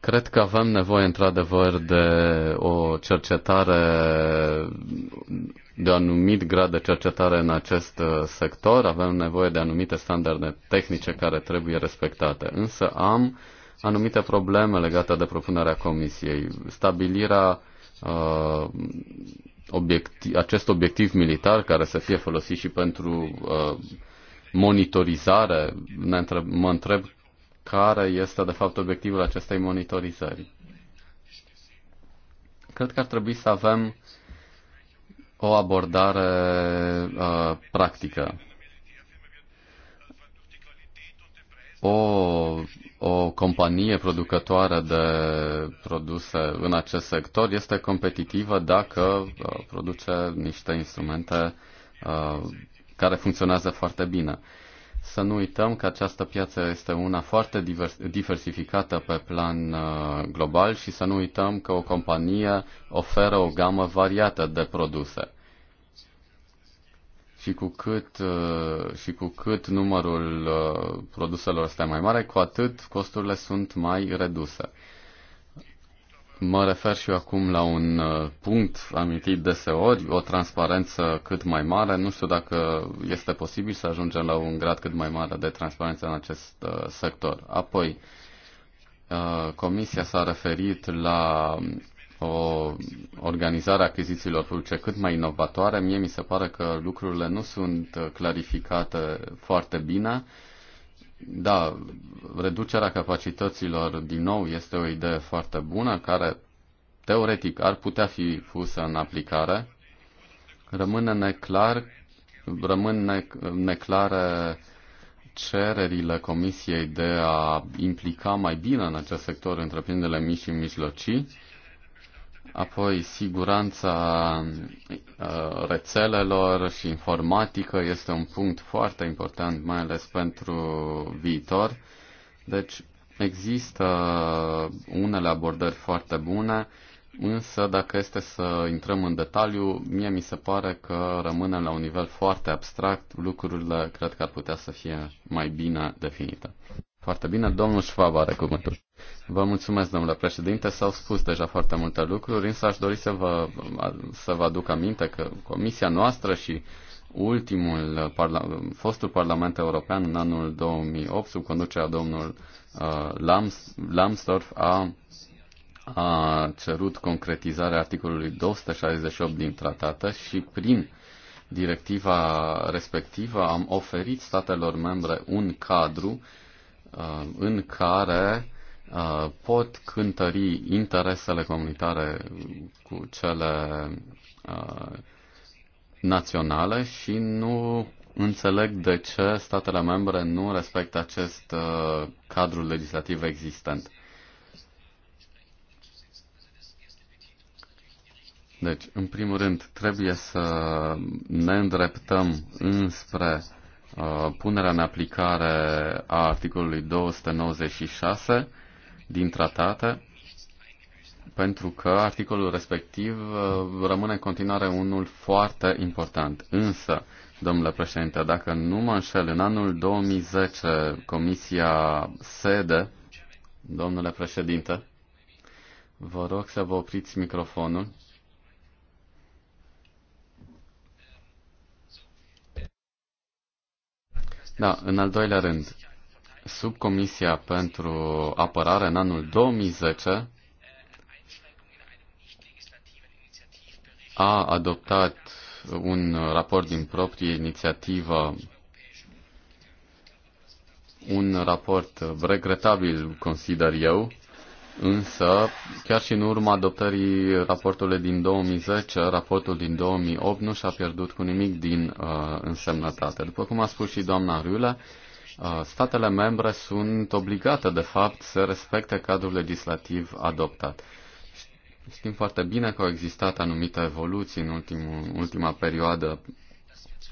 Cred că avem nevoie, într-adevăr, de o cercetare, de un anumit grad de cercetare în acest uh, sector. Avem nevoie de anumite standarde tehnice care trebuie respectate. Însă am uh, anumite probleme legate de propunerea Comisiei. Stabilirea uh, obiectiv, acest obiectiv militar care să fie folosit și pentru uh, monitorizare, ne întreb, mă întreb care este de fapt obiectivul acestei monitorizări. Cred că ar trebui să avem o abordare uh, practică. O o companie producătoare de produse în acest sector este competitivă dacă uh, produce niște instrumente uh, care funcționează foarte bine. Să nu uităm că această piață este una foarte divers- diversificată pe plan uh, global și să nu uităm că o companie oferă o gamă variată de produse și cu cât, uh, și cu cât numărul uh, produselor este mai mare, cu atât costurile sunt mai reduse. Mă refer și eu acum la un uh, punct amintit deseori, o transparență cât mai mare. Nu știu dacă este posibil să ajungem la un grad cât mai mare de transparență în acest sector. Apoi, Comisia s-a referit la o organizare a achizițiilor publice cât mai inovatoare. Mie mi se pare că lucrurile nu sunt clarificate foarte bine. Da, reducerea capacităților din nou este o idee foarte bună care teoretic ar putea fi pusă în aplicare. Rămâne neclar, rămân neclare cererile Comisiei de a implica mai bine în acest sector întreprinderile mici și mijlocii Apoi, siguranța uh, rețelelor și informatică este un punct foarte important, mai ales pentru viitor. Deci, există unele abordări foarte bune, însă dacă este să intrăm în detaliu, mie mi se pare că rămânem la un nivel foarte abstract, lucrurile cred că ar putea să fie mai bine definite. Foarte bine, domnul Schwab are cuvântul. Vă mulțumesc, domnule președinte. S-au spus deja foarte multe lucruri, însă aș dori să vă, să vă aduc aminte că comisia noastră și ultimul parla- fostul Parlament European în anul 2008, sub conducerea domnul uh, Lambsdorff, a, a cerut concretizarea articolului 268 din tratată și prin directiva respectivă am oferit statelor membre un cadru uh, Uh, în care uh, pot cântări interesele comunitare cu cele uh, naționale și nu înțeleg de ce statele membre nu respectă acest cadru legislativ existent. Deci, în primul rând, trebuie să ne îndreptăm înspre uh, Uh, punerea în aplicare a articolului 296 din tratate, pentru că articolul respectiv uh, rămâne în continuare unul foarte important. Însă, domnule președinte, dacă nu mă înșel, în anul 2010 Comisia SEDE, domnule președinte, vă rog să vă opriți microfonul. Da, în al doilea rând, subcomisia pentru apărare în anul 2010 a adoptat un raport din proprie inițiativă, un raport regretabil, consider eu, Însă, chiar și în urma adoptării raportului din 2010, raportul din 2008 nu și-a pierdut cu nimic din uh, însemnătate. După cum a spus și doamna Rule, uh, statele membre sunt obligate, de fapt, să respecte cadrul legislativ adoptat. Știm foarte bine că au existat anumite evoluții în ultimul, ultima perioadă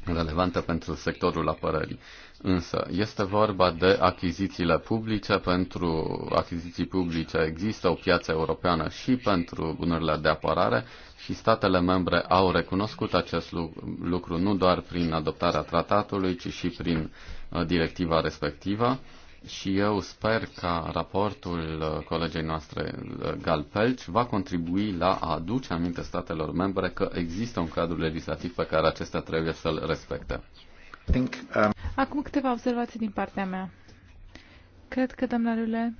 relevantă pentru sectorul apărării. Însă, este vorba de achizițiile publice. Pentru achiziții publice există o piață europeană și pentru bunurile de apărare și statele membre au recunoscut acest lucru nu doar prin adoptarea tratatului, ci și prin uh, directiva respectivă și eu sper că raportul uh, colegei noastre uh, Galpelci va contribui la a aduce aminte statelor membre că există un cadru legislativ pe care acestea trebuie să-l respecte. Um, Acum câteva observații din partea mea. Cred că doamna Rule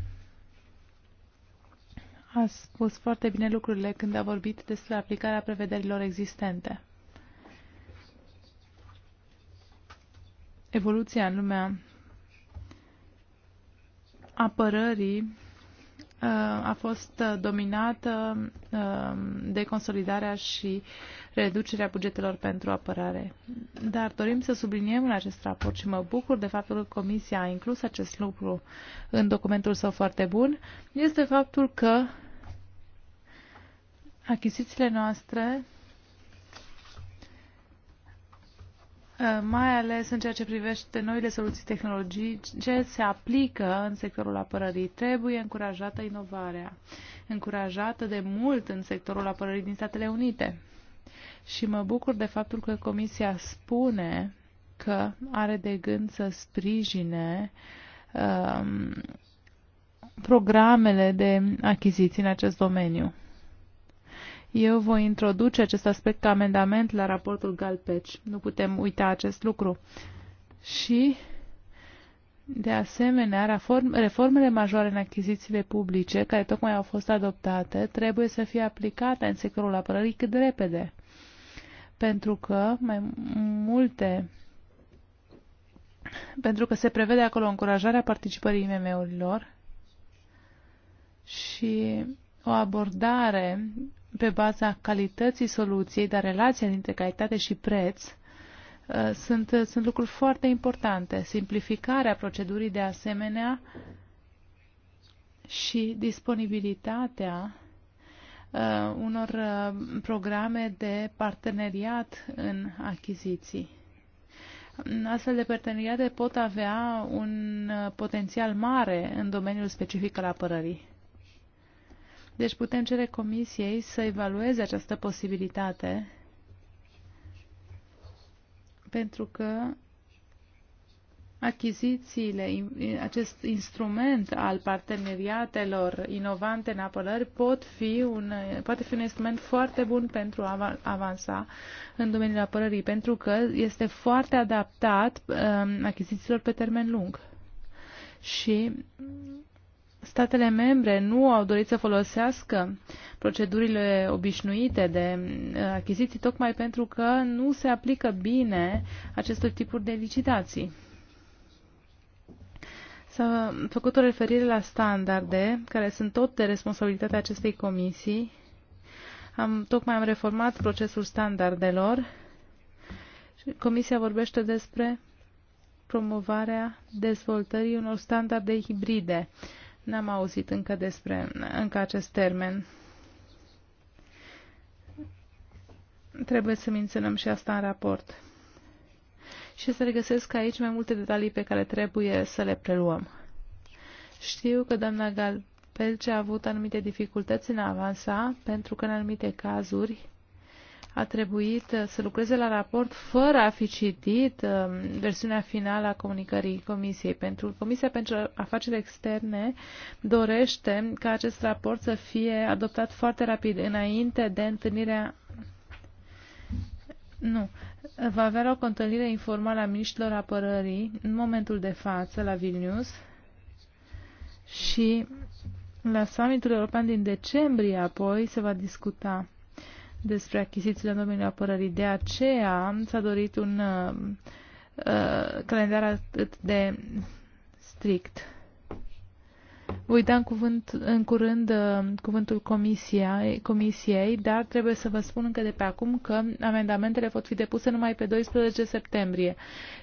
a spus foarte bine lucrurile când a vorbit despre aplicarea prevederilor existente. Evoluția în lumea apărării uh, a fost uh, dominată uh, de consolidarea și reducerea bugetelor pentru apărare. Dar dorim să subliniem în acest raport și mă bucur de faptul că Comisia a inclus acest lucru în documentul său foarte bun, este faptul că achizițiile noastre Uh, mai ales în ceea ce privește noile soluții tehnologice, se aplică în sectorul apărării. Trebuie încurajată inovarea, încurajată de mult în sectorul apărării din Statele Unite. Și mă bucur de faptul că Comisia spune că are de gând să sprijine um, programele de achiziții în acest domeniu. Eu voi introduce acest aspect ca amendament la raportul Galpeci. Nu putem uita acest lucru. Și, de asemenea, reformele majore în achizițiile publice, care tocmai au fost adoptate, trebuie să fie aplicate în sectorul apărării cât de repede. Pentru că mai multe pentru că se prevede acolo încurajarea participării IMM-urilor și o abordare pe baza calității soluției, dar relația dintre calitate și preț uh, sunt, sunt lucruri foarte importante. Simplificarea procedurii de asemenea și disponibilitatea uh, unor uh, programe de parteneriat în achiziții. Astfel de parteneriate pot avea un uh, potențial mare în domeniul specific al apărării. Deci putem cere Comisiei să evalueze această posibilitate pentru că achizițiile, acest instrument al parteneriatelor inovante în apărări pot fi un, poate fi un instrument foarte bun pentru a avansa în domeniul apărării, pentru că este foarte adaptat um, achizițiilor pe termen lung. Și statele membre nu au dorit să folosească procedurile obișnuite de uh, achiziții tocmai pentru că nu se aplică bine acestor tipuri de licitații. S-a făcut o referire la standarde, care sunt tot de responsabilitatea acestei comisii. Am, tocmai am reformat procesul standardelor. Comisia vorbește despre promovarea dezvoltării unor standarde hibride. Uh, N-am auzit încă despre încă acest termen. Trebuie să menționăm și asta în raport. Și să regăsesc aici mai multe detalii pe care trebuie să le preluăm. Știu că doamna Galpelce a avut anumite dificultăți în a avansa, pentru că în anumite cazuri a trebuit uh, să lucreze la raport fără a fi citit um, versiunea finală a comunicării Comisiei. Pentru Comisia pentru Afaceri Externe dorește ca acest raport să fie adoptat foarte rapid, înainte de întâlnirea nu. Va avea o întâlnire informală a miniștilor apărării în momentul de față la Vilnius și la summitul european din decembrie apoi se va discuta despre achizițiile în domeniul apărării. De aceea s-a dorit un uh, uh, calendar atât de strict. Voi da în, cuvânt, în curând uh, cuvântul comisiei, comisiei, dar trebuie să vă spun încă de pe acum că amendamentele pot fi depuse numai pe 12 septembrie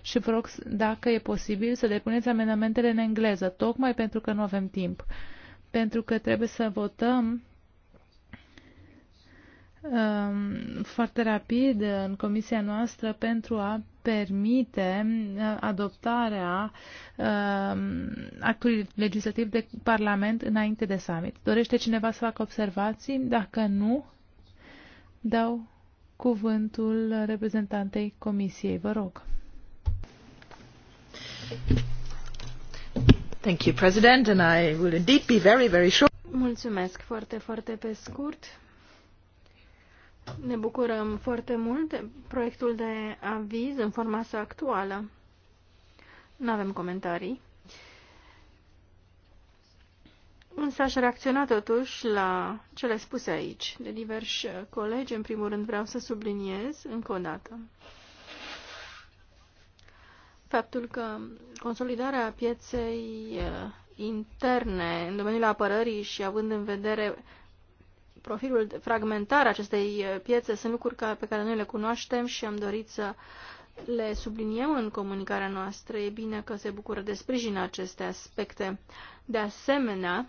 și vă rog, dacă e posibil, să depuneți amendamentele în engleză, tocmai pentru că nu avem timp, pentru că trebuie să votăm Um, foarte rapid în comisia noastră pentru a permite uh, adoptarea um, actului legislativ de Parlament înainte de summit. Dorește cineva să facă observații? Dacă nu, dau cuvântul reprezentantei comisiei. Vă rog. Thank you, President, and I will indeed be very, very short. Mulțumesc foarte, foarte pe scurt. Ne bucurăm foarte mult de proiectul de aviz în forma sa actuală. Nu avem comentarii. Însă aș reacționa totuși la cele spuse aici de diversi colegi. În primul rând vreau să subliniez încă o dată faptul că consolidarea pieței eh, interne în domeniul apărării și având în vedere profilul fragmentar acestei eh, piețe sunt lucruri pe care noi le cunoaștem și am dorit să le subliniem în comunicarea noastră. E bine că se bucură de sprijin aceste aspecte. De asemenea,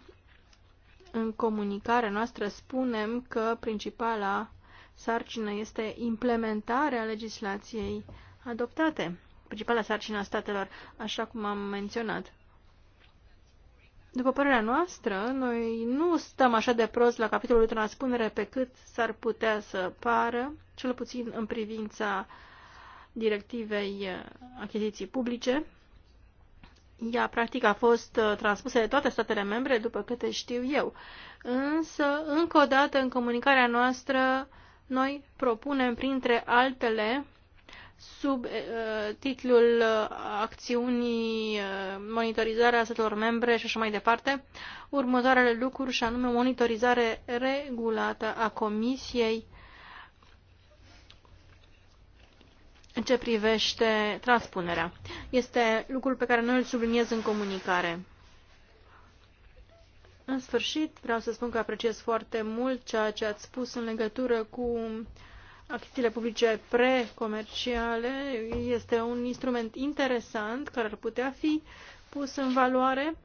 în comunicarea noastră spunem că principala sarcină este implementarea legislației adoptate, principala sarcină a statelor, așa cum am menționat. După părerea noastră, noi nu stăm așa de prost la capitolul de transpunere pe cât s-ar putea să pară, cel puțin în privința directivei eh, achiziții publice. Ea, practic, a fost eh, transpusă de toate statele membre, după câte știu eu. Însă, încă o dată, în comunicarea noastră, noi propunem, printre altele, sub uh, titlul uh, acțiunii uh, monitorizarea statelor membre și așa mai departe, următoarele lucruri și anume monitorizare regulată a Comisiei în ce privește transpunerea. Este lucrul pe care noi îl subliniez în comunicare. În sfârșit, vreau să spun că apreciez foarte mult ceea ce ați spus în legătură cu uh, achizițiile publice precomerciale este un instrument interesant care ar putea fi pus în valoare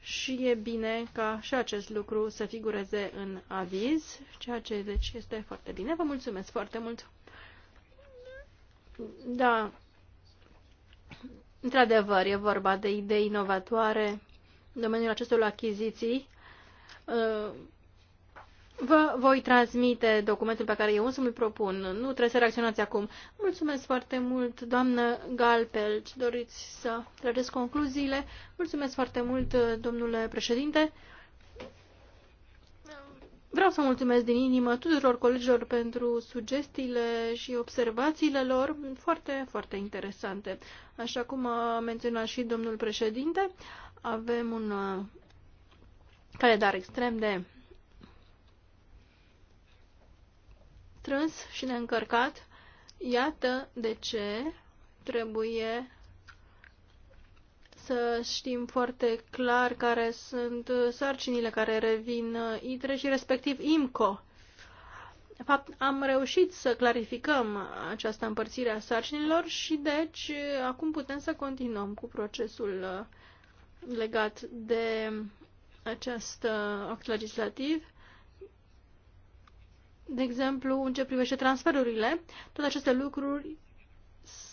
și e bine ca și acest lucru să figureze în aviz, ceea ce deci este foarte bine. Vă mulțumesc foarte mult! Da, într-adevăr, e vorba de idei inovatoare în domeniul acestor achiziții uh, Vă voi transmite documentul pe care eu însumi îl propun. Nu trebuie să reacționați acum. Mulțumesc foarte mult, doamnă ce Doriți să trageți concluziile? Mulțumesc foarte mult, domnule președinte. Vreau să mulțumesc din inimă tuturor colegilor pentru sugestiile și observațiile lor, foarte, foarte interesante. Așa cum a menționat și domnul președinte, avem un calendar extrem de strâns și neîncărcat. Iată de ce trebuie să știm foarte clar care sunt sarcinile care revin uh, ITRE și respectiv IMCO. De fapt, am reușit să clarificăm această împărțire a sarcinilor și deci uh, acum putem să continuăm cu procesul uh, legat de acest act legislativ de exemplu, în ce privește transferurile, toate aceste lucruri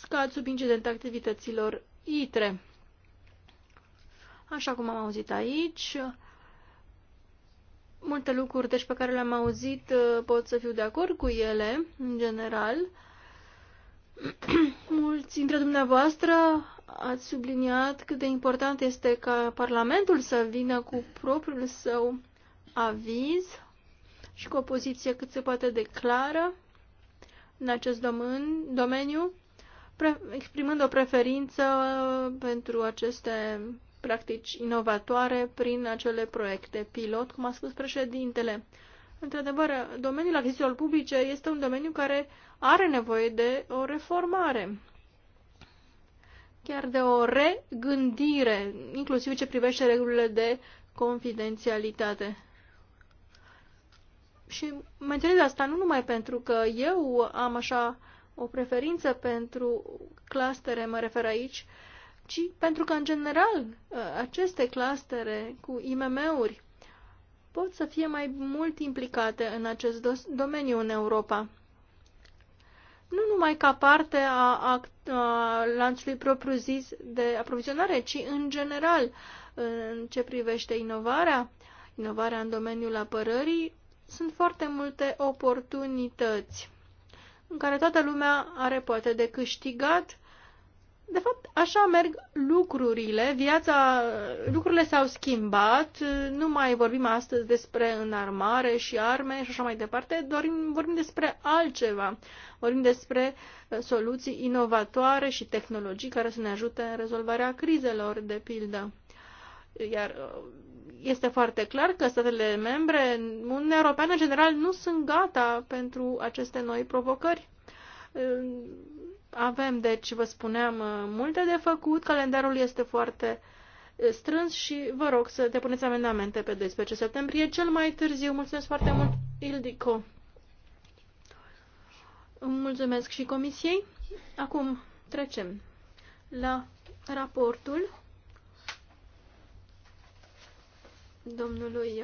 scad sub incident activităților ITRE. Așa cum am auzit aici, multe lucruri deci pe care le-am auzit pot să fiu de acord cu ele, în general. Mulți dintre dumneavoastră ați subliniat cât de important este ca Parlamentul să vină cu propriul său aviz și cu o poziție cât se poate de clară în acest domeniu, exprimând o preferință pentru aceste practici inovatoare prin acele proiecte pilot, cum a spus președintele. Într-adevăr, domeniul achizițiilor publice este un domeniu care are nevoie de o reformare, chiar de o regândire, inclusiv ce privește regulile de confidențialitate. Și menționez asta nu numai pentru că eu am așa o preferință pentru clastere, mă refer aici, ci pentru că, în general, aceste clastere cu IMM-uri pot să fie mai mult implicate în acest domeniu în Europa. Nu numai ca parte a, a, a lanțului propriu-zis de aprovizionare, ci în general în ce privește inovarea, inovarea în domeniul apărării, sunt foarte multe oportunități în care toată lumea are poate de câștigat. De fapt, așa merg lucrurile, viața, lucrurile s-au schimbat, nu mai vorbim astăzi despre înarmare și arme și așa mai departe, dorim, vorbim despre altceva, vorbim despre uh, soluții inovatoare și tehnologii care să ne ajute în rezolvarea crizelor, de pildă. Iar uh, este foarte clar că statele membre, Uniunea Europeană în general, nu sunt gata pentru aceste noi provocări. Avem, deci, vă spuneam, multe de făcut, calendarul este foarte strâns și vă rog să depuneți amendamente pe 12 septembrie, cel mai târziu. Mulțumesc foarte mult, Ildico. Mulțumesc și comisiei. Acum trecem la raportul domnului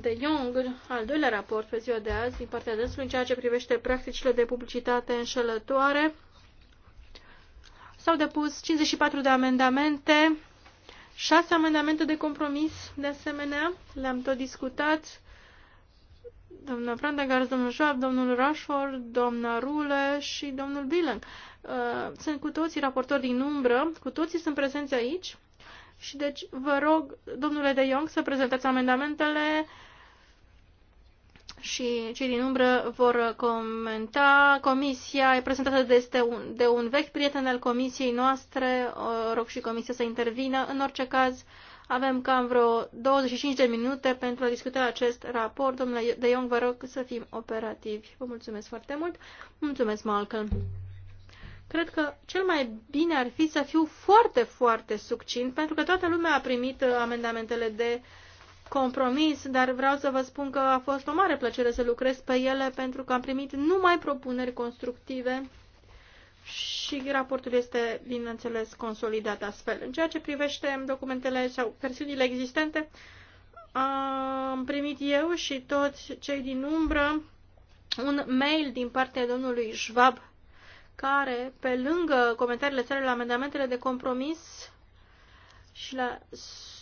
de Jong, al doilea raport pe ziua de azi, din partea dânsului, în ceea ce privește practicile de publicitate înșelătoare. S-au depus 54 de amendamente, 6 amendamente de compromis, de asemenea, le-am tot discutat. Doamna Prandagars, domnul Joab, domnul Rashford, doamna Rule și domnul Dylan. Uh, sunt cu toții raportori din umbră, cu toții sunt prezenți aici și deci vă rog, domnule De Jong, să prezentați amendamentele și cei din umbră vor comenta. Comisia e prezentată de, este un, de un vechi prieten al comisiei noastre, o rog și comisia să intervină. În orice caz, avem cam vreo 25 de minute pentru a discuta acest raport. Domnule De Jong, vă rog să fim operativi. Vă mulțumesc foarte mult. Mulțumesc, Malcolm. Cred că cel mai bine ar fi să fiu foarte, foarte succint, pentru că toată lumea a primit uh, amendamentele de compromis, dar vreau să vă spun că a fost o mare plăcere să lucrez pe ele, pentru că am primit numai propuneri constructive și raportul este, bineînțeles, consolidat astfel. În ceea ce privește documentele sau versiunile existente, am primit eu și toți cei din umbră un mail din partea domnului Schwab care, pe lângă comentariile sale la amendamentele de compromis și la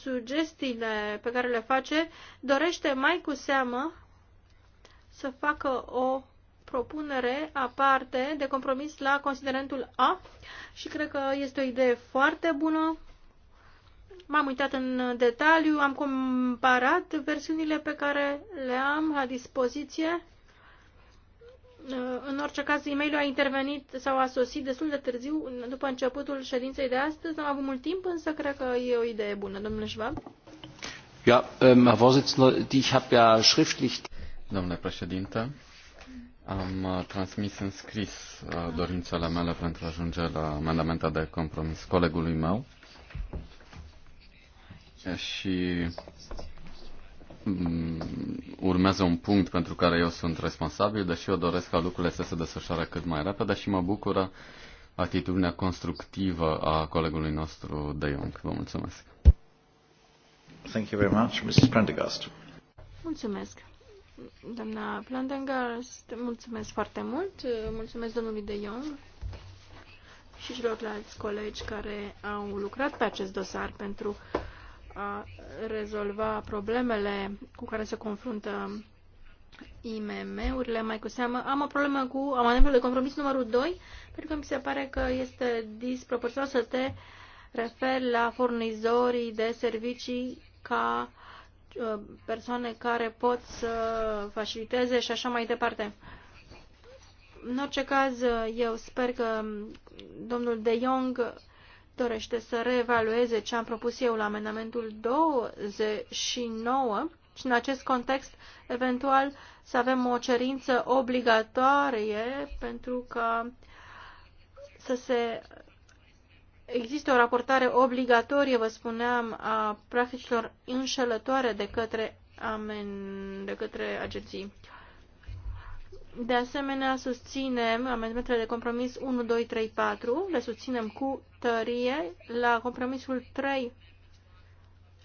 sugestiile pe care le face, dorește mai cu seamă să facă o propunere aparte de compromis la considerentul A și cred că este o idee foarte bună. M-am uitat în detaliu, am comparat versiunile pe care le am la dispoziție în orice caz, e a intervenit sau a sosit destul de târziu, după începutul ședinței de astăzi. am avut mult timp, însă cred că e o idee bună, domnule Schwab. Ja, ähm, Herr Vorsitzender, ich habe ja schriftlich... Domnule președinte, am uh, transmis în scris uh, dorințele mele pentru a ajunge la amendamenta de compromis colegului meu și Mm, urmează un punct pentru care eu sunt responsabil, deși eu doresc ca lucrurile să se desfășoare cât mai repede și mă bucură atitudinea constructivă a colegului nostru De Jong. Vă mulțumesc. Thank you very much, Mrs. Prendergast. Mulțumesc. Doamna Plandengast, mulțumesc foarte mult. Mulțumesc domnului De Jong și celorlalți colegi care au lucrat pe acest dosar pentru a rezolva problemele cu care se confruntă IMM-urile, mai cu seamă. Am o problemă cu amendamentul de compromis numărul 2, pentru că mi se pare că este disproporționat să te refer la furnizorii de servicii ca uh, persoane care pot să faciliteze și așa mai departe. În orice caz, eu sper că domnul De Jong dorește să reevalueze ce am propus eu la amendamentul 29 și în acest context, eventual, să avem o cerință obligatorie pentru că să se Există o raportare obligatorie, vă spuneam, a practicilor înșelătoare de către, amen, de către agenții. De asemenea, susținem amendamentele de compromis 1, 2, 3, 4, le susținem cu tărie. La compromisul 3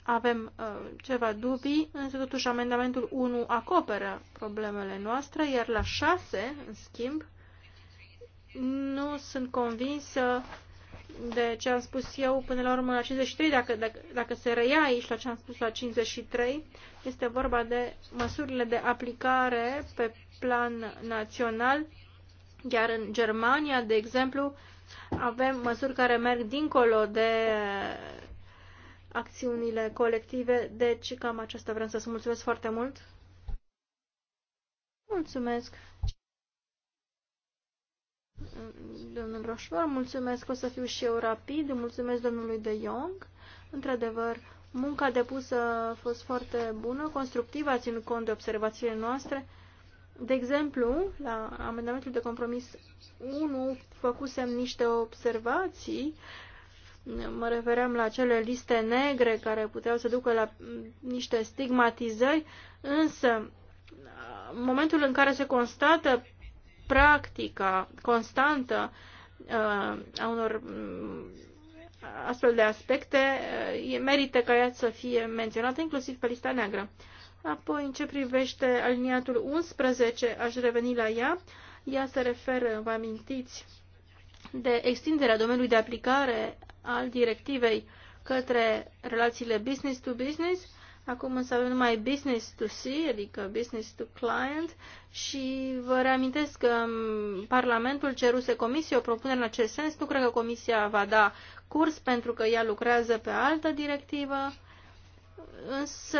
avem uh, ceva dubii, însă totuși amendamentul 1 acoperă problemele noastre, iar la 6, în schimb, nu sunt convinsă de ce am spus eu până la urmă la 53, dacă, dacă, dacă se reia aici la ce am spus la 53, este vorba de măsurile de aplicare pe plan național, iar în Germania, de exemplu, avem măsuri care merg dincolo de acțiunile colective, deci cam aceasta vreau să-ți mulțumesc foarte mult. Mulțumesc! Domnul Roșvar, mulțumesc, o să fiu și eu rapid, mulțumesc domnului De Jong. Într-adevăr, munca depusă a fost foarte bună, constructivă, ținut cont de observațiile noastre. De exemplu, la amendamentul de compromis 1 făcusem niște observații, mă refeream la cele liste negre care puteau să ducă la niște stigmatizări, însă în momentul în care se constată practica constantă uh, a unor uh, astfel de aspecte, uh, merită ca ea să fie menționată inclusiv pe lista neagră. Apoi, în ce privește aliniatul 11, aș reveni la ea. Ea se referă, vă amintiți, de extinderea domeniului de aplicare al directivei către relațiile business to business. Acum însă avem numai business to see, adică business to client și vă reamintesc că um, Parlamentul ceruse comisie o propunere în acest sens. Nu cred că Comisia va da curs pentru că ea lucrează pe altă directivă însă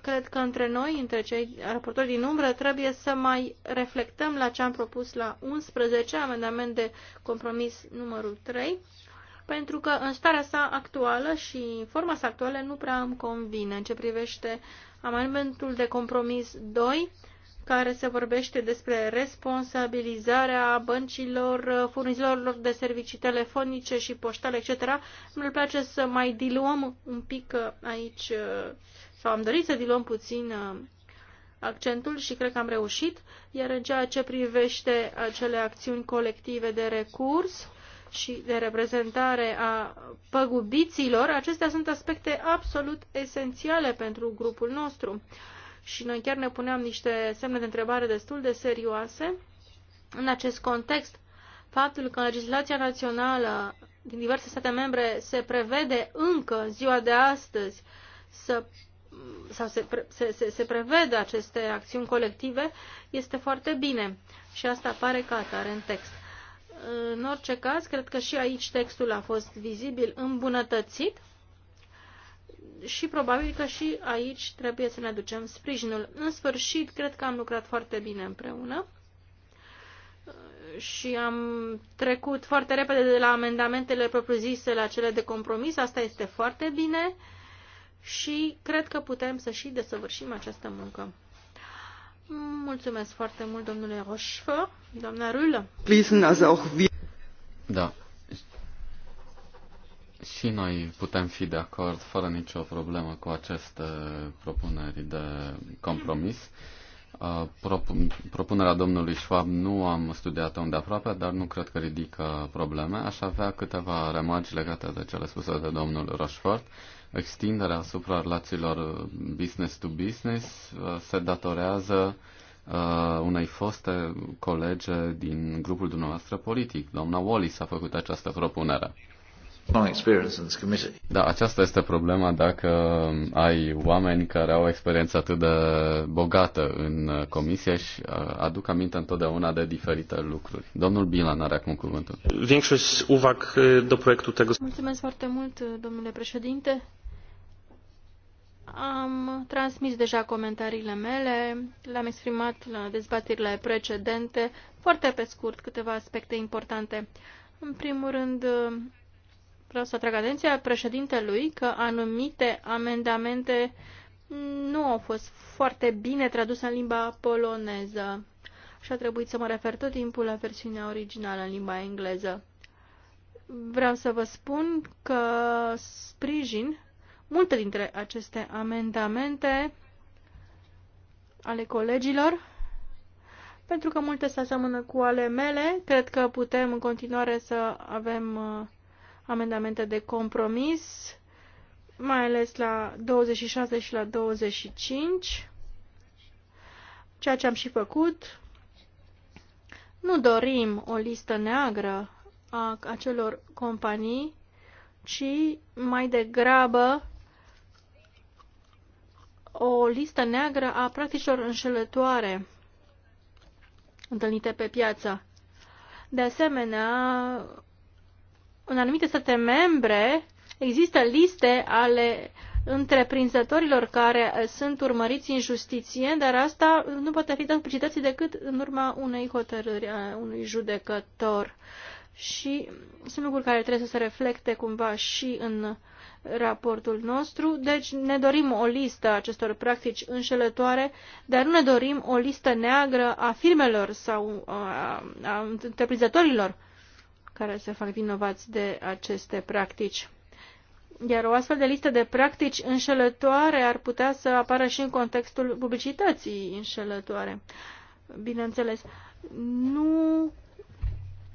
cred că între noi, între cei raportori din umbră, trebuie să mai reflectăm la ce am propus la 11, amendament de compromis numărul 3, pentru că în starea sa actuală și în forma sa actuală nu prea îmi convine în ce privește amendamentul de compromis 2, care se vorbește despre responsabilizarea băncilor, furnizorilor de servicii telefonice și poștale, etc. Mi-ar place să mai diluăm un pic aici, sau am dorit să diluăm puțin uh, accentul și cred că am reușit, iar în ceea ce privește acele acțiuni colective de recurs și de reprezentare a păgubiților, acestea sunt aspecte absolut esențiale pentru grupul nostru și noi chiar ne puneam niște semne de întrebare destul de serioase. În acest context, faptul că în legislația națională din diverse state membre se prevede încă ziua de astăzi să sau se, se, se, se prevede aceste acțiuni colective, este foarte bine. Și asta apare ca atare în text. În orice caz, cred că și aici textul a fost vizibil îmbunătățit și probabil că și aici trebuie să ne aducem sprijinul. În sfârșit, cred că am lucrat foarte bine împreună și am trecut foarte repede de la amendamentele propriu-zise la cele de compromis. Asta este foarte bine și cred că putem să și desăvârșim această muncă. Mulțumesc foarte mult, domnule Rochefort, doamna Rulă. Da, și noi putem fi de acord fără nicio problemă cu aceste propuneri de compromis. Uh, propunerea domnului Schwab nu am studiat-o îndeaproape, dar nu cred că ridică probleme. Aș avea câteva remarci legate de cele spuse de domnul Rochefort. Extinderea asupra relațiilor business to business uh, se datorează uh, unei foste colege din grupul dumneavoastră politic. Doamna Wallis a făcut această propunere. Da, aceasta este problema dacă ai oameni care au experiență atât de bogată în comisie și uh, aduc aminte întotdeauna de diferite lucruri. Domnul Bilan are acum cuvântul. Mulțumesc foarte mult, domnule președinte. Am transmis deja comentariile mele, le-am exprimat la dezbaterile precedente, foarte pe scurt câteva aspecte importante. În primul rând, Vreau să atrag atenția președintelui că anumite amendamente nu au fost foarte bine traduse în limba poloneză și a trebuit să mă refer tot timpul la versiunea originală în limba engleză. Vreau să vă spun că sprijin multe dintre aceste amendamente ale colegilor, pentru că multe se aseamănă cu ale mele. Cred că putem în continuare să avem uh, amendamente de compromis, mai ales la 26 și la 25, ceea ce am și făcut. Nu dorim o listă neagră a acelor companii, ci mai degrabă o listă neagră a practicilor înșelătoare întâlnite pe piață. De asemenea, în anumite state membre există liste ale întreprinzătorilor care sunt urmăriți în justiție, dar asta nu poate fi dat publicității decât în urma unei hotărâri a unui judecător. Și sunt lucruri care trebuie să se reflecte cumva și în raportul nostru. Deci ne dorim o listă a acestor practici înșelătoare, dar nu ne dorim o listă neagră a firmelor sau a întreprinzătorilor care se fac vinovați de aceste practici. Iar o astfel de listă de practici înșelătoare ar putea să apară și în contextul publicității înșelătoare. Bineînțeles, nu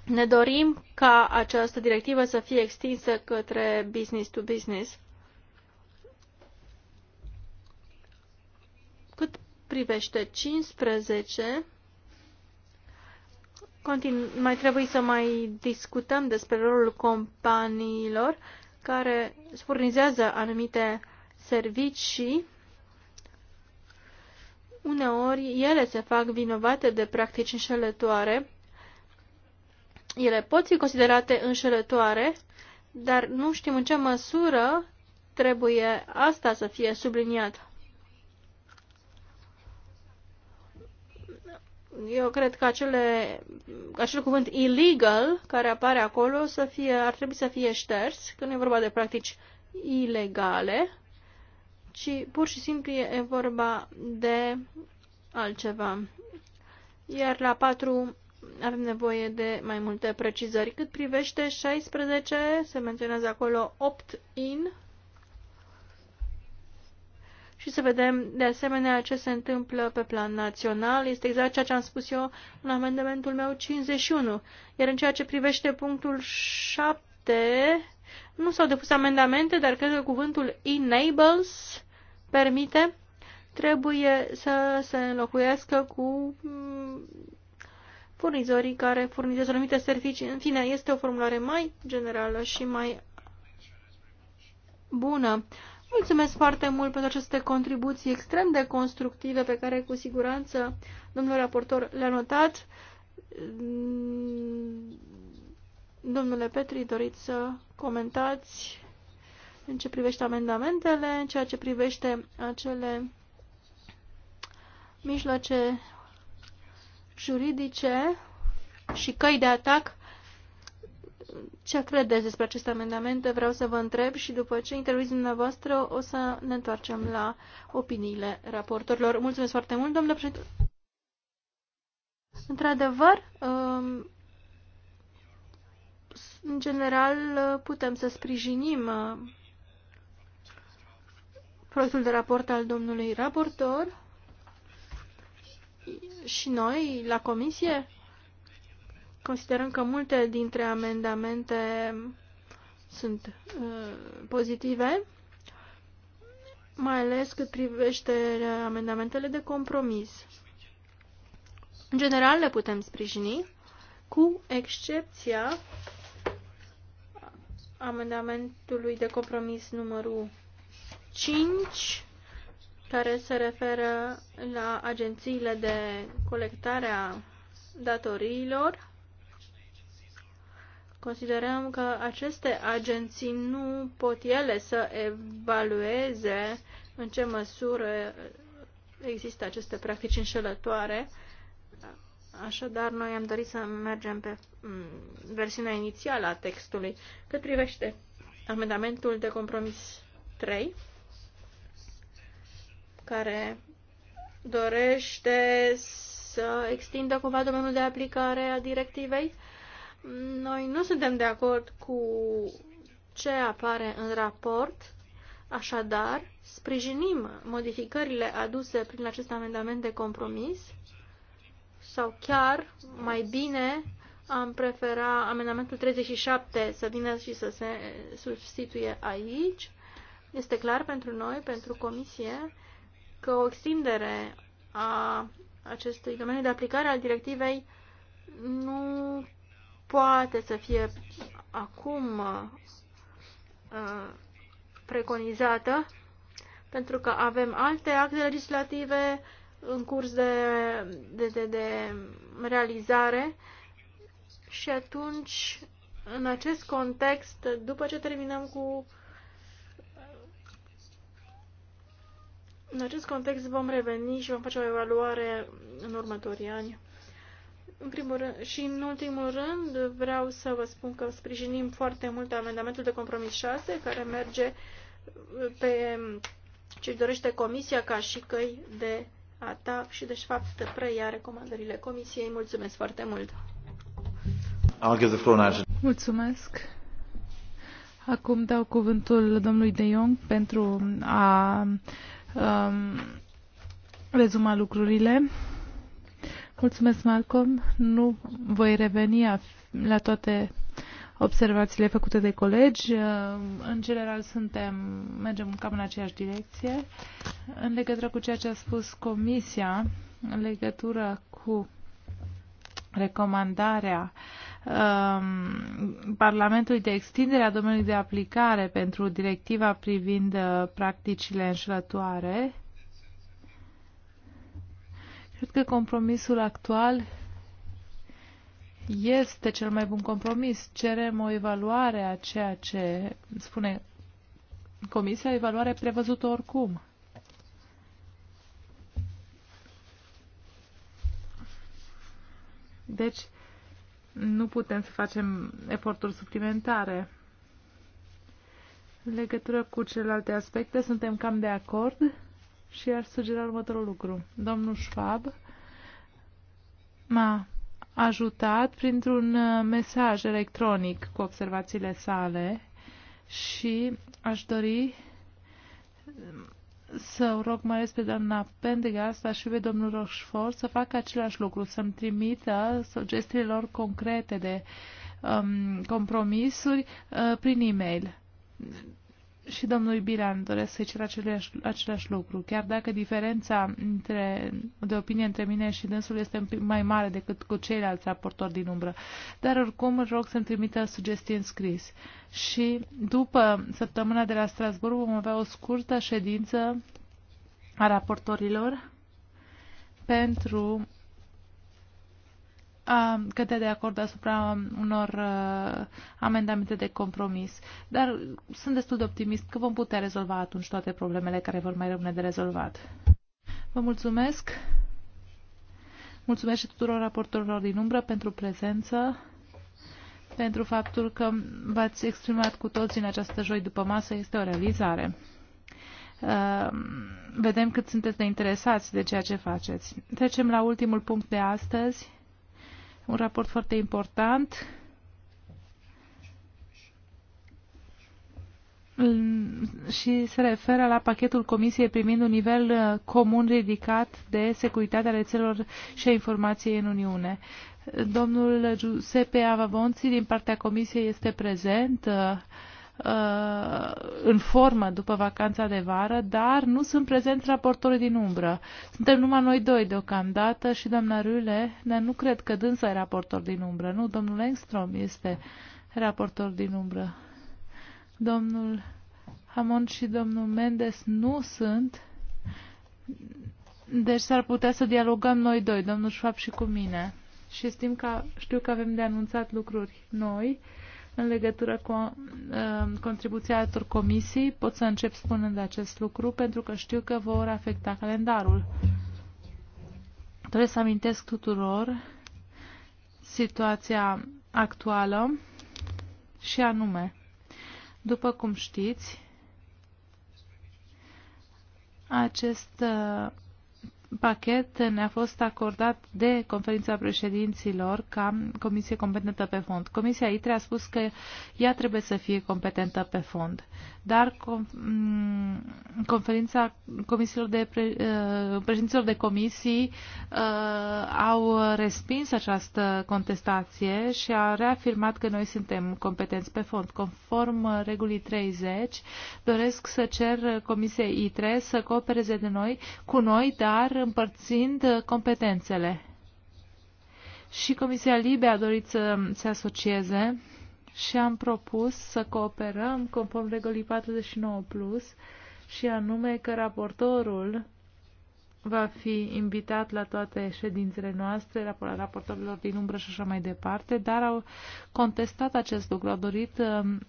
ne dorim ca această directivă să fie extinsă către business to business. Cât privește 15, Continu- mai trebuie să mai discutăm despre rolul companiilor care furnizează anumite servicii. Uneori ele se fac vinovate de practici înșelătoare. Ele pot fi considerate înșelătoare, dar nu știm în ce măsură trebuie asta să fie subliniat. eu cred că acele, acel cuvânt illegal care apare acolo să fie, ar trebui să fie șters, că nu e vorba de practici ilegale, ci pur și simplu e vorba de altceva. Iar la 4 avem nevoie de mai multe precizări. Cât privește 16, se menționează acolo opt-in, și să vedem de asemenea ce se întâmplă pe plan național. Este exact ceea ce am spus eu în amendamentul meu 51. Iar în ceea ce privește punctul 7, nu s-au depus amendamente, dar cred că cuvântul enables permite trebuie să se înlocuiască cu mm, furnizorii care furnizează anumite servicii. În fine, este o formulare mai generală și mai bună. Mulțumesc foarte mult pentru aceste contribuții extrem de constructive pe care cu siguranță domnul raportor le-a notat. Mm, domnule Petri, doriți să comentați în ce privește amendamentele, în ceea ce privește acele mijloace juridice și căi de atac ce credeți despre aceste amendamente, vreau să vă întreb și după ce interviți dumneavoastră o să ne întoarcem la opiniile raportorilor. Mulțumesc foarte mult, domnule președinte. Într-adevăr, um, în general putem să sprijinim uh, proiectul de raport al domnului raportor și noi la comisie Considerăm că multe dintre amendamente sunt uh, pozitive, mai ales cât privește amendamentele de compromis. În general le putem sprijini, cu excepția amendamentului de compromis numărul 5, care se referă la agențiile de colectare a datoriilor Considerăm că aceste agenții nu pot ele să evalueze în ce măsură există aceste practici înșelătoare. Așadar, noi am dorit să mergem pe mm, versiunea inițială a textului. Cât privește amendamentul de compromis 3, care dorește să extindă cumva domeniul de aplicare a directivei, noi nu suntem de acord cu ce apare în raport, așadar sprijinim modificările aduse prin acest amendament de compromis sau chiar mai bine am prefera amendamentul 37 să vină și să se substituie aici. Este clar pentru noi, pentru Comisie, că o extindere a acestui domeniu de aplicare al directivei nu poate să fie acum uh, preconizată, pentru că avem alte acte legislative în curs de, de, de, de realizare și atunci, în acest context, după ce terminăm cu În acest context vom reveni și vom face o evaluare în următorii ani. În primul rând, și în ultimul rând vreau să vă spun că sprijinim foarte mult amendamentul de compromis 6 care merge uh, pe ce dorește Comisia ca și căi de atac și deci fapt preia recomandările Comisiei. Mulțumesc foarte mult! Mulțumesc! Acum dau cuvântul domnului De Jong pentru a um, rezuma lucrurile. Mulțumesc, Malcolm. Nu voi reveni la toate observațiile făcute de colegi. Uh, în general suntem, mergem cam în aceeași direcție. În legătură cu ceea ce a spus Comisia, în legătură cu recomandarea um, Parlamentului de extindere a domeniului de aplicare pentru directiva privind uh, practicile înșelătoare, Cred că compromisul actual este cel mai bun compromis. Cerem o evaluare a ceea ce spune Comisia, evaluare prevăzută oricum. Deci, nu putem să facem eforturi suplimentare. În legătură cu celelalte aspecte, suntem cam de acord și aș sugera următorul lucru. Domnul Schwab m-a ajutat printr-un uh, mesaj electronic cu observațiile sale și aș dori uh, să rog mai ales pe doamna Pendegas, dar și pe domnul Rochefort să facă același lucru, să-mi trimită sugestiile lor concrete de um, compromisuri uh, prin e-mail și domnul Bilan doresc să-i cer aceleași, același lucru, chiar dacă diferența între, de opinie între mine și dânsul este mai mare decât cu ceilalți raportori din umbră. Dar oricum îl rog să-mi trimită sugestii în scris. Și după săptămâna de la Strasburg vom avea o scurtă ședință a raportorilor pentru a cădea de acord asupra unor uh, amendamente de compromis. Dar sunt destul de optimist că vom putea rezolva atunci toate problemele care vor mai rămâne de rezolvat. Vă mulțumesc! Mulțumesc și tuturor raportorilor din umbră pentru prezență, pentru faptul că v-ați exprimat cu toți în această joi după masă. Este o realizare. Uh, vedem cât sunteți de interesați de ceea ce faceți. Trecem la ultimul punct de astăzi un raport foarte important. și se referă la pachetul Comisiei primind un nivel uh, comun ridicat de securitate a rețelor și a informației în Uniune. Domnul Giuseppe Avavonzi din partea Comisiei este prezent. Uh, Uh, în formă după vacanța de vară, dar nu sunt prezenți raportorii din umbră. Suntem numai noi doi deocamdată și doamna Rule, dar nu cred că dânsa e raportor din umbră. Nu, domnul Engstrom este raportor din umbră. Domnul Hamon și domnul Mendes nu sunt. Deci s-ar putea să dialogăm noi doi, domnul Schwab și cu mine. Și știm că, știu că avem de anunțat lucruri noi în legătură cu uh, contribuția altor comisii. Pot să încep spunând acest lucru pentru că știu că vor afecta calendarul. Trebuie să amintesc tuturor situația actuală și anume, după cum știți, acest uh, pachet ne-a fost acordat de conferința președinților ca comisie competentă pe fond. Comisia ITRE a spus că ea trebuie să fie competentă pe fond dar mm, conferința comisiilor de pre, eh, președinților de comisii eh, au respins această contestație și a reafirmat că noi suntem competenți pe fond. Conform regulii 30, doresc să cer Comisiei ITRE să coopereze de noi, cu noi, dar împărțind competențele. Și Comisia Libe a dorit să se asocieze și am propus să cooperăm conform regulii 49 plus și anume că raportorul va fi invitat la toate ședințele noastre, la raportorilor din umbră și așa mai departe, dar au contestat acest lucru, au dorit um,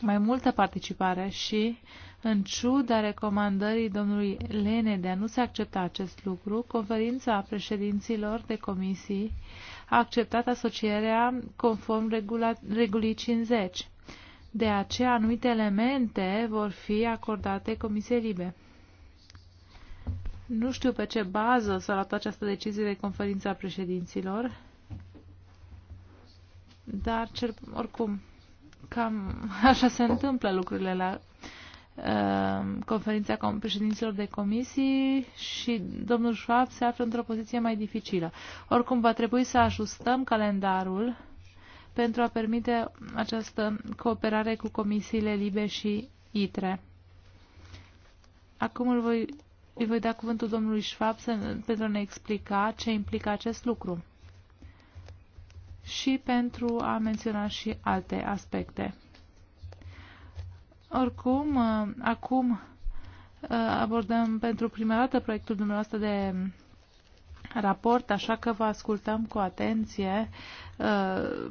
mai multă participare și, în ciuda recomandării domnului Lene de a nu se accepta acest lucru, conferința președinților de comisii a acceptat asocierea conform regula, regulii 50. De aceea, anumite elemente vor fi acordate Comisiei Libe. Nu știu pe ce bază s-a luat această decizie de conferința președinților, dar cel, oricum, cam așa se întâmplă lucrurile la Uh, conferința președinților de comisii și domnul Schwab se află într-o poziție mai dificilă. Oricum, va trebui să ajustăm calendarul pentru a permite această cooperare cu comisiile LIBE și ITRE. Acum îl voi, îi voi da cuvântul domnului Schwab să, pentru a ne explica ce implică acest lucru și pentru a menționa și alte aspecte. Oricum, uh, acum uh, abordăm pentru prima dată proiectul dumneavoastră de raport, așa că vă ascultăm cu atenție uh,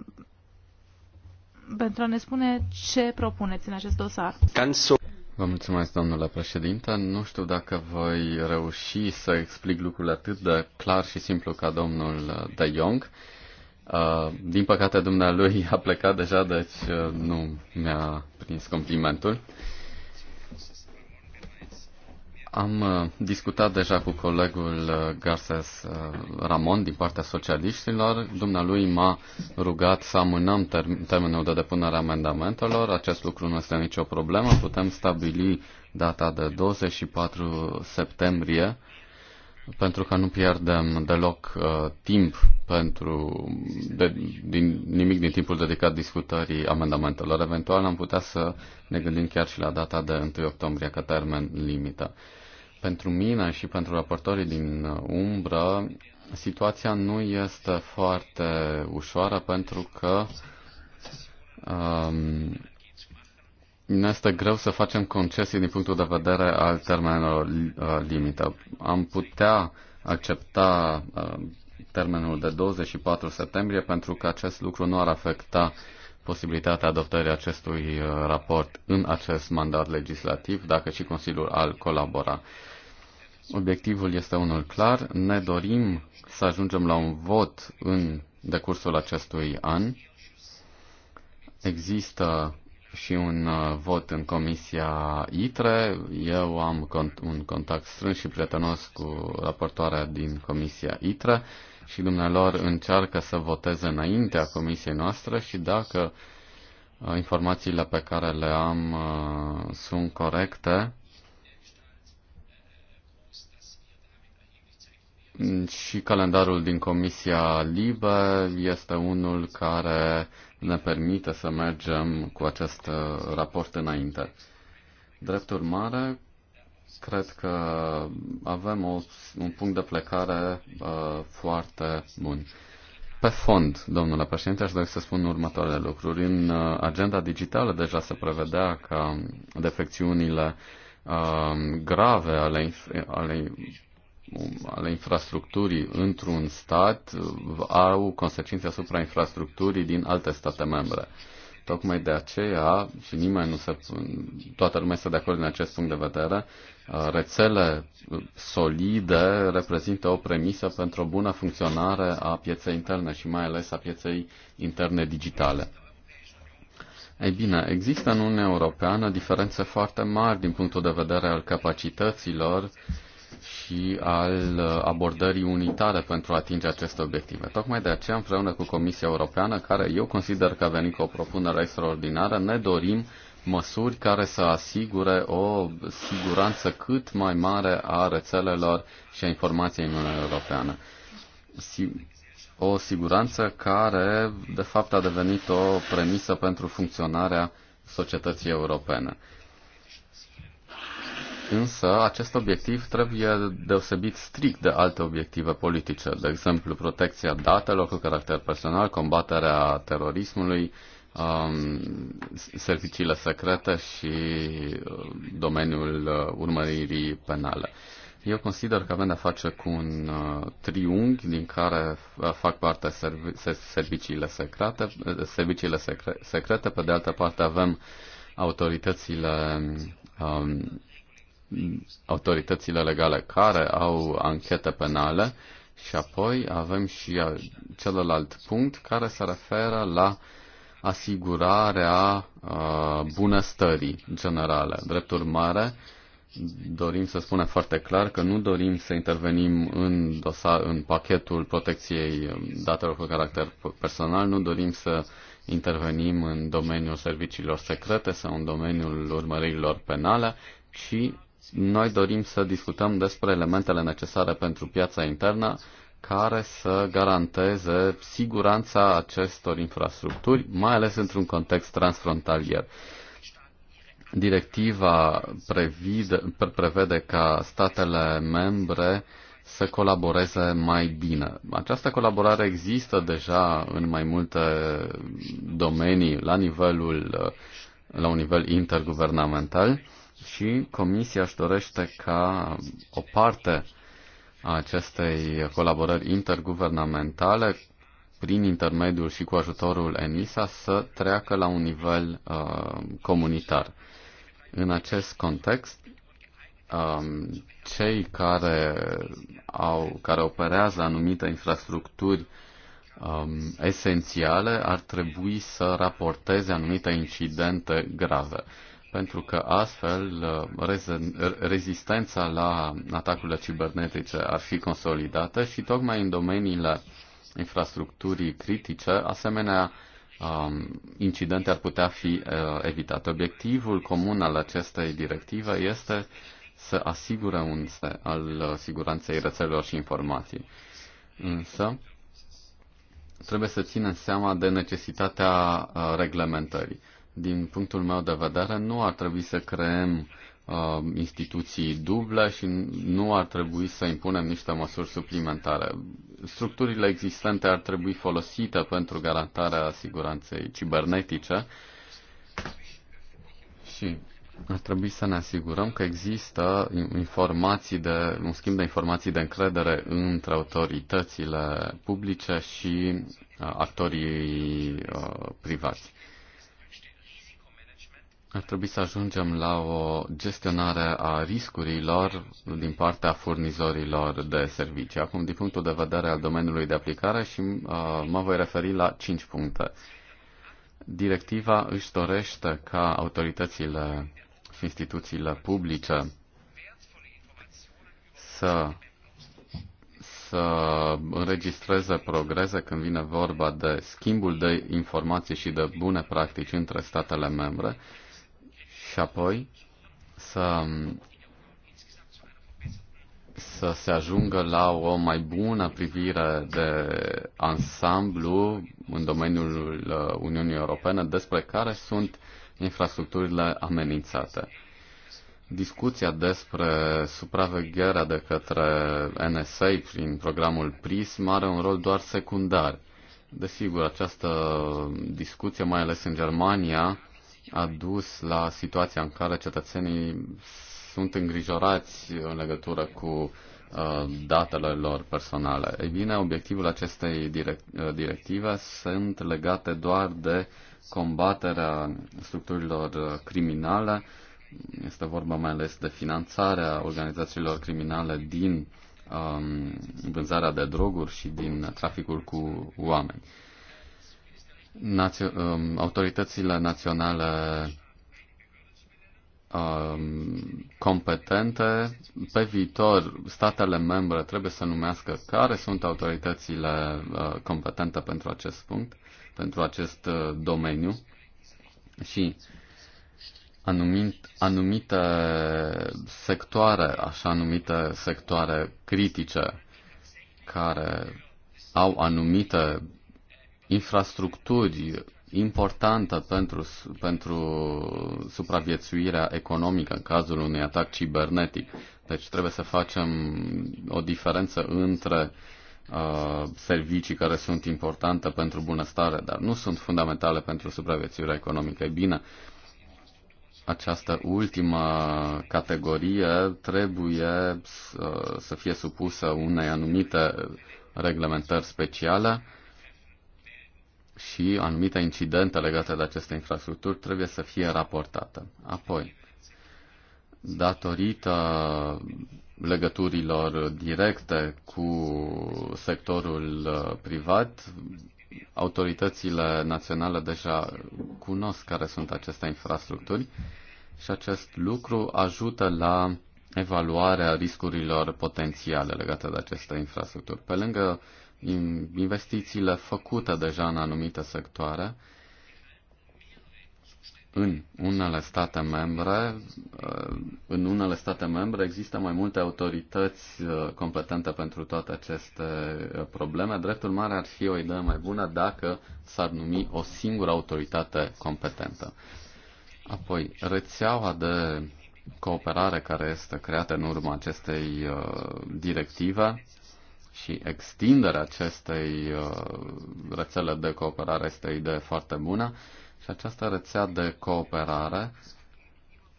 pentru a ne spune ce propuneți în acest dosar. Vă mulțumesc, domnule președinte. Nu știu dacă voi reuși să explic lucrurile atât de clar și simplu ca domnul De Jong. Uh, din păcate, dumnealui a plecat deja, deci uh, nu mi-a prins complimentul. Am uh, discutat deja cu colegul Garces Ramon din partea socialiștilor. Dumnealui m-a rugat să amânăm termenul de depunere a amendamentelor. Acest lucru nu este nicio problemă. Putem stabili data de 24 septembrie pentru că nu pierdem deloc uh, timp pentru de, din, nimic din timpul dedicat discutării amendamentelor. Eventual am putea să ne gândim chiar și la data de 1 octombrie ca termen limită. Pentru mine și pentru raportorii din umbră, situația nu este foarte ușoară pentru că um, ne este greu să facem concesii din punctul de vedere al termenelor uh, limită. Am putea accepta uh, termenul de 24 septembrie pentru că acest lucru nu ar afecta posibilitatea adoptării acestui uh, raport în acest mandat legislativ, dacă și Consiliul al colabora. Obiectivul este unul clar. Ne dorim să ajungem la un vot în decursul acestui an. Există și un uh, vot în Comisia ITRE. Eu am cont- un contact strâns și prietenos cu raportoarea din Comisia ITRE și dumnealor încearcă să voteze înaintea Comisiei noastre și dacă uh, informațiile pe care le am uh, sunt corecte, Și calendarul din Comisia Libe este unul care ne permite să mergem cu acest uh, raport înainte. Drept urmare, cred că avem o, un punct de plecare uh, foarte bun. Pe fond, domnule președinte, aș dori să spun următoarele lucruri. În uh, agenda digitală deja se prevedea ca defecțiunile uh, grave ale, ale ale infrastructurii într-un stat au consecințe asupra infrastructurii din alte state membre. Tocmai de aceea, și nimeni nu se, toată lumea este de acord din acest punct de vedere, uh, rețele solide reprezintă o premisă pentru o bună funcționare a pieței interne și mai ales a pieței interne digitale. Ei bine, există în Uniunea Europeană diferențe foarte mari din punctul de vedere al capacităților uh, și al uh, abordării unitare pentru a atinge aceste obiective. Tocmai de aceea, împreună cu Comisia Europeană, care eu consider că a venit cu o propunere extraordinară, ne dorim măsuri care să asigure o siguranță cât mai mare a rețelelor și a informației în Uniunea Europeană. O siguranță care, de fapt, a devenit o premisă pentru funcționarea societății europene. Însă, acest obiectiv trebuie deosebit strict de alte obiective politice, de exemplu protecția datelor cu caracter personal, combaterea terorismului, um, serviciile secrete și uh, domeniul uh, urmăririi penale. Eu consider că avem de-a face cu un uh, triunghi din care fac parte serviciile secrete, serviciile secrete pe de altă parte avem autoritățile um, autoritățile legale care au anchete penale și apoi avem și celălalt punct care se referă la asigurarea uh, bunăstării generale. Drept urmare, dorim să spunem foarte clar că nu dorim să intervenim în, dosar, în pachetul protecției datelor cu caracter personal, nu dorim să intervenim în domeniul serviciilor secrete sau în domeniul urmărilor penale, ci noi dorim să discutăm despre elementele necesare pentru piața internă care să garanteze siguranța acestor infrastructuri, mai ales într-un context transfrontalier. Directiva previde, prevede ca statele membre să colaboreze mai bine. Această colaborare există deja în mai multe domenii la nivelul la un nivel interguvernamental și Comisia își dorește ca o parte a acestei colaborări interguvernamentale, prin intermediul și cu ajutorul ENISA, să treacă la un nivel uh, comunitar. În acest context, um, cei care, au, care operează anumite infrastructuri um, esențiale ar trebui să raporteze anumite incidente grave pentru că astfel uh, rezistența la atacurile cibernetice ar fi consolidată și tocmai în domeniile infrastructurii critice, asemenea um, incidente ar putea fi uh, evitate. Obiectivul comun al acestei directive este să asigure un al uh, siguranței rețelelor și informații. Însă, trebuie să ținem seama de necesitatea reglementării din punctul meu de vedere, nu ar trebui să creăm uh, instituții duble și nu ar trebui să impunem niște măsuri suplimentare. Structurile existente ar trebui folosite pentru garantarea siguranței cibernetice și ar trebui să ne asigurăm că există informații de, un schimb de informații de încredere între autoritățile publice și uh, actorii uh, privați. Ar trebui să ajungem la o gestionare a riscurilor din partea furnizorilor de servicii. Acum, din punctul de vedere al domeniului de aplicare și uh, mă voi referi la 5 puncte. Directiva își dorește ca autoritățile și instituțiile publice să să înregistreze progrese când vine vorba de schimbul de informații și de bune practici între statele membre și apoi să, să se ajungă la o mai bună privire de ansamblu în domeniul uh, Uniunii Europene despre care sunt infrastructurile amenințate. Discuția despre supravegherea de către NSA prin programul PRISM are un rol doar secundar. Desigur, această discuție, mai ales în Germania, a dus la situația în care cetățenii sunt îngrijorați în legătură cu uh, datele lor personale. Ei bine, obiectivul acestei uh, directive sunt legate doar de combaterea structurilor uh, criminale. Este vorba mai ales de finanțarea organizațiilor criminale din um, vânzarea de droguri și din traficul cu oameni. Uh, Um, autoritățile naționale um, competente. Pe viitor, statele membre trebuie să numească care sunt autoritățile uh, competente pentru acest punct, pentru acest uh, domeniu și anumit, anumite sectoare, așa anumite sectoare critice, care au anumite infrastructuri importantă pentru, pentru supraviețuirea economică în cazul unui atac cibernetic. Deci trebuie să facem o diferență între uh, servicii care sunt importante pentru bunăstare, dar nu sunt fundamentale pentru supraviețuirea economică. E bine, această ultimă categorie trebuie să, uh, să fie supusă unei anumite reglementări speciale și anumite incidente legate de aceste infrastructuri trebuie să fie raportate. Apoi, datorită legăturilor directe cu sectorul uh, privat, autoritățile naționale deja cunosc care sunt aceste infrastructuri și acest lucru ajută la evaluarea riscurilor potențiale legate de aceste infrastructuri. Pe lângă uh, investițiile făcute deja în anumite sectoare, în unele state membre, uh, în unele state membre există mai multe autorități uh, competente pentru toate aceste uh, probleme. Dreptul mare ar fi o idee mai bună dacă s-ar numi o singură autoritate competentă. Apoi, rețeaua de cooperare care este creată în urma acestei directive și extinderea acestei uh, rețele de cooperare este o idee foarte bună și această rețea de cooperare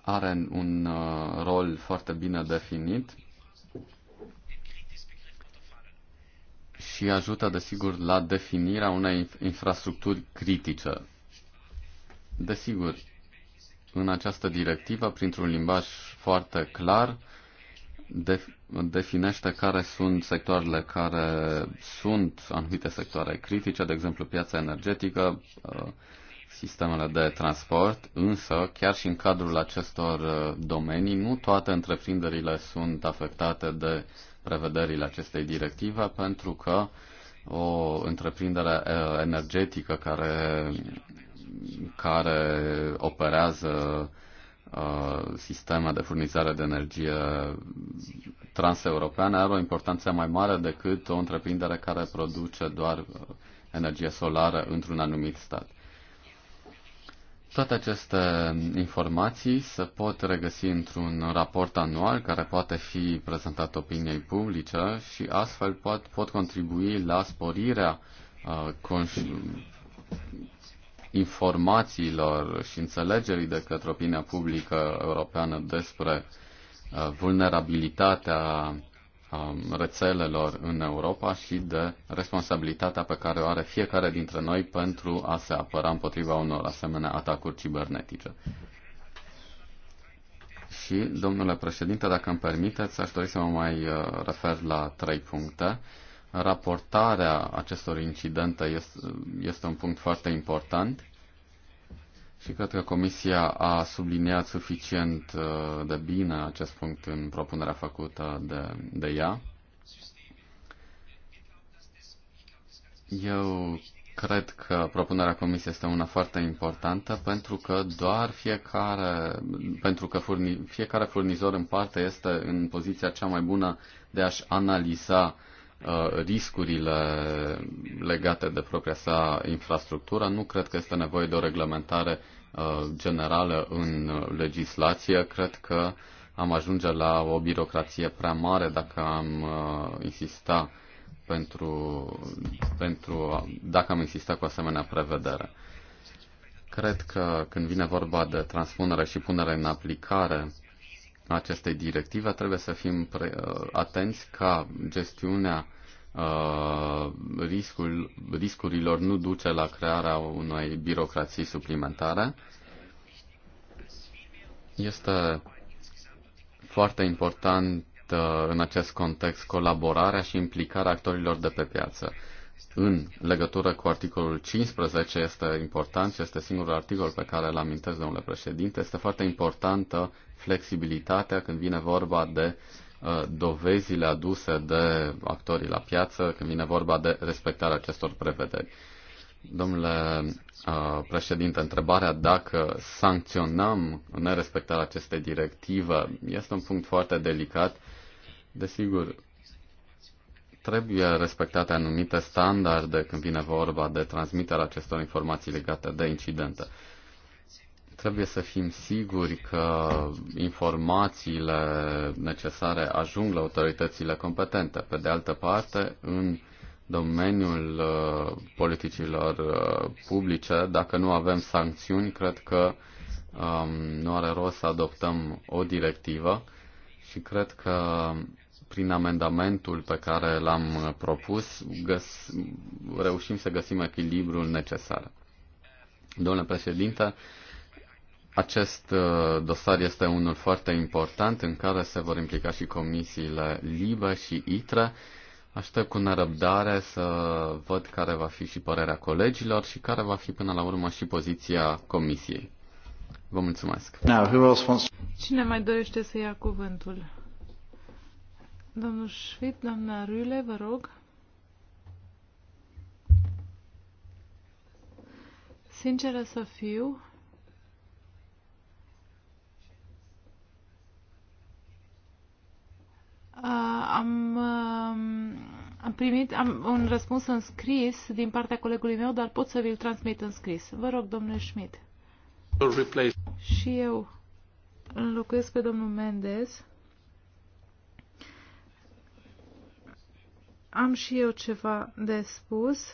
are un uh, rol foarte bine definit și ajută, desigur, la definirea unei infrastructuri critice. Desigur, în această directivă, printr-un limbaj foarte clar, def- definește care sunt sectoarele care sunt anumite sectoare critice, de exemplu piața energetică, uh, sistemele de transport, însă chiar și în cadrul acestor uh, domenii nu toate întreprinderile sunt afectate de prevederile acestei directive pentru că o întreprindere uh, energetică care, care operează Uh, sisteme de furnizare de energie transeuropeană are o importanță mai mare decât o întreprindere care produce doar energie solară într-un anumit stat. Toate aceste informații se pot regăsi într-un raport anual care poate fi prezentat opiniei publice și astfel pot, pot contribui la sporirea uh, informațiilor și înțelegerii de către opinia publică europeană despre uh, vulnerabilitatea um, rețelelor în Europa și de responsabilitatea pe care o are fiecare dintre noi pentru a se apăra împotriva unor asemenea atacuri cibernetice. Și, domnule președinte, dacă îmi permiteți, aș dori să mă mai uh, refer la trei puncte. Uh, raportarea acestor incidente este, este un punct foarte important și cred că Comisia a subliniat suficient uh, de bine acest punct în propunerea făcută de, de ea. Eu cred că propunerea Comisiei este una foarte importantă pentru că doar fiecare, pentru că furni, fiecare furnizor în parte este în poziția cea mai bună de a-și analiza uh, Uh, riscurile legate de propria sa infrastructură. Nu cred că este nevoie de o reglementare uh, generală în legislație. Cred că am ajunge la o birocrație prea mare dacă am uh, insista pentru, pentru dacă am insista cu asemenea prevedere. Cred că când vine vorba de transpunere și punere în aplicare acestei directive, trebuie să fim pre- uh, atenți ca gestiunea uh, riscul, riscurilor nu duce la crearea unei birocrații suplimentare. Este foarte important uh, în acest context colaborarea și implicarea actorilor de pe piață în legătură cu articolul 15 este important și este singurul articol pe care îl amintesc, domnule președinte. Este foarte importantă flexibilitatea când vine vorba de uh, dovezile aduse de actorii la piață, când vine vorba de respectarea acestor prevederi. Domnule uh, președinte, întrebarea dacă sancționăm nerespectarea acestei directive este un punct foarte delicat. Desigur, trebuie respectate anumite standarde când vine vorba de transmiterea acestor informații legate de incidente. Trebuie să fim siguri că informațiile necesare ajung la autoritățile competente. Pe de altă parte, în domeniul uh, politicilor uh, publice, dacă nu avem sancțiuni, cred că um, nu are rost să adoptăm o directivă și cred că prin amendamentul pe care l-am propus, găs- reușim să găsim echilibrul necesar. Domnule președinte, acest uh, dosar este unul foarte important în care se vor implica și comisiile LIBE și ITRE. Aștept cu nerăbdare să văd care va fi și părerea colegilor și care va fi până la urmă și poziția comisiei. Vă mulțumesc. Cine mai dorește să ia cuvântul? Domnul Schwib, doamna Rule, vă rog. Sinceră să fiu, Uh, am, uh, am primit am, un răspuns în scris din partea colegului meu, dar pot să vi-l transmit în scris. Vă rog, domnule Schmidt. Și eu înlocuiesc pe domnul Mendez. Am și eu ceva de spus.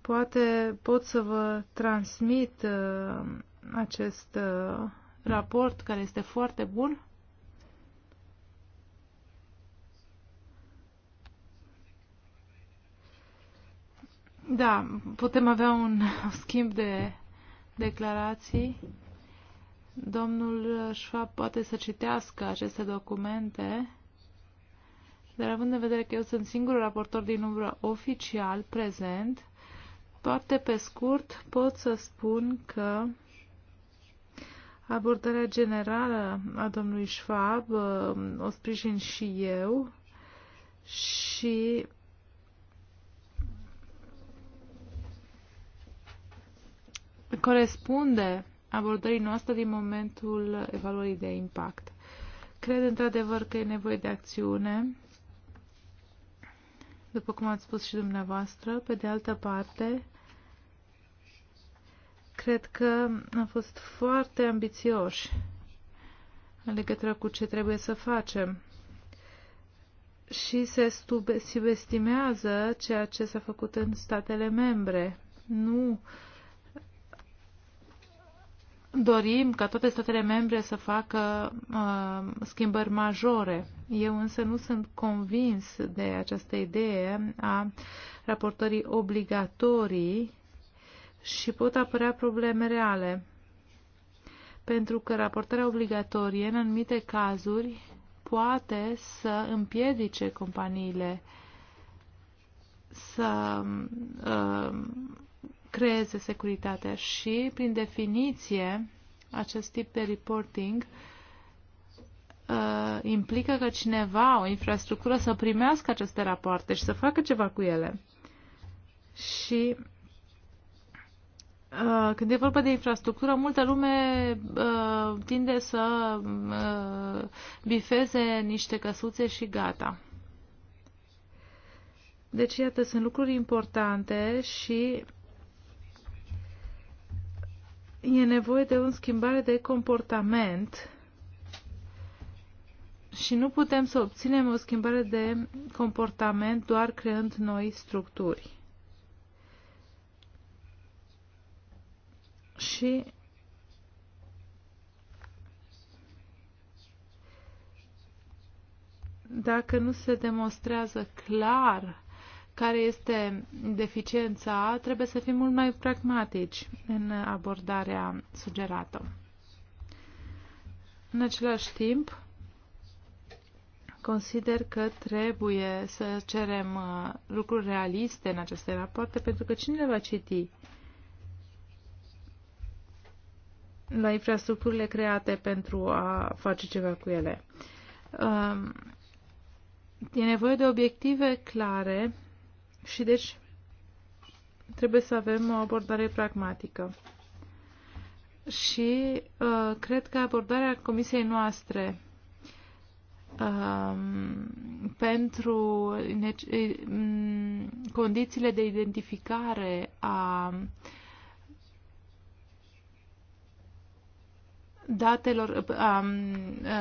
Poate pot să vă transmit uh, acest uh, raport care este foarte bun. Da, putem avea un schimb de declarații. Domnul Schwab poate să citească aceste documente dar având în vedere că eu sunt singurul raportor din umbră oficial prezent, foarte pe scurt pot să spun că abordarea generală a domnului Schwab uh, o sprijin și eu și corespunde abordării noastre din momentul evaluării de impact. Cred într-adevăr că e nevoie de acțiune după cum ați spus și dumneavoastră. Pe de altă parte, cred că am fost foarte ambițioși în legătură cu ce trebuie să facem și se subestimează ceea ce s-a făcut în statele membre. Nu uh, dorim ca toate statele membre să facă uh, schimbări majore. Eu însă nu sunt convins de această idee a raportării obligatorii și pot apărea probleme reale. Pentru că raportarea obligatorie, în anumite cazuri, poate să împiedice companiile să uh, creeze securitatea și, prin definiție, acest tip de reporting uh, implică că cineva, o infrastructură, să primească aceste rapoarte și să facă ceva cu ele. Și uh, când e vorba de infrastructură, multă lume uh, tinde să uh, bifeze niște căsuțe și gata. Deci, iată, sunt lucruri importante și e nevoie de o schimbare de comportament și nu putem să obținem o schimbare de comportament doar creând noi structuri. Și dacă nu se demonstrează clar care este deficiența, trebuie să fim mult mai pragmatici în abordarea sugerată. În același timp, consider că trebuie să cerem uh, lucruri realiste în aceste rapoarte, pentru că cine le va citi? la infrastructurile create pentru a face ceva cu ele. Um, e nevoie de obiective clare și deci trebuie să avem o abordare pragmatică. Și uh, cred că abordarea comisiei noastre um, pentru mm, condițiile de identificare a datelor, a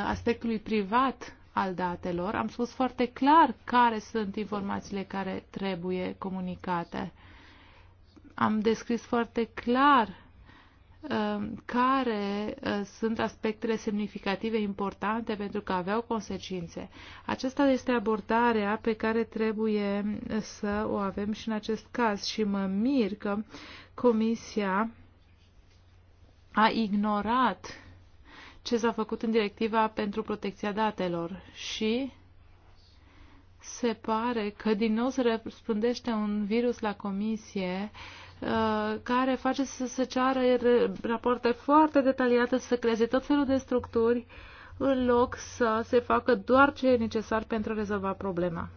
aspectului privat al datelor. Am spus foarte clar care sunt informațiile care trebuie comunicate. Am descris foarte clar uh, care uh, sunt aspectele semnificative importante pentru că aveau consecințe. Aceasta este abordarea pe care trebuie uh, să o avem și în acest caz și mă mir că Comisia a ignorat ce s-a făcut în directiva pentru protecția datelor și se pare că din nou se răspândește un virus la comisie uh, care face să se ceară rapoarte foarte detaliate, să creeze tot felul de structuri în loc să se facă doar ce e necesar pentru a rezolva problema.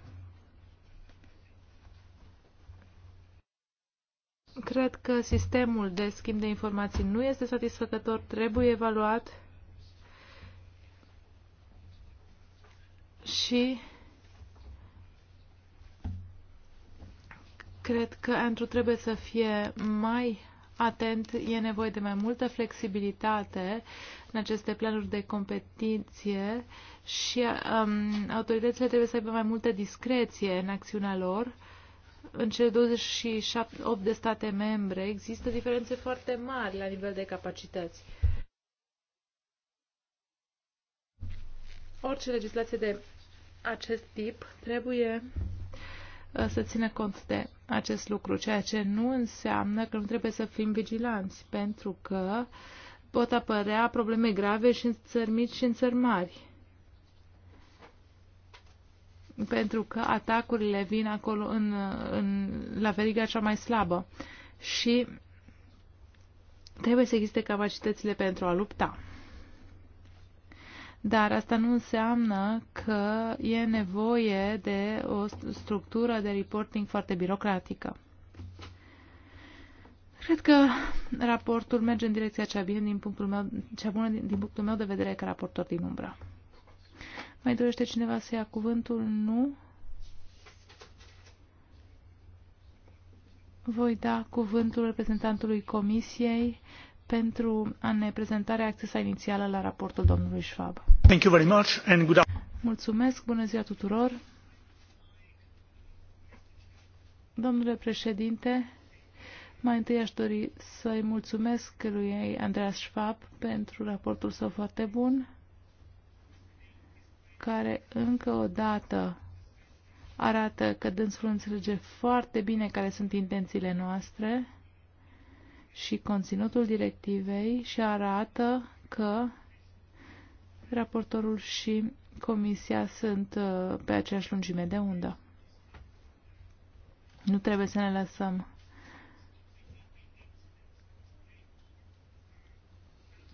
Cred că sistemul de schimb de informații nu este satisfăcător, trebuie evaluat și cred că Andrew trebuie să fie mai atent, e nevoie de mai multă flexibilitate în aceste planuri de competiție și um, autoritățile trebuie să aibă mai multă discreție în acțiunea lor. În cele 28 de state membre există diferențe foarte mari la nivel de capacități. Orice legislație de acest tip trebuie uh, să țină cont de acest lucru, ceea ce nu înseamnă că nu trebuie să fim vigilanți, pentru că pot apărea probleme grave și în țări mici și în țări mari. Pentru că atacurile vin acolo în, în, la veriga cea mai slabă. Și trebuie să existe capacitățile pentru a lupta. Dar asta nu înseamnă că e nevoie de o structură de reporting foarte birocratică. Cred că raportul merge în direcția cea, bine din punctul meu, cea bună din punctul meu de vedere ca raportor din umbra. Mai dorește cineva să ia cuvântul? Nu. Voi da cuvântul reprezentantului Comisiei pentru a ne prezenta reacția inițială la raportul domnului Schwab. Mulțumesc, bună ziua tuturor. Domnule președinte, mai întâi aș dori să îi mulțumesc lui Andreas Schwab pentru raportul său foarte bun, care încă o dată arată că dânsul înțelege foarte bine care sunt intențiile noastre și conținutul directivei și arată că raportorul și comisia sunt uh, pe aceeași lungime de undă. Nu trebuie să ne lăsăm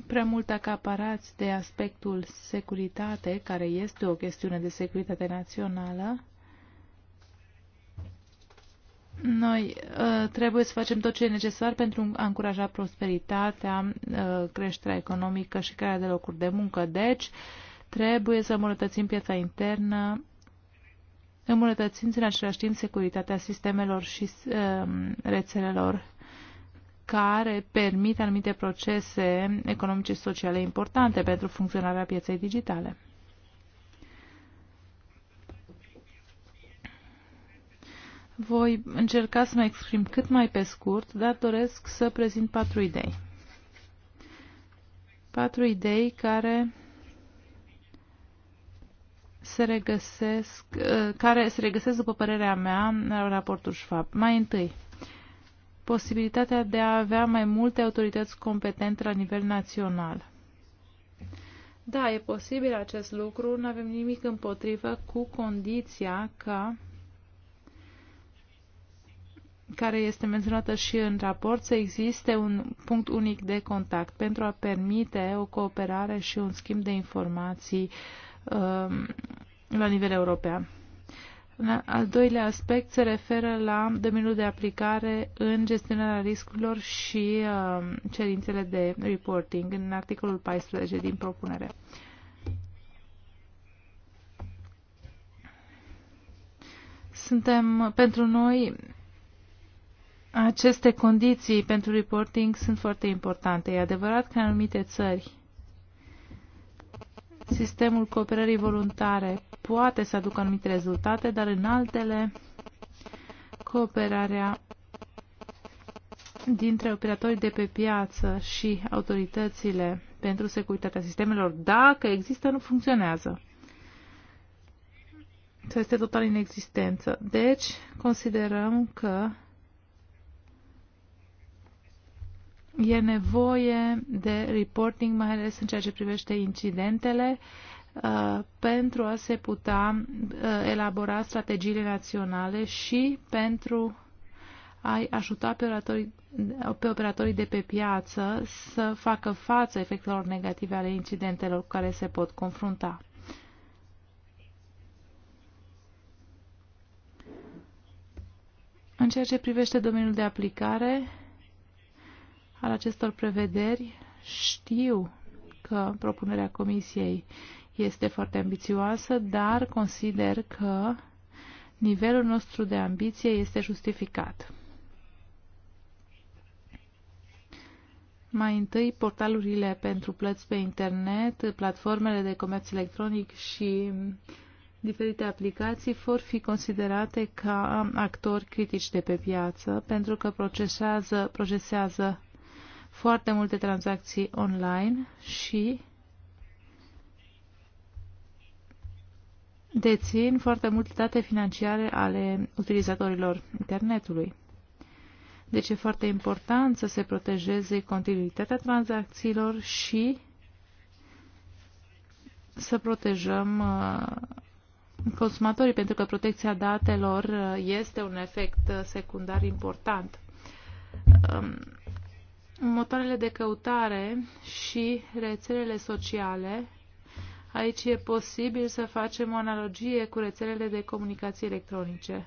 prea mult acaparați de aspectul securitate, care este o chestiune de securitate națională, noi uh, trebuie să facem tot ce e necesar pentru a încuraja prosperitatea, uh, creșterea economică și crearea de locuri de muncă. Deci, trebuie să îmbunătățim piața internă, îmbunătățim în același timp securitatea sistemelor și uh, rețelelor care permit anumite procese economice și sociale importante pentru funcționarea pieței digitale. Voi încerca să mă exprim cât mai pe scurt, dar doresc să prezint patru idei. Patru idei care se regăsesc, uh, care se regăsesc, după părerea mea, în raportul Schwab. Mai întâi, posibilitatea de a avea mai multe autorități competente la nivel național. Da, e posibil acest lucru, nu avem nimic împotrivă cu condiția ca care este menționată și în raport, să existe un punct unic de contact pentru a permite o cooperare și un schimb de informații um, la nivel european. Al doilea aspect se referă la domeniul de aplicare în gestionarea riscurilor și um, cerințele de reporting în articolul 14 din propunere. Suntem, pentru noi, aceste condiții pentru reporting sunt foarte importante. E adevărat că în anumite țări sistemul cooperării voluntare poate să aducă anumite rezultate, dar în altele cooperarea dintre operatorii de pe piață și autoritățile pentru securitatea sistemelor, dacă există, nu funcționează. Este total inexistență. Deci, considerăm că E nevoie de reporting, mai ales în ceea ce privește incidentele, uh, pentru a se putea uh, elabora strategiile naționale și pentru a ajuta pe operatorii, pe operatorii de pe piață să facă față efectelor negative ale incidentelor cu care se pot confrunta. În ceea ce privește domeniul de aplicare, al acestor prevederi. Știu că propunerea Comisiei este foarte ambițioasă, dar consider că nivelul nostru de ambiție este justificat. Mai întâi, portalurile pentru plăți pe internet, platformele de comerț electronic și diferite aplicații vor fi considerate ca actori critici de pe piață, pentru că procesează, procesează foarte multe tranzacții online și dețin foarte multe date financiare ale utilizatorilor internetului. Deci e foarte important să se protejeze continuitatea tranzacțiilor și să protejăm uh, consumatorii, pentru că protecția datelor uh, este un efect uh, secundar important. Um, motoarele de căutare și rețelele sociale. Aici e posibil să facem o analogie cu rețelele de comunicații electronice.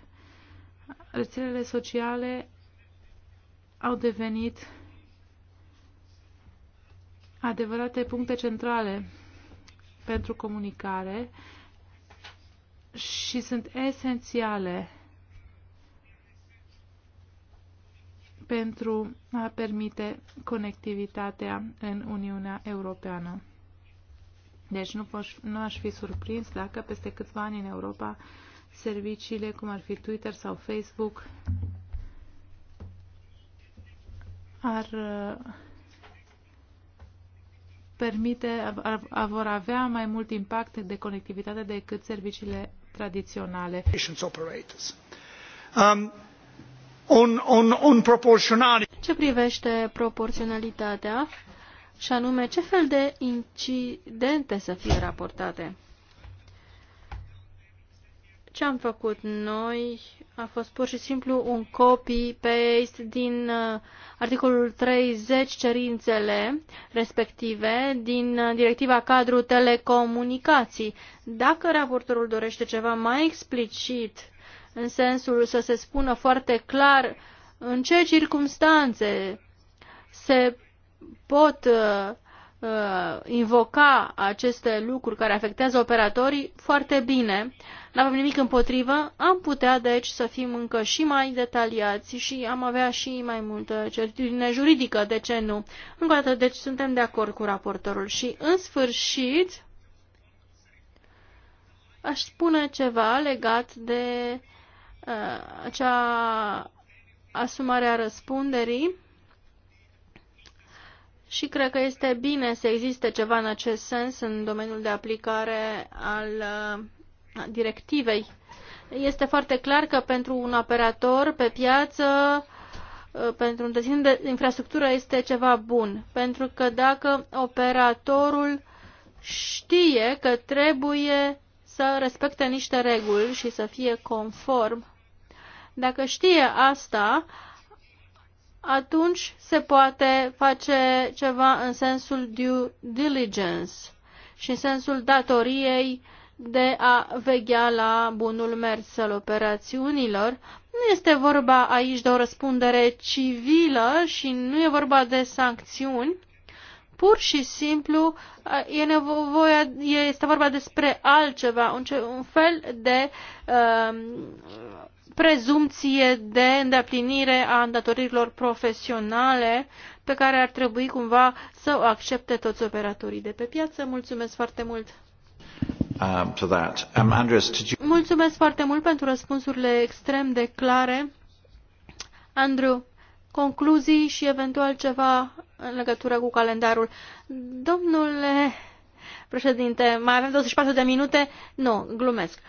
Rețelele sociale au devenit adevărate puncte centrale pentru comunicare și sunt esențiale pentru a permite conectivitatea în Uniunea Europeană. Deci nu, poș, nu aș fi surprins dacă peste câțiva ani în Europa serviciile cum ar fi Twitter sau Facebook ar uh, permite, ar, ar, vor avea mai mult impact de conectivitate decât serviciile tradiționale. Um, un, un, un proporțional. Ce privește proporționalitatea și anume ce fel de incidente să fie raportate? Ce am făcut noi a fost pur și simplu un copy-paste din uh, articolul 30 cerințele respective din uh, directiva cadru telecomunicații. Dacă raportorul dorește ceva mai explicit în sensul să se spună foarte clar în ce circumstanțe se pot uh, uh, invoca aceste lucruri care afectează operatorii foarte bine. Nu avem nimic împotrivă, am putea deci să fim încă și mai detaliați și am avea și mai multă certitudine juridică, de ce nu? Încă o dată, deci suntem de acord cu raportorul și în sfârșit aș spune ceva legat de Uh, acea asumare a răspunderii și cred că este bine să existe ceva în acest sens în domeniul de aplicare al uh, directivei. Este foarte clar că pentru un operator pe piață, uh, pentru un deținut de infrastructură este ceva bun, pentru că dacă operatorul știe că trebuie să respecte niște reguli și să fie conform dacă știe asta, atunci se poate face ceva în sensul due diligence și în sensul datoriei de a veghea la bunul mers al operațiunilor. Nu este vorba aici de o răspundere civilă și nu e vorba de sancțiuni. Pur și simplu e nevoie, este vorba despre altceva, un, fel de uh, prezumție de îndeplinire a îndatoririlor profesionale pe care ar trebui cumva să o accepte toți operatorii de pe piață. Mulțumesc foarte mult! Um, that. Um, did you... Mulțumesc foarte mult pentru răspunsurile extrem de clare. Andrew, concluzii și eventual ceva în legătură cu calendarul. Domnule președinte, mai avem 24 de minute? Nu, glumesc. Uh,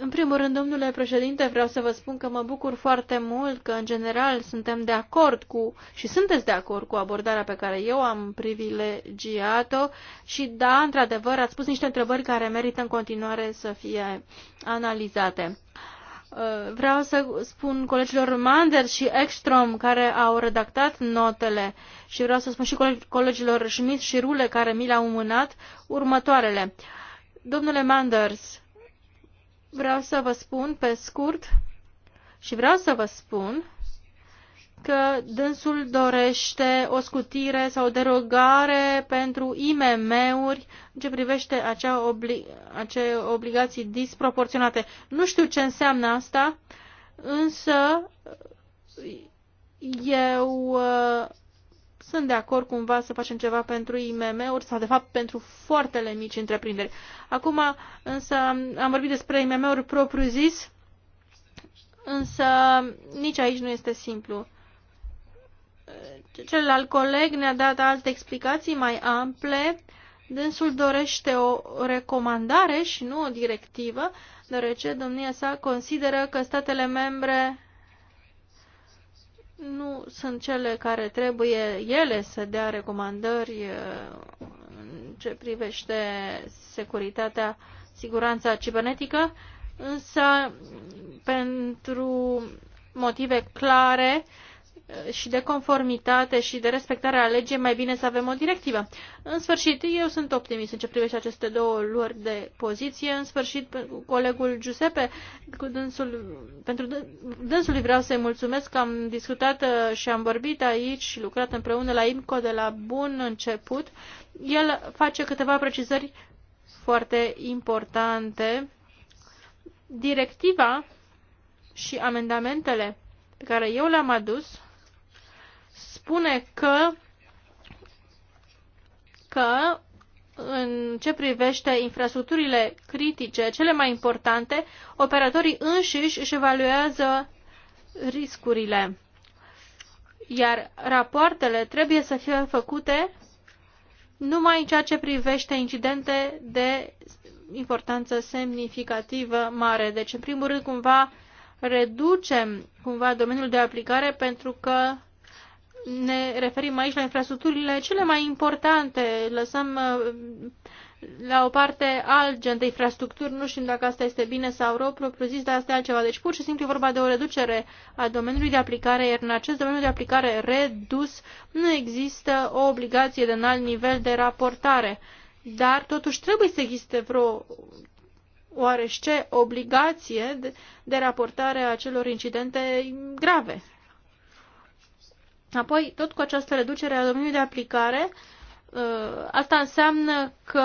în primul rând, domnule președinte, vreau să vă spun că mă bucur foarte mult că, în general, suntem de acord cu și sunteți de acord cu abordarea pe care eu am privilegiat-o și, da, într-adevăr, ați pus niște întrebări care merită în continuare să fie analizate. Uh, vreau să spun colegilor Mander și Ekstrom care au redactat notele și vreau să spun și colegilor Schmidt și Rule care mi le-au mânat următoarele. Domnule Manders, Vreau să vă spun pe scurt și vreau să vă spun că dânsul dorește o scutire sau o derogare pentru IMM-uri în ce privește acea obli acele obligații disproporționate. Nu știu ce înseamnă asta, însă eu uh, sunt de acord cumva să facem ceva pentru IMM-uri sau de fapt pentru foarte mici întreprinderi. Acum însă am vorbit despre IMM-uri propriu-zis, însă nici aici nu este simplu. Celălalt coleg ne-a dat alte explicații mai ample. Dânsul dorește o recomandare și nu o directivă, deoarece domnia sa consideră că statele membre nu sunt cele care trebuie ele să dea recomandări uh, în ce privește securitatea, siguranța cibernetică, însă pentru motive clare Eh, și de conformitate și de respectarea legii, mai bine să avem o directivă. În sfârșit, eu sunt optimist în ce privește aceste două luări de poziție. În sfârșit, colegul Giuseppe, cu dânsul, pentru dânsului vreau să-i mulțumesc că am discutat eh, și am vorbit aici și lucrat împreună la IMCO de la bun început. El face câteva precizări foarte importante. Directiva și amendamentele pe care eu le-am adus spune că, că în ce privește infrastructurile critice, cele mai importante, operatorii înșiși își evaluează riscurile. Iar rapoartele trebuie să fie făcute numai în ceea ce privește incidente de importanță semnificativă mare. Deci, în primul rând, cumva reducem cumva domeniul de aplicare pentru că ne referim aici la infrastructurile cele mai importante, lăsăm uh, la o parte alt gen de infrastructuri, nu știm dacă asta este bine sau rău propriu zis, dar asta e altceva. Deci pur și simplu e vorba de o reducere a domeniului de aplicare, iar în acest domeniu de aplicare redus nu există o obligație de înalt nivel de raportare. Dar totuși trebuie să existe vreo ce obligație de, de raportare a celor incidente grave Apoi, tot cu această reducere a domeniului de aplicare, ă, asta înseamnă că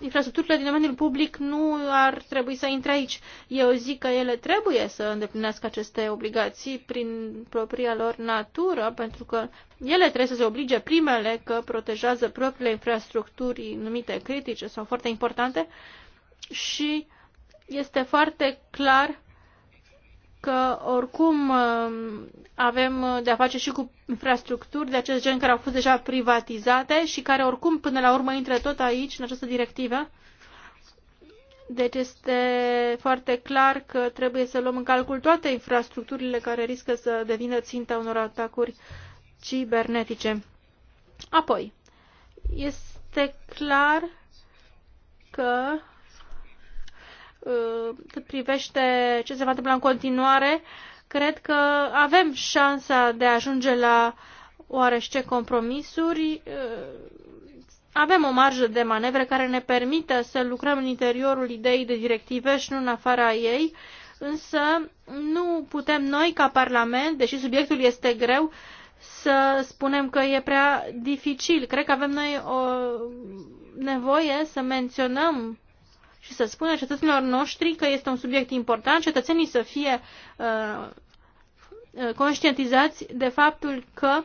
infrastructurile din domeniul public nu ar trebui să intre aici. Eu zic că ele trebuie să îndeplinească aceste obligații prin propria lor natură, pentru că ele trebuie să se oblige primele că protejează propriile infrastructuri numite critice sau foarte importante și este foarte clar că oricum um, avem de-a face și cu infrastructuri de acest gen care au fost deja privatizate și care oricum până la urmă intră tot aici, în această directivă. Deci este foarte clar că trebuie să luăm în calcul toate infrastructurile care riscă să devină ținta unor atacuri cibernetice. Apoi, este clar că Uh, cât privește ce se va întâmpla în continuare, cred că avem șansa de a ajunge la oarește compromisuri. Uh, avem o marjă de manevre care ne permite să lucrăm în interiorul ideii de directive și nu în afara ei, însă nu putem noi ca Parlament, deși subiectul este greu, să spunem că e prea dificil. Cred că avem noi o nevoie să menționăm și să spună cetățenilor noștri că este un subiect important, cetățenii să fie uh, uh, conștientizați de faptul că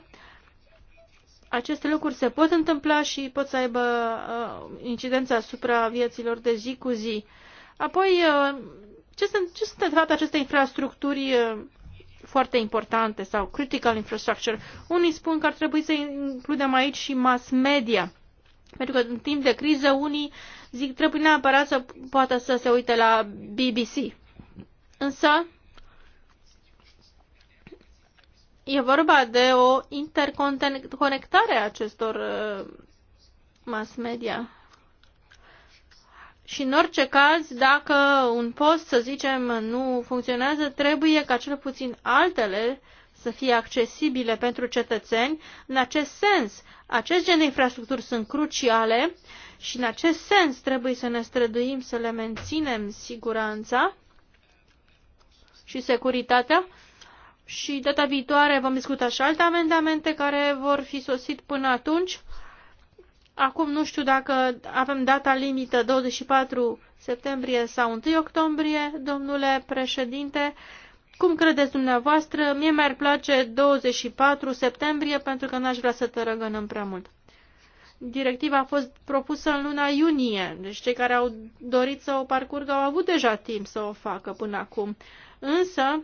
aceste lucruri se pot întâmpla și pot să aibă uh, incidența asupra vieților de zi cu zi. Apoi, uh, ce sunt, ce de fapt aceste infrastructuri uh, foarte importante sau critical infrastructure? Unii spun că ar trebui să includem aici și mass media pentru că în timp de criză unii zic trebuie neapărat să poată să se uite la BBC. Însă e vorba de o interconectare a acestor uh, mass media. Și în orice caz, dacă un post, să zicem, nu funcționează, trebuie ca cel puțin altele să fie accesibile pentru cetățeni. În acest sens, acest gen de infrastructuri sunt cruciale și în acest sens trebuie să ne străduim să le menținem siguranța și securitatea. Și data viitoare vom discuta și alte amendamente care vor fi sosit până atunci. Acum nu știu dacă avem data limită 24 septembrie sau 1 octombrie, domnule președinte. Cum credeți dumneavoastră? Mie mi-ar place 24 septembrie pentru că n-aș vrea să tărăgănăm prea mult. Directiva a fost propusă în luna iunie, deci cei care au dorit să o parcurgă au avut deja timp să o facă până acum. Însă,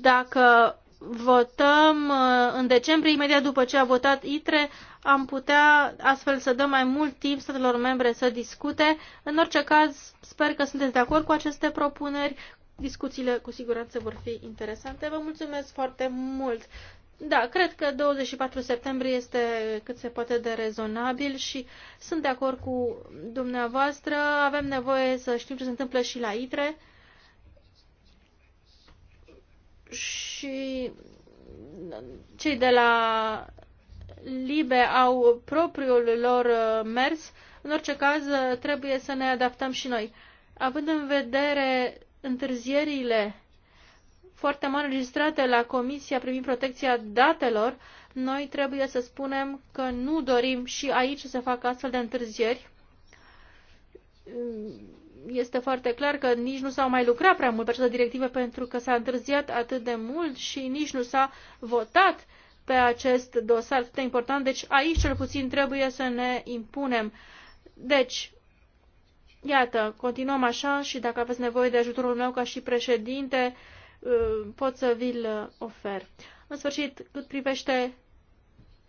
dacă votăm uh, în decembrie, imediat după ce a votat ITRE, am putea astfel să dăm mai mult timp statelor membre să discute. În orice caz, sper că sunteți de acord cu aceste propuneri. Discuțiile cu siguranță vor fi interesante. Vă mulțumesc foarte mult! Da, cred că 24 septembrie este cât se poate de rezonabil și sunt de acord cu dumneavoastră. Avem nevoie să știm ce se întâmplă și la ITRE și cei de la Libe au propriul lor uh, mers. În orice caz, uh, trebuie să ne adaptăm și noi. Având în vedere întârzierile foarte mari înregistrate la Comisia privind protecția datelor, noi trebuie să spunem că nu dorim și aici să facă astfel de întârzieri este foarte clar că nici nu s-au mai lucrat prea mult pe această directivă pentru că s-a întârziat atât de mult și nici nu s-a votat pe acest dosar atât de important. Deci aici cel puțin trebuie să ne impunem. Deci, iată, continuăm așa și dacă aveți nevoie de ajutorul meu ca și președinte, uh, pot să vi-l ofer. În sfârșit, cât privește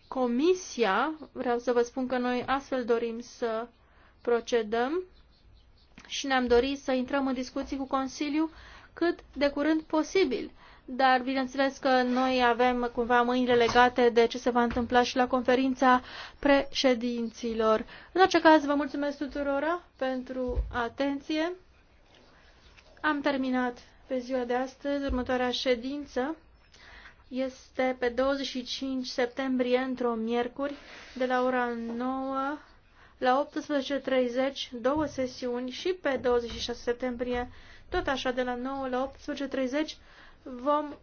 comisia, vreau să vă spun că noi astfel dorim să procedăm și ne-am dorit să intrăm în discuții cu Consiliu cât de curând posibil. Dar bineînțeles că noi avem cumva mâinile legate de ce se va întâmpla și la conferința președinților. În orice caz, vă mulțumesc tuturora pentru atenție. Am terminat pe ziua de astăzi următoarea ședință este pe 25 septembrie, într-o miercuri, de la ora 9 la 18.30, două sesiuni și pe 26 septembrie, tot așa de la 9 la 18.30, vom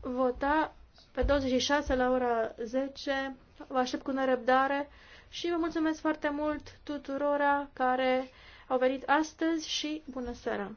vota pe 26 la ora 10. Vă aștept cu nerăbdare și vă mulțumesc foarte mult tuturora care au venit astăzi și bună seara!